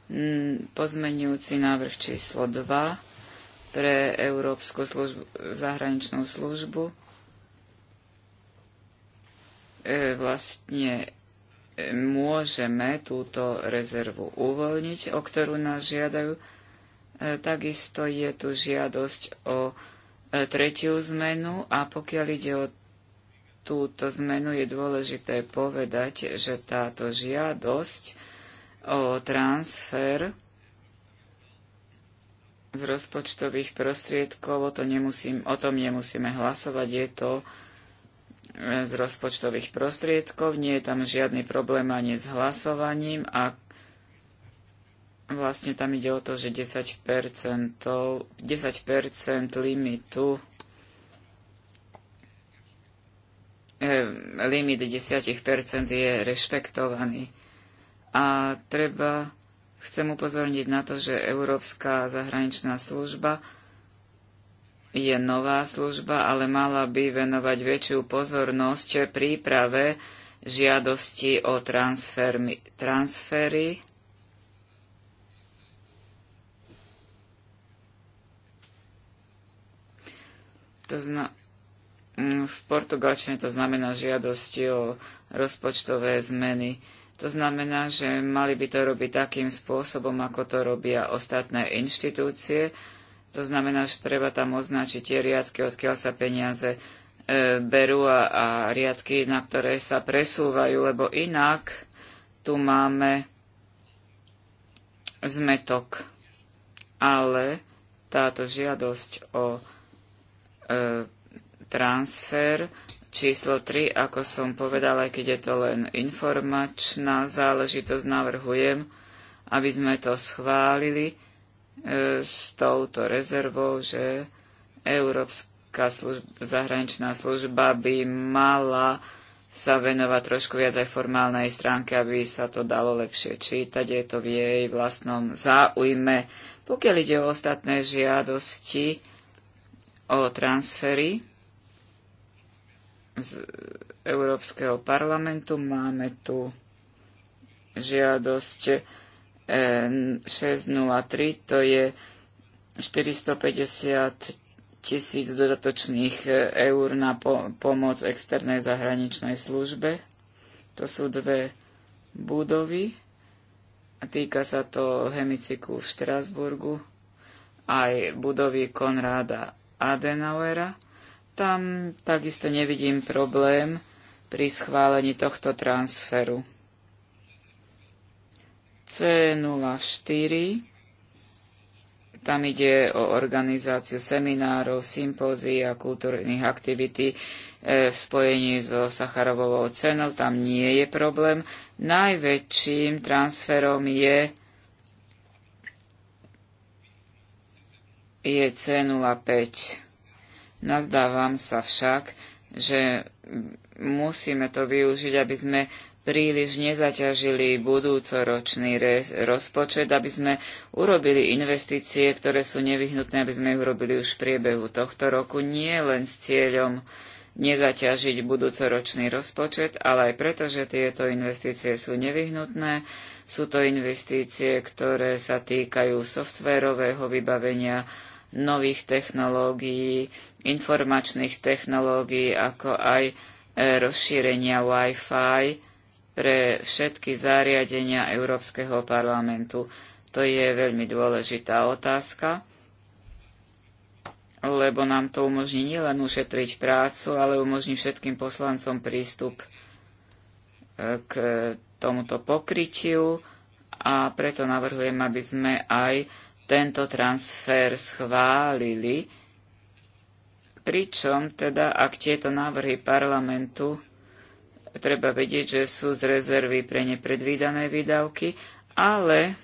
Mm, pozmenujúci návrh číslo 2 pre Európsku službu, zahraničnú službu. E, vlastne e, môžeme túto rezervu uvoľniť, o ktorú nás žiadajú. E, takisto je tu žiadosť o e, tretiu zmenu a pokiaľ ide o túto zmenu, je dôležité povedať, že táto žiadosť o transfer z rozpočtových prostriedkov, o, to nemusím, o tom nemusíme hlasovať, je to e, z rozpočtových prostriedkov, nie je tam žiadny problém ani s hlasovaním a vlastne tam ide o to, že 10%, 10% limitu e, limit 10% je rešpektovaný. A treba, chcem upozorniť na to, že Európska zahraničná služba je nová služba, ale mala by venovať väčšiu pozornosť príprave žiadosti o transfermi, transfery. To zna- mm, v portugalčine to znamená žiadosti o rozpočtové zmeny. To znamená, že mali by to robiť takým spôsobom, ako to robia ostatné inštitúcie. To znamená, že treba tam označiť tie riadky, odkiaľ sa peniaze e, berú a, a riadky, na ktoré sa presúvajú, lebo inak tu máme zmetok. Ale táto žiadosť o e, transfer Číslo 3, ako som povedala, keď je to len informačná záležitosť, navrhujem, aby sme to schválili e, s touto rezervou, že Európska služba, zahraničná služba by mala sa venovať trošku viac aj formálnej stránke, aby sa to dalo lepšie čítať. Je to v jej vlastnom záujme. Pokiaľ ide o ostatné žiadosti o transfery, z Európskeho parlamentu. Máme tu žiadosť 603, eh, to je 450 tisíc dodatočných eh, eur na pomoc externej zahraničnej službe. To sú dve budovy. Týka sa to hemicyklu v Štrasburgu, aj budovy Konráda Adenauera tam takisto nevidím problém pri schválení tohto transferu. C04. Tam ide o organizáciu seminárov, sympózií a kultúrnych aktivití e, v spojení so Sacharovou cenou. Tam nie je problém. Najväčším transferom je je C05. Nazdávam sa však, že musíme to využiť, aby sme príliš nezaťažili budúcoročný rozpočet, aby sme urobili investície, ktoré sú nevyhnutné, aby sme ich urobili už v priebehu tohto roku, nie len s cieľom nezaťažiť budúcoročný rozpočet, ale aj preto, že tieto investície sú nevyhnutné. Sú to investície, ktoré sa týkajú softvérového vybavenia, nových technológií, informačných technológií, ako aj e, rozšírenia Wi-Fi pre všetky zariadenia Európskeho parlamentu. To je veľmi dôležitá otázka, lebo nám to umožní nielen ušetriť prácu, ale umožní všetkým poslancom prístup e, k tomuto pokrytiu a preto navrhujem, aby sme aj tento transfer schválili, pričom teda, ak tieto návrhy parlamentu, treba vedieť, že sú z rezervy pre nepredvídané výdavky, ale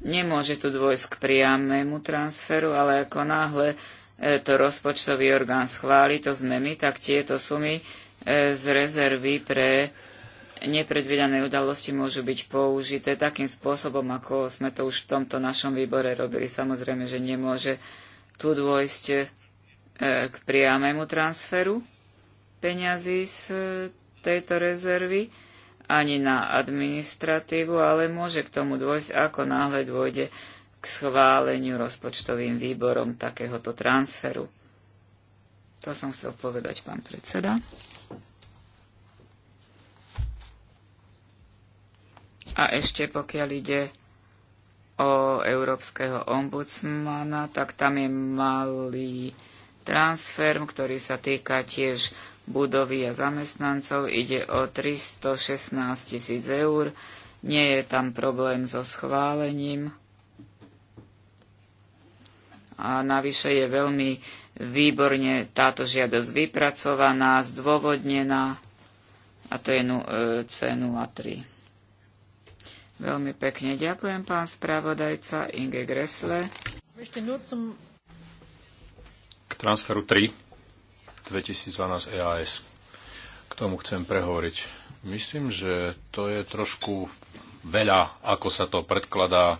nemôže tu dôjsť k priamému transferu, ale ako náhle e, to rozpočtový orgán schváli, to sme my, tak tieto sumy e, z rezervy pre nepredvídané udalosti môžu byť použité takým spôsobom, ako sme to už v tomto našom výbore robili. Samozrejme, že nemôže tu dôjsť e, k priamému transferu peňazí z e, tejto rezervy ani na administratívu, ale môže k tomu dôjsť, ako náhle dôjde k schváleniu rozpočtovým výborom takéhoto transferu. To som chcel povedať, pán predseda. A ešte pokiaľ ide o európskeho ombudsmana, tak tam je malý transfer, ktorý sa týka tiež budovy a zamestnancov. Ide o 316 tisíc eur. Nie je tam problém so schválením. A navyše je veľmi výborne táto žiadosť vypracovaná, zdôvodnená. A to je 0,3. E, Veľmi pekne ďakujem, pán spravodajca Inge Gressle. K transferu 3 2012 EAS. K tomu chcem prehovoriť. Myslím, že to je trošku veľa, ako sa to predkladá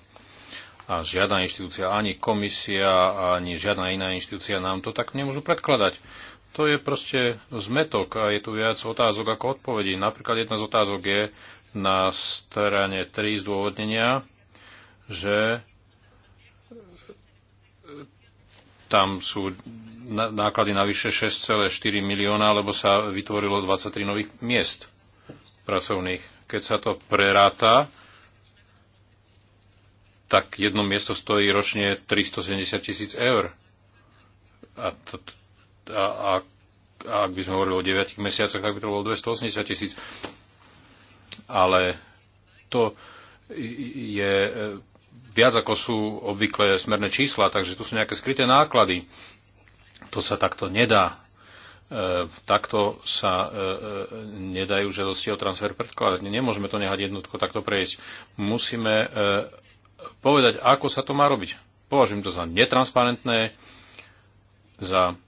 a žiadna inštitúcia, ani komisia, ani žiadna iná inštitúcia nám to tak nemôžu predkladať. To je proste zmetok a je tu viac otázok ako odpovedí. Napríklad jedna z otázok je, na strane 3 zdôvodnenia, že tam sú náklady navyše 6,4 milióna, lebo sa vytvorilo 23 nových miest pracovných. Keď sa to preráta, tak jedno miesto stojí ročne 370 tisíc eur. A, to, a, a, a ak by sme hovorili o 9 mesiacoch, tak by to bolo 280 tisíc ale to je e, viac ako sú obvykle smerné čísla, takže tu sú nejaké skryté náklady. To sa takto nedá. E, takto sa e, e nedajú žiadosti o transfer predkladať. Nemôžeme to nehať jednotko takto prejsť. Musíme e, povedať, ako sa to má robiť. Považujem to za netransparentné, za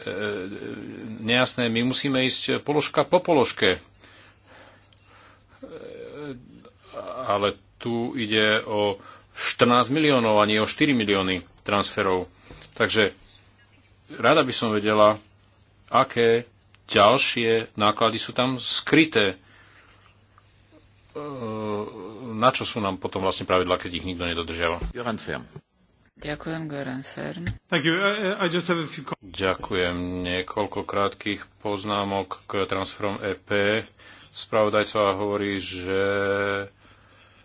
e, e nejasné. My musíme ísť položka po položke ale tu ide o 14 miliónov a nie o 4 milióny transferov. Takže rada by som vedela, aké ďalšie náklady sú tam skryté. E, na čo sú nám potom vlastne pravidla, keď ich nikto nedodržiava? Ďakujem, Goran Fern. Ďakujem. Niekoľko krátkých poznámok k transferom EP Spravodajca hovorí, že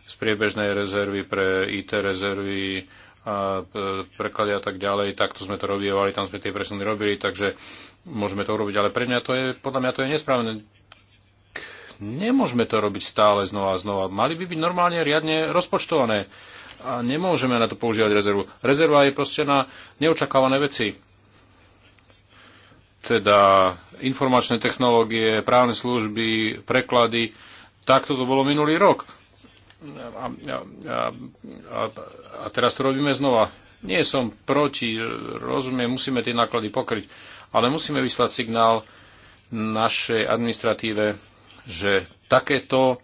z priebežnej rezervy pre IT rezervy a preklady a tak ďalej, takto sme to robievali, tam sme tie presuny robili, takže môžeme to urobiť, ale pre mňa to je, podľa mňa to je nesprávne. Nemôžeme to robiť stále znova a znova. Mali by byť normálne riadne rozpočtované a nemôžeme na to používať rezervu. Rezerva je proste na neočakávané veci teda informačné technológie, právne služby, preklady. Takto to bolo minulý rok. A, a, a, a teraz to robíme znova. Nie som proti, rozumiem, musíme tie náklady pokryť, ale musíme vyslať signál našej administratíve, že takéto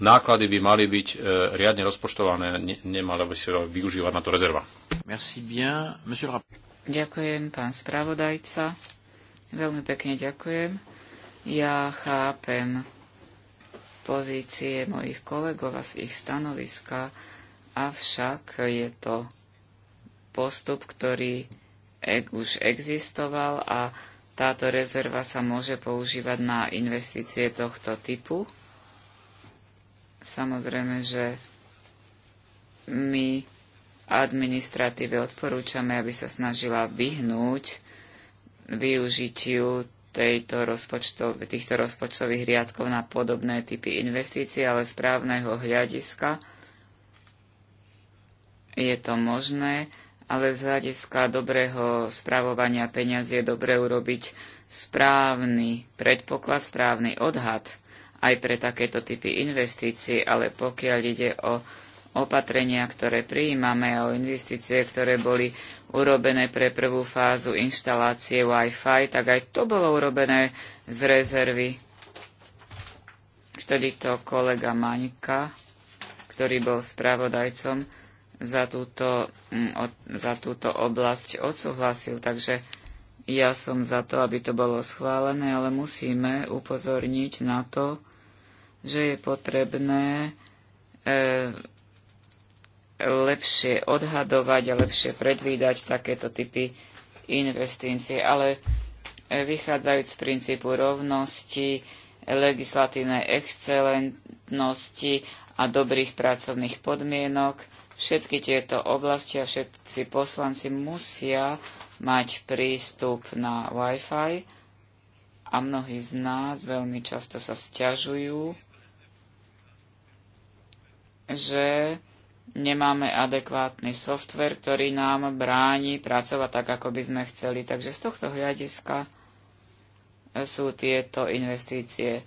náklady by mali byť e, riadne rozpočtované, ne, nemala by sa využívať na to rezerva. Merci bien, monsieur le Ďakujem, pán spravodajca. Veľmi pekne ďakujem. Ja chápem pozície mojich kolegov a z ich stanoviska, avšak je to postup, ktorý e- už existoval a táto rezerva sa môže používať na investície tohto typu. Samozrejme, že my administratíve odporúčame, aby sa snažila vyhnúť využitiu tejto rozpočtov, týchto rozpočtových riadkov na podobné typy investícií, ale z právneho hľadiska je to možné, ale z hľadiska dobrého správovania peňazí je dobre urobiť správny predpoklad, správny odhad aj pre takéto typy investícií, ale pokiaľ ide o opatrenia, ktoré prijímame a o investície, ktoré boli urobené pre prvú fázu inštalácie Wi-Fi, tak aj to bolo urobené z rezervy. Vtedy to kolega Maňka, ktorý bol spravodajcom za túto, mm, za túto oblasť, odsúhlasil. Takže ja som za to, aby to bolo schválené, ale musíme upozorniť na to, že je potrebné e, lepšie odhadovať a lepšie predvídať takéto typy investície. Ale vychádzajúc z princípu rovnosti, legislatívnej excelentnosti a dobrých pracovných podmienok, všetky tieto oblasti a všetci poslanci musia mať prístup na Wi-Fi a mnohí z nás veľmi často sa sťažujú, že nemáme adekvátny software, ktorý nám bráni pracovať tak, ako by sme chceli. Takže z tohto hľadiska sú tieto investície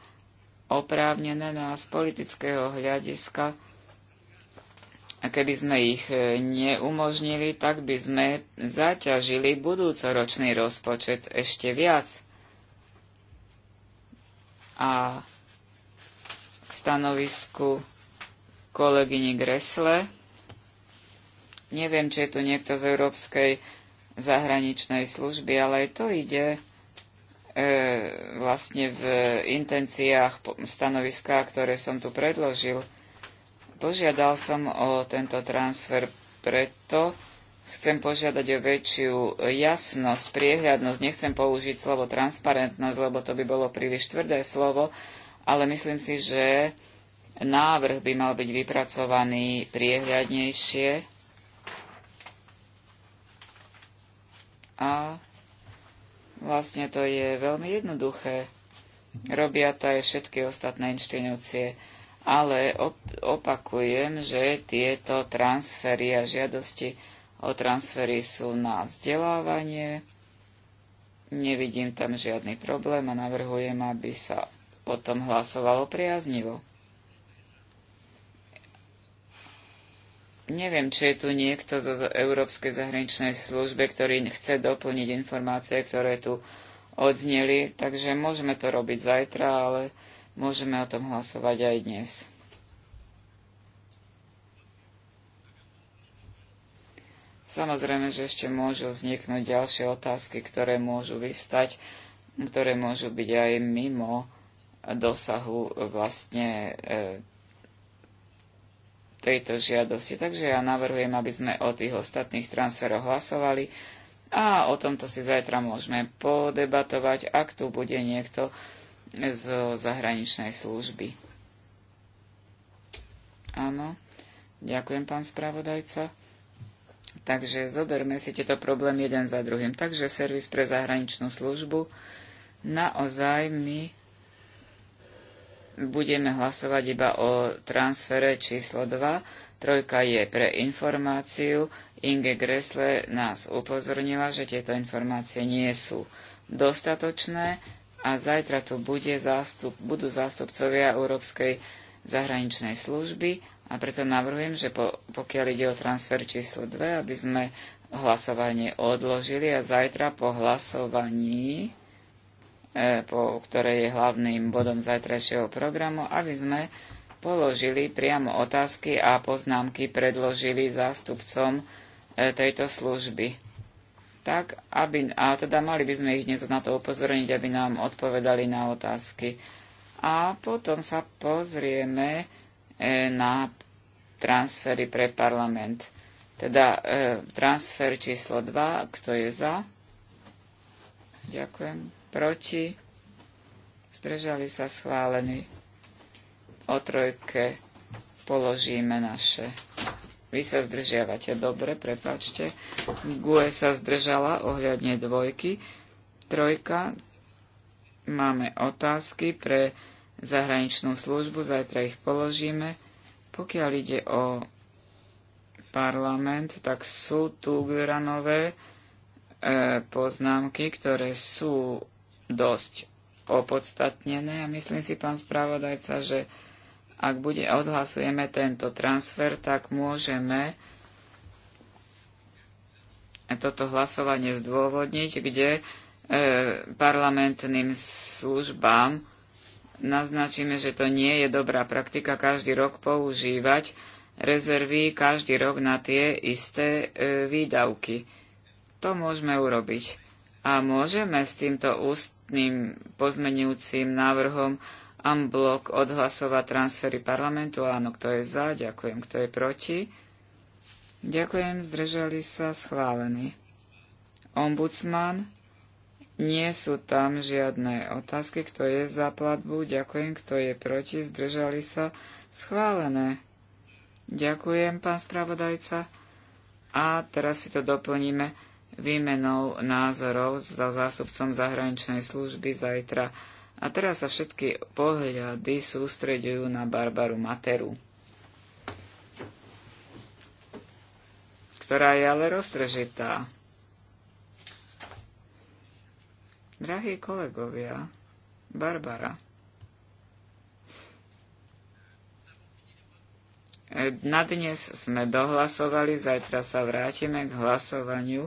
oprávnené no a z politického hľadiska. Keby sme ich e, neumožnili, tak by sme zaťažili budúcoročný rozpočet ešte viac. A k stanovisku kolegyni Gresle Neviem, či je tu niekto z Európskej zahraničnej služby, ale aj to ide e, vlastne v intenciách stanoviská, ktoré som tu predložil. Požiadal som o tento transfer preto, chcem požiadať o väčšiu jasnosť, priehľadnosť. Nechcem použiť slovo transparentnosť, lebo to by bolo príliš tvrdé slovo, ale myslím si, že návrh by mal byť vypracovaný priehľadnejšie A vlastne to je veľmi jednoduché. Robia to aj všetky ostatné inštitúcie. Ale op- opakujem, že tieto transfery a žiadosti o transfery sú na vzdelávanie. Nevidím tam žiadny problém a navrhujem, aby sa o tom hlasovalo priaznivo. Neviem, či je tu niekto zo Európskej zahraničnej službe, ktorý chce doplniť informácie, ktoré tu odzneli, takže môžeme to robiť zajtra, ale môžeme o tom hlasovať aj dnes. Samozrejme, že ešte môžu vzniknúť ďalšie otázky, ktoré môžu vyvstať, ktoré môžu byť aj mimo dosahu vlastne e, tejto žiadosti. Takže ja navrhujem, aby sme o tých ostatných transferoch hlasovali a o tomto si zajtra môžeme podebatovať, ak tu bude niekto zo zahraničnej služby. Áno, ďakujem pán spravodajca. Takže zoberme si tieto problémy jeden za druhým. Takže servis pre zahraničnú službu naozaj my budeme hlasovať iba o transfere číslo 2. Trojka je pre informáciu. Inge Gressle nás upozornila, že tieto informácie nie sú dostatočné a zajtra tu bude zástup, budú zástupcovia Európskej zahraničnej služby a preto navrhujem, že po, pokiaľ ide o transfer číslo 2, aby sme hlasovanie odložili a zajtra po hlasovaní E, po ktorej je hlavným bodom zajtrajšieho programu, aby sme položili priamo otázky a poznámky predložili zástupcom e, tejto služby. Tak, aby, a teda mali by sme ich dnes na to upozorniť, aby nám odpovedali na otázky. A potom sa pozrieme e, na transfery pre parlament. Teda transfer číslo 2, kto je za? Ďakujem proti, zdržali sa schválení. O trojke položíme naše. Vy sa zdržiavate dobre, prepačte. Gue sa zdržala ohľadne dvojky. Trojka. Máme otázky pre zahraničnú službu, zajtra ich položíme. Pokiaľ ide o parlament, tak sú tu granové e, poznámky, ktoré sú dosť opodstatnené a myslím si, pán spravodajca, že ak bude, odhlasujeme tento transfer, tak môžeme toto hlasovanie zdôvodniť, kde e, parlamentným službám naznačíme, že to nie je dobrá praktika každý rok používať rezervy každý rok na tie isté e, výdavky. To môžeme urobiť. A môžeme s týmto úst ústnym pozmenujúcim návrhom Amblok odhlasovať transfery parlamentu. Áno, kto je za, ďakujem, kto je proti. Ďakujem, zdržali sa, schválený. Ombudsman, nie sú tam žiadne otázky, kto je za platbu, ďakujem, kto je proti, zdržali sa, schválené. Ďakujem, pán spravodajca. A teraz si to doplníme výmenou názorov so zástupcom zahraničnej služby zajtra. A teraz sa všetky pohľady sústreďujú na Barbaru Materu, ktorá je ale roztržitá. Drahí kolegovia, Barbara, na dnes sme dohlasovali, zajtra sa vrátime k hlasovaniu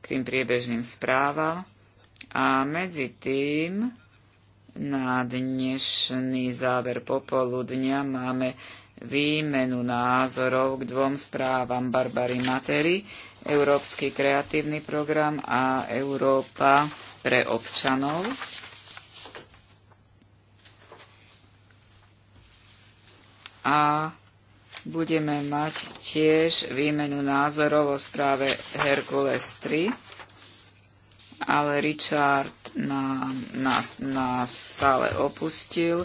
k tým priebežným správam a medzi tým na dnešný záver popoludnia máme výmenu názorov k dvom správam Barbary Matery, Európsky kreatívny program a Európa pre občanov. A budeme mať tiež výmenu názorov o správe Hercules 3, ale Richard nám, nás, nás stále opustil.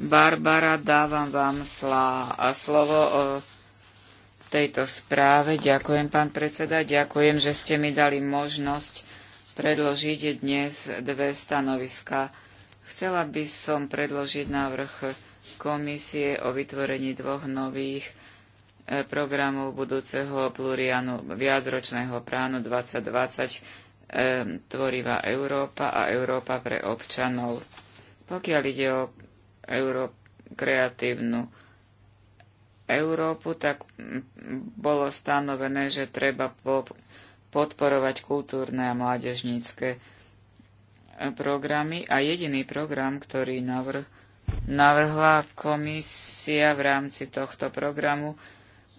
Barbara, dávam vám slá a slovo o tejto správe. Ďakujem, pán predseda, ďakujem, že ste mi dali možnosť predložiť dnes dve stanoviska. Chcela by som predložiť návrh komisie o vytvorení dvoch nových e, programov budúceho plurianu viacročného plánu 2020 e, Tvorivá Európa a Európa pre občanov. Pokiaľ ide o Euró- kreatívnu Európu, tak bolo stanovené, že treba po- podporovať kultúrne a mládežnícke e, programy a jediný program, ktorý navrh navrhla komisia v rámci tohto programu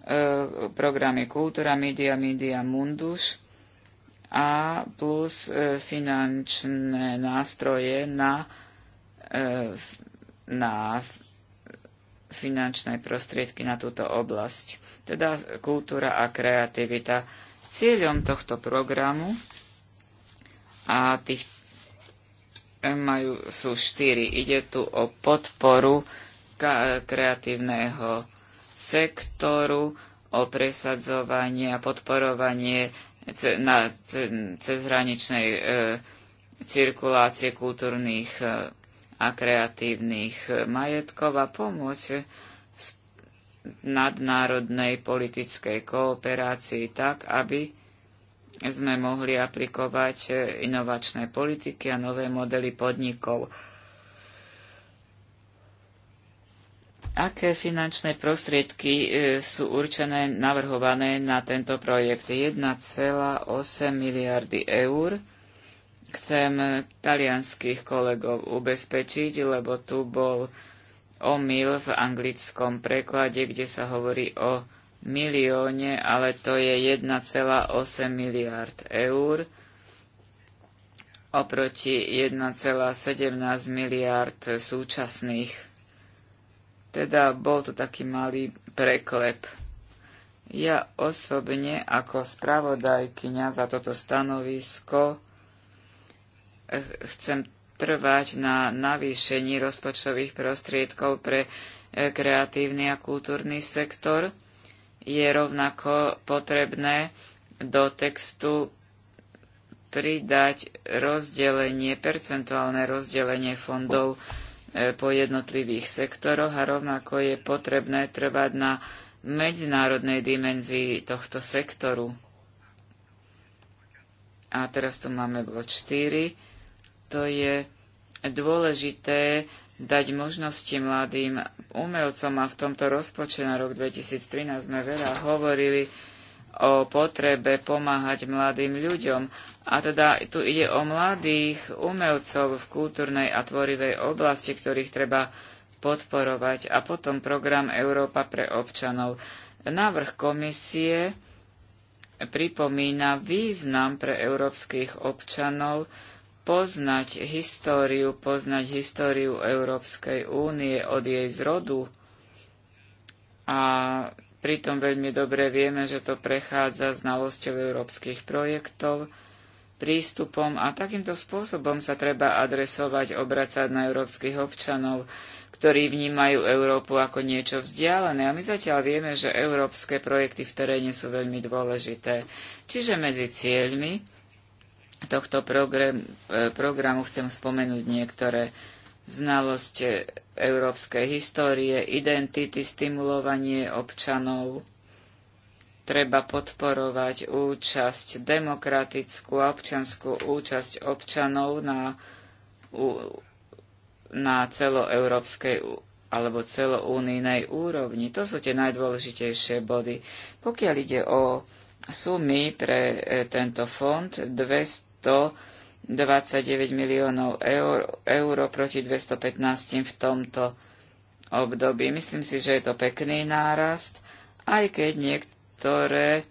e, programy Kultúra, Media, Media Mundus a plus e, finančné nástroje na, e, na finančné prostriedky na túto oblasť, teda kultúra a kreativita. Cieľom tohto programu a týchto majú, sú štyri. Ide tu o podporu kreatívneho sektoru, o presadzovanie a podporovanie ce na ce cezhraničnej e, cirkulácie kultúrnych e, a kreatívnych e, majetkov a pomôcť nadnárodnej politickej kooperácii tak, aby sme mohli aplikovať e, inovačné politiky a nové modely podnikov. Aké finančné prostriedky e, sú určené, navrhované na tento projekt? 1,8 miliardy eur. Chcem talianských kolegov ubezpečiť, lebo tu bol omyl v anglickom preklade, kde sa hovorí o milióne, ale to je 1,8 miliard eur oproti 1,17 miliard súčasných. Teda bol to taký malý preklep. Ja osobne ako spravodajkyňa za toto stanovisko eh, chcem trvať na navýšení rozpočtových prostriedkov pre eh, kreatívny a kultúrny sektor – je rovnako potrebné do textu pridať rozdelenie, percentuálne rozdelenie fondov e, po jednotlivých sektoroch a rovnako je potrebné trvať na medzinárodnej dimenzii tohto sektoru. A teraz tu máme bod 4. To je dôležité dať možnosti mladým umelcom a v tomto rozpočte na rok 2013 sme veľa hovorili o potrebe pomáhať mladým ľuďom. A teda tu ide o mladých umelcov v kultúrnej a tvorivej oblasti, ktorých treba podporovať. A potom program Európa pre občanov. Návrh komisie pripomína význam pre európskych občanov, poznať históriu, poznať históriu Európskej únie od jej zrodu a pritom veľmi dobre vieme, že to prechádza znalosťou európskych projektov, prístupom a takýmto spôsobom sa treba adresovať, obracať na európskych občanov, ktorí vnímajú Európu ako niečo vzdialené a my zatiaľ vieme, že európske projekty v teréne sú veľmi dôležité. Čiže medzi cieľmi tohto e, programu chcem spomenúť niektoré znalosť európskej histórie, identity, stimulovanie občanov. Treba podporovať účasť, demokratickú a občanskú účasť občanov na, na celoeurópskej alebo celounijnej úrovni. To sú tie najdôležitejšie body. Pokiaľ ide o sumy pre e, tento fond, 200 129 miliónov eur, eur proti 215 v tomto období. Myslím si, že je to pekný nárast, aj keď niektoré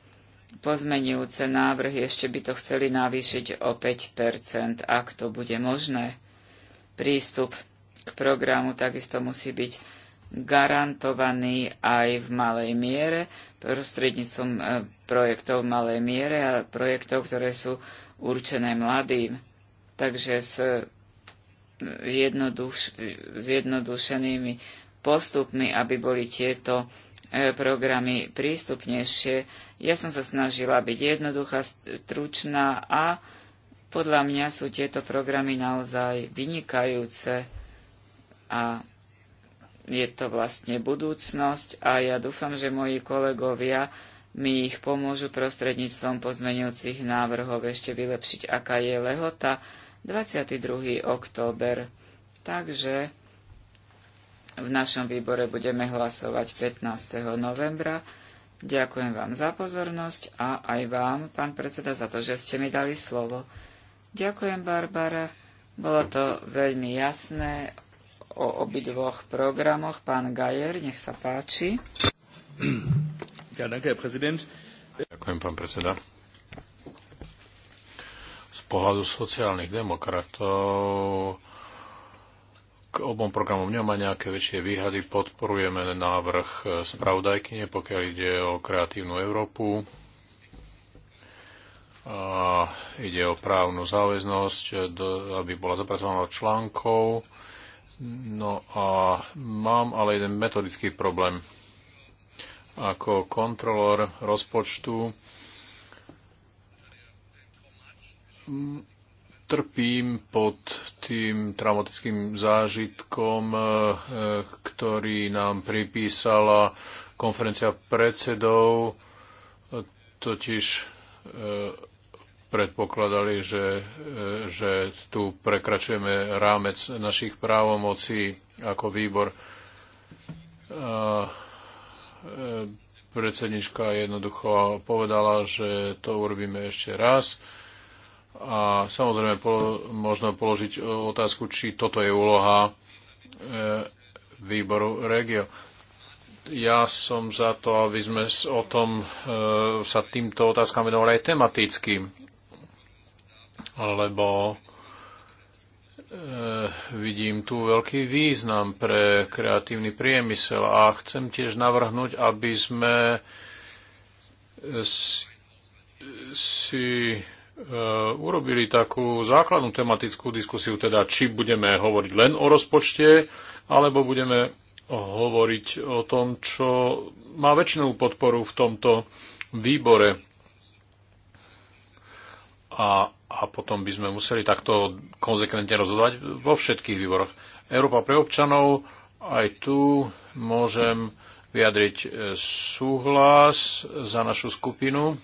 pozmenujúce návrhy ešte by to chceli navýšiť o 5 ak to bude možné. Prístup k programu takisto musí byť garantovaný aj v malej miere prostredníctvom e, projektov v malej miere a projektov, ktoré sú určené mladým. Takže s jednoduš- zjednodušenými postupmi, aby boli tieto e, programy prístupnejšie. Ja som sa snažila byť jednoduchá, stručná a podľa mňa sú tieto programy naozaj vynikajúce a je to vlastne budúcnosť a ja dúfam, že moji kolegovia mi ich pomôžu prostredníctvom pozmeňujúcich návrhov ešte vylepšiť, aká je lehota 22. október. Takže v našom výbore budeme hlasovať 15. novembra. Ďakujem vám za pozornosť a aj vám, pán predseda, za to, že ste mi dali slovo. Ďakujem, Barbara. Bolo to veľmi jasné o obidvoch programoch. Pán Gajer, nech sa páči. Ďakujem, pán predseda. Z pohľadu sociálnych demokratov k obom programom nemá nejaké väčšie výhrady. Podporujeme návrh spravodajkyne, pokiaľ ide o kreatívnu Európu. A ide o právnu záväznosť, aby bola zapracovaná článkov. No a mám ale jeden metodický problém ako kontrolór rozpočtu trpím pod tým traumatickým zážitkom, eh, ktorý nám pripísala konferencia predsedov, totiž eh, predpokladali, že, eh, že tu prekračujeme rámec našich právomocí ako výbor. E, predsednička jednoducho povedala, že to urobíme ešte raz. A samozrejme polo, možno položiť otázku, či toto je úloha e, výboru regio. Ja som za to, aby sme o tom e, sa týmto otázkam venovali aj tematicky, lebo Eh, vidím tu veľký význam pre kreatívny priemysel a chcem tiež navrhnúť, aby sme eh, si eh, urobili takú základnú tematickú diskusiu, teda či budeme hovoriť len o rozpočte, alebo budeme hovoriť o tom, čo má väčšinou podporu v tomto výbore. A a potom by sme museli takto konzekventne rozhodovať vo všetkých výboroch. Európa pre občanov, aj tu môžem vyjadriť e, súhlas za našu skupinu.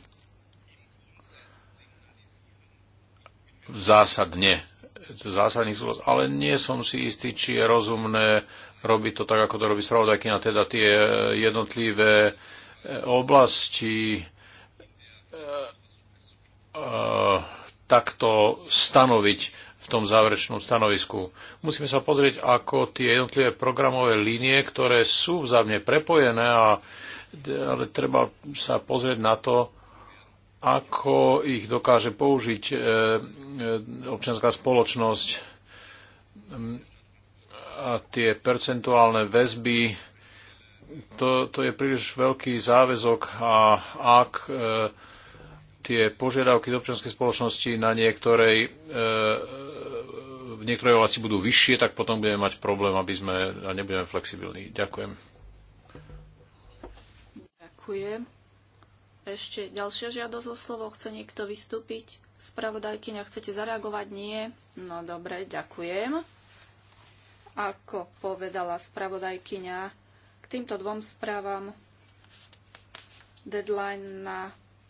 Zásadne. Zásadný súhlas, ale nie som si istý, či je rozumné robiť to tak, ako to robí spravodajkina, teda tie e, jednotlivé e, oblasti. uh, takto stanoviť v tom záverečnom stanovisku. Musíme sa pozrieť, ako tie jednotlivé programové línie, ktoré sú vzájomne prepojené, a, ale treba sa pozrieť na to, ako ich dokáže použiť e, e, občianská spoločnosť a tie percentuálne väzby. To, to je príliš veľký záväzok a ak e, tie požiadavky z občianskej spoločnosti na niektorej, e, v niektorej oblasti budú vyššie, tak potom budeme mať problém, aby sme a nebudeme flexibilní. Ďakujem. Ďakujem. Ešte ďalšia žiadosť o slovo. Chce niekto vystúpiť? Spravodajkyňa, chcete zareagovať? Nie? No dobre, ďakujem. Ako povedala spravodajkyňa, k týmto dvom správam deadline na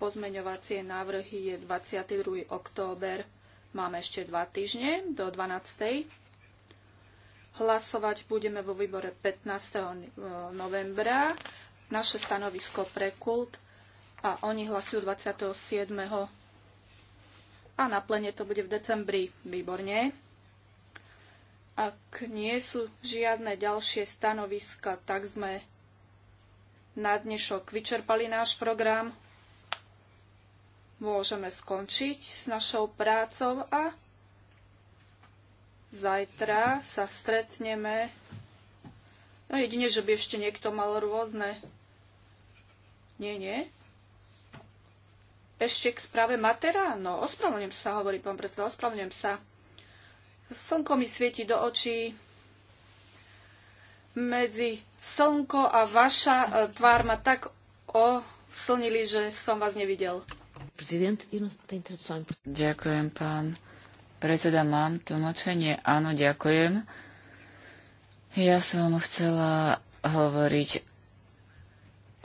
pozmeňovacie návrhy je 22. október. Máme ešte dva týždne do 12. Hlasovať budeme vo výbore 15. Eh, novembra. Naše stanovisko pre kult a oni hlasujú 27. A na plene to bude v decembri. Výborne. Ak nie sú žiadne ďalšie stanoviska, tak sme na dnešok vyčerpali náš program môžeme skončiť s našou prácou a zajtra sa stretneme. No jedine, že by ešte niekto mal rôzne. Nie, nie. Ešte k správe Matera? No, ospravedlňujem sa, hovorí pán predseda, ospravedlňujem sa. Slnko mi svieti do očí. Medzi slnko a vaša e, tvár ma tak oslnili, že som vás nevidel. Ďakujem, pán predseda. Mám tlmočenie? Áno, ďakujem. Ja som chcela hovoriť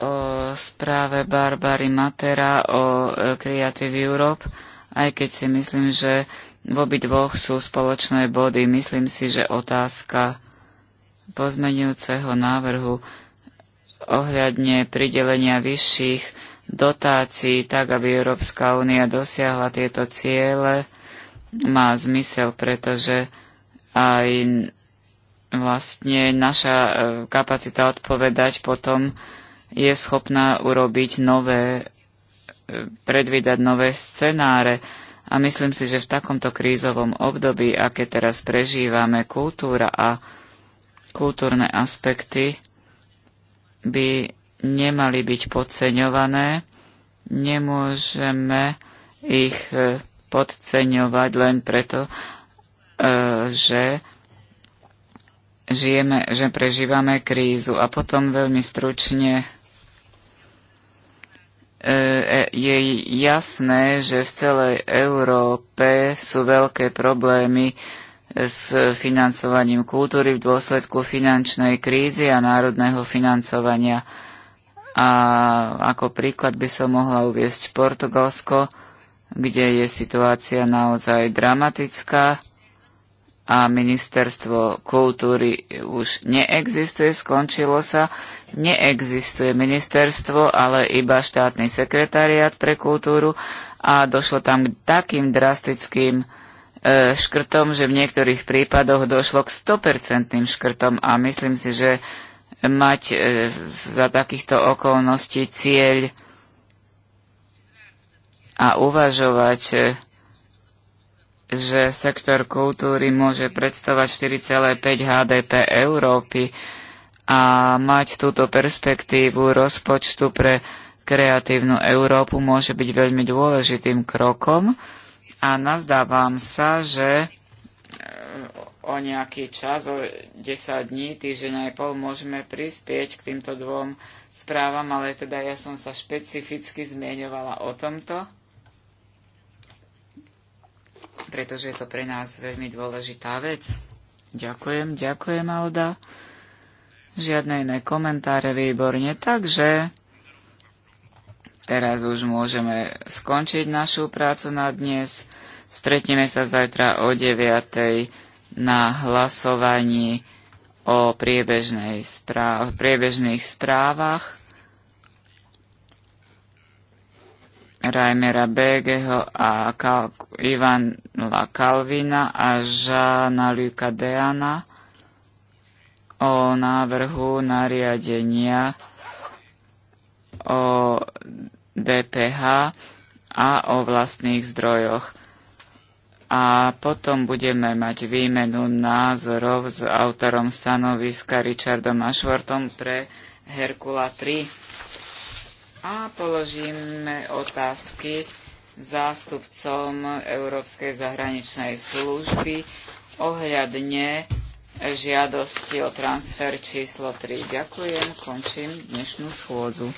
o správe Barbary Matera o e, Creative Europe, aj keď si myslím, že v dvoch sú spoločné body. Myslím si, že otázka pozmenujúceho návrhu ohľadne pridelenia vyšších dotácií, tak aby Európska únia dosiahla tieto ciele, má zmysel, pretože aj vlastne naša e, kapacita odpovedať potom je schopná urobiť nové, e, predvídať nové scenáre. A myslím si, že v takomto krízovom období, aké teraz prežívame, kultúra a kultúrne aspekty by nemali byť podceňované. Nemôžeme ich e, podceňovať len preto, e, že žijeme, že prežívame krízu. A potom veľmi stručne e, je jasné, že v celej Európe sú veľké problémy s financovaním kultúry v dôsledku finančnej krízy a národného financovania. A ako príklad by som mohla uviesť Portugalsko, kde je situácia naozaj dramatická a ministerstvo kultúry už neexistuje, skončilo sa. Neexistuje ministerstvo, ale iba štátny sekretariat pre kultúru a došlo tam k takým drastickým e, škrtom, že v niektorých prípadoch došlo k 100% škrtom a myslím si, že mať e, za takýchto okolností cieľ a uvažovať, e, že sektor kultúry môže predstavať 4,5 HDP Európy a mať túto perspektívu rozpočtu pre kreatívnu Európu môže byť veľmi dôležitým krokom a nazdávam sa, že e, o nejaký čas, o 10 dní, týždeň aj pol, môžeme prispieť k týmto dvom správam, ale teda ja som sa špecificky zmieňovala o tomto, pretože je to pre nás veľmi dôležitá vec. Ďakujem, ďakujem, Alda. Žiadne iné komentáre, výborne. Takže teraz už môžeme skončiť našu prácu na dnes. Stretneme sa zajtra o 9 na hlasovaní o priebežnej správ, priebežných správach Rajmera Begeho a Kal- Ivana Kalvina a Žána Luka Deana o návrhu nariadenia o DPH a o vlastných zdrojoch a potom budeme mať výmenu názorov s autorom stanoviska Richardom Ashworthom pre Herkula 3 a položíme otázky zástupcom Európskej zahraničnej služby ohľadne žiadosti o transfer číslo 3. Ďakujem, končím dnešnú schôdzu.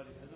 everybody.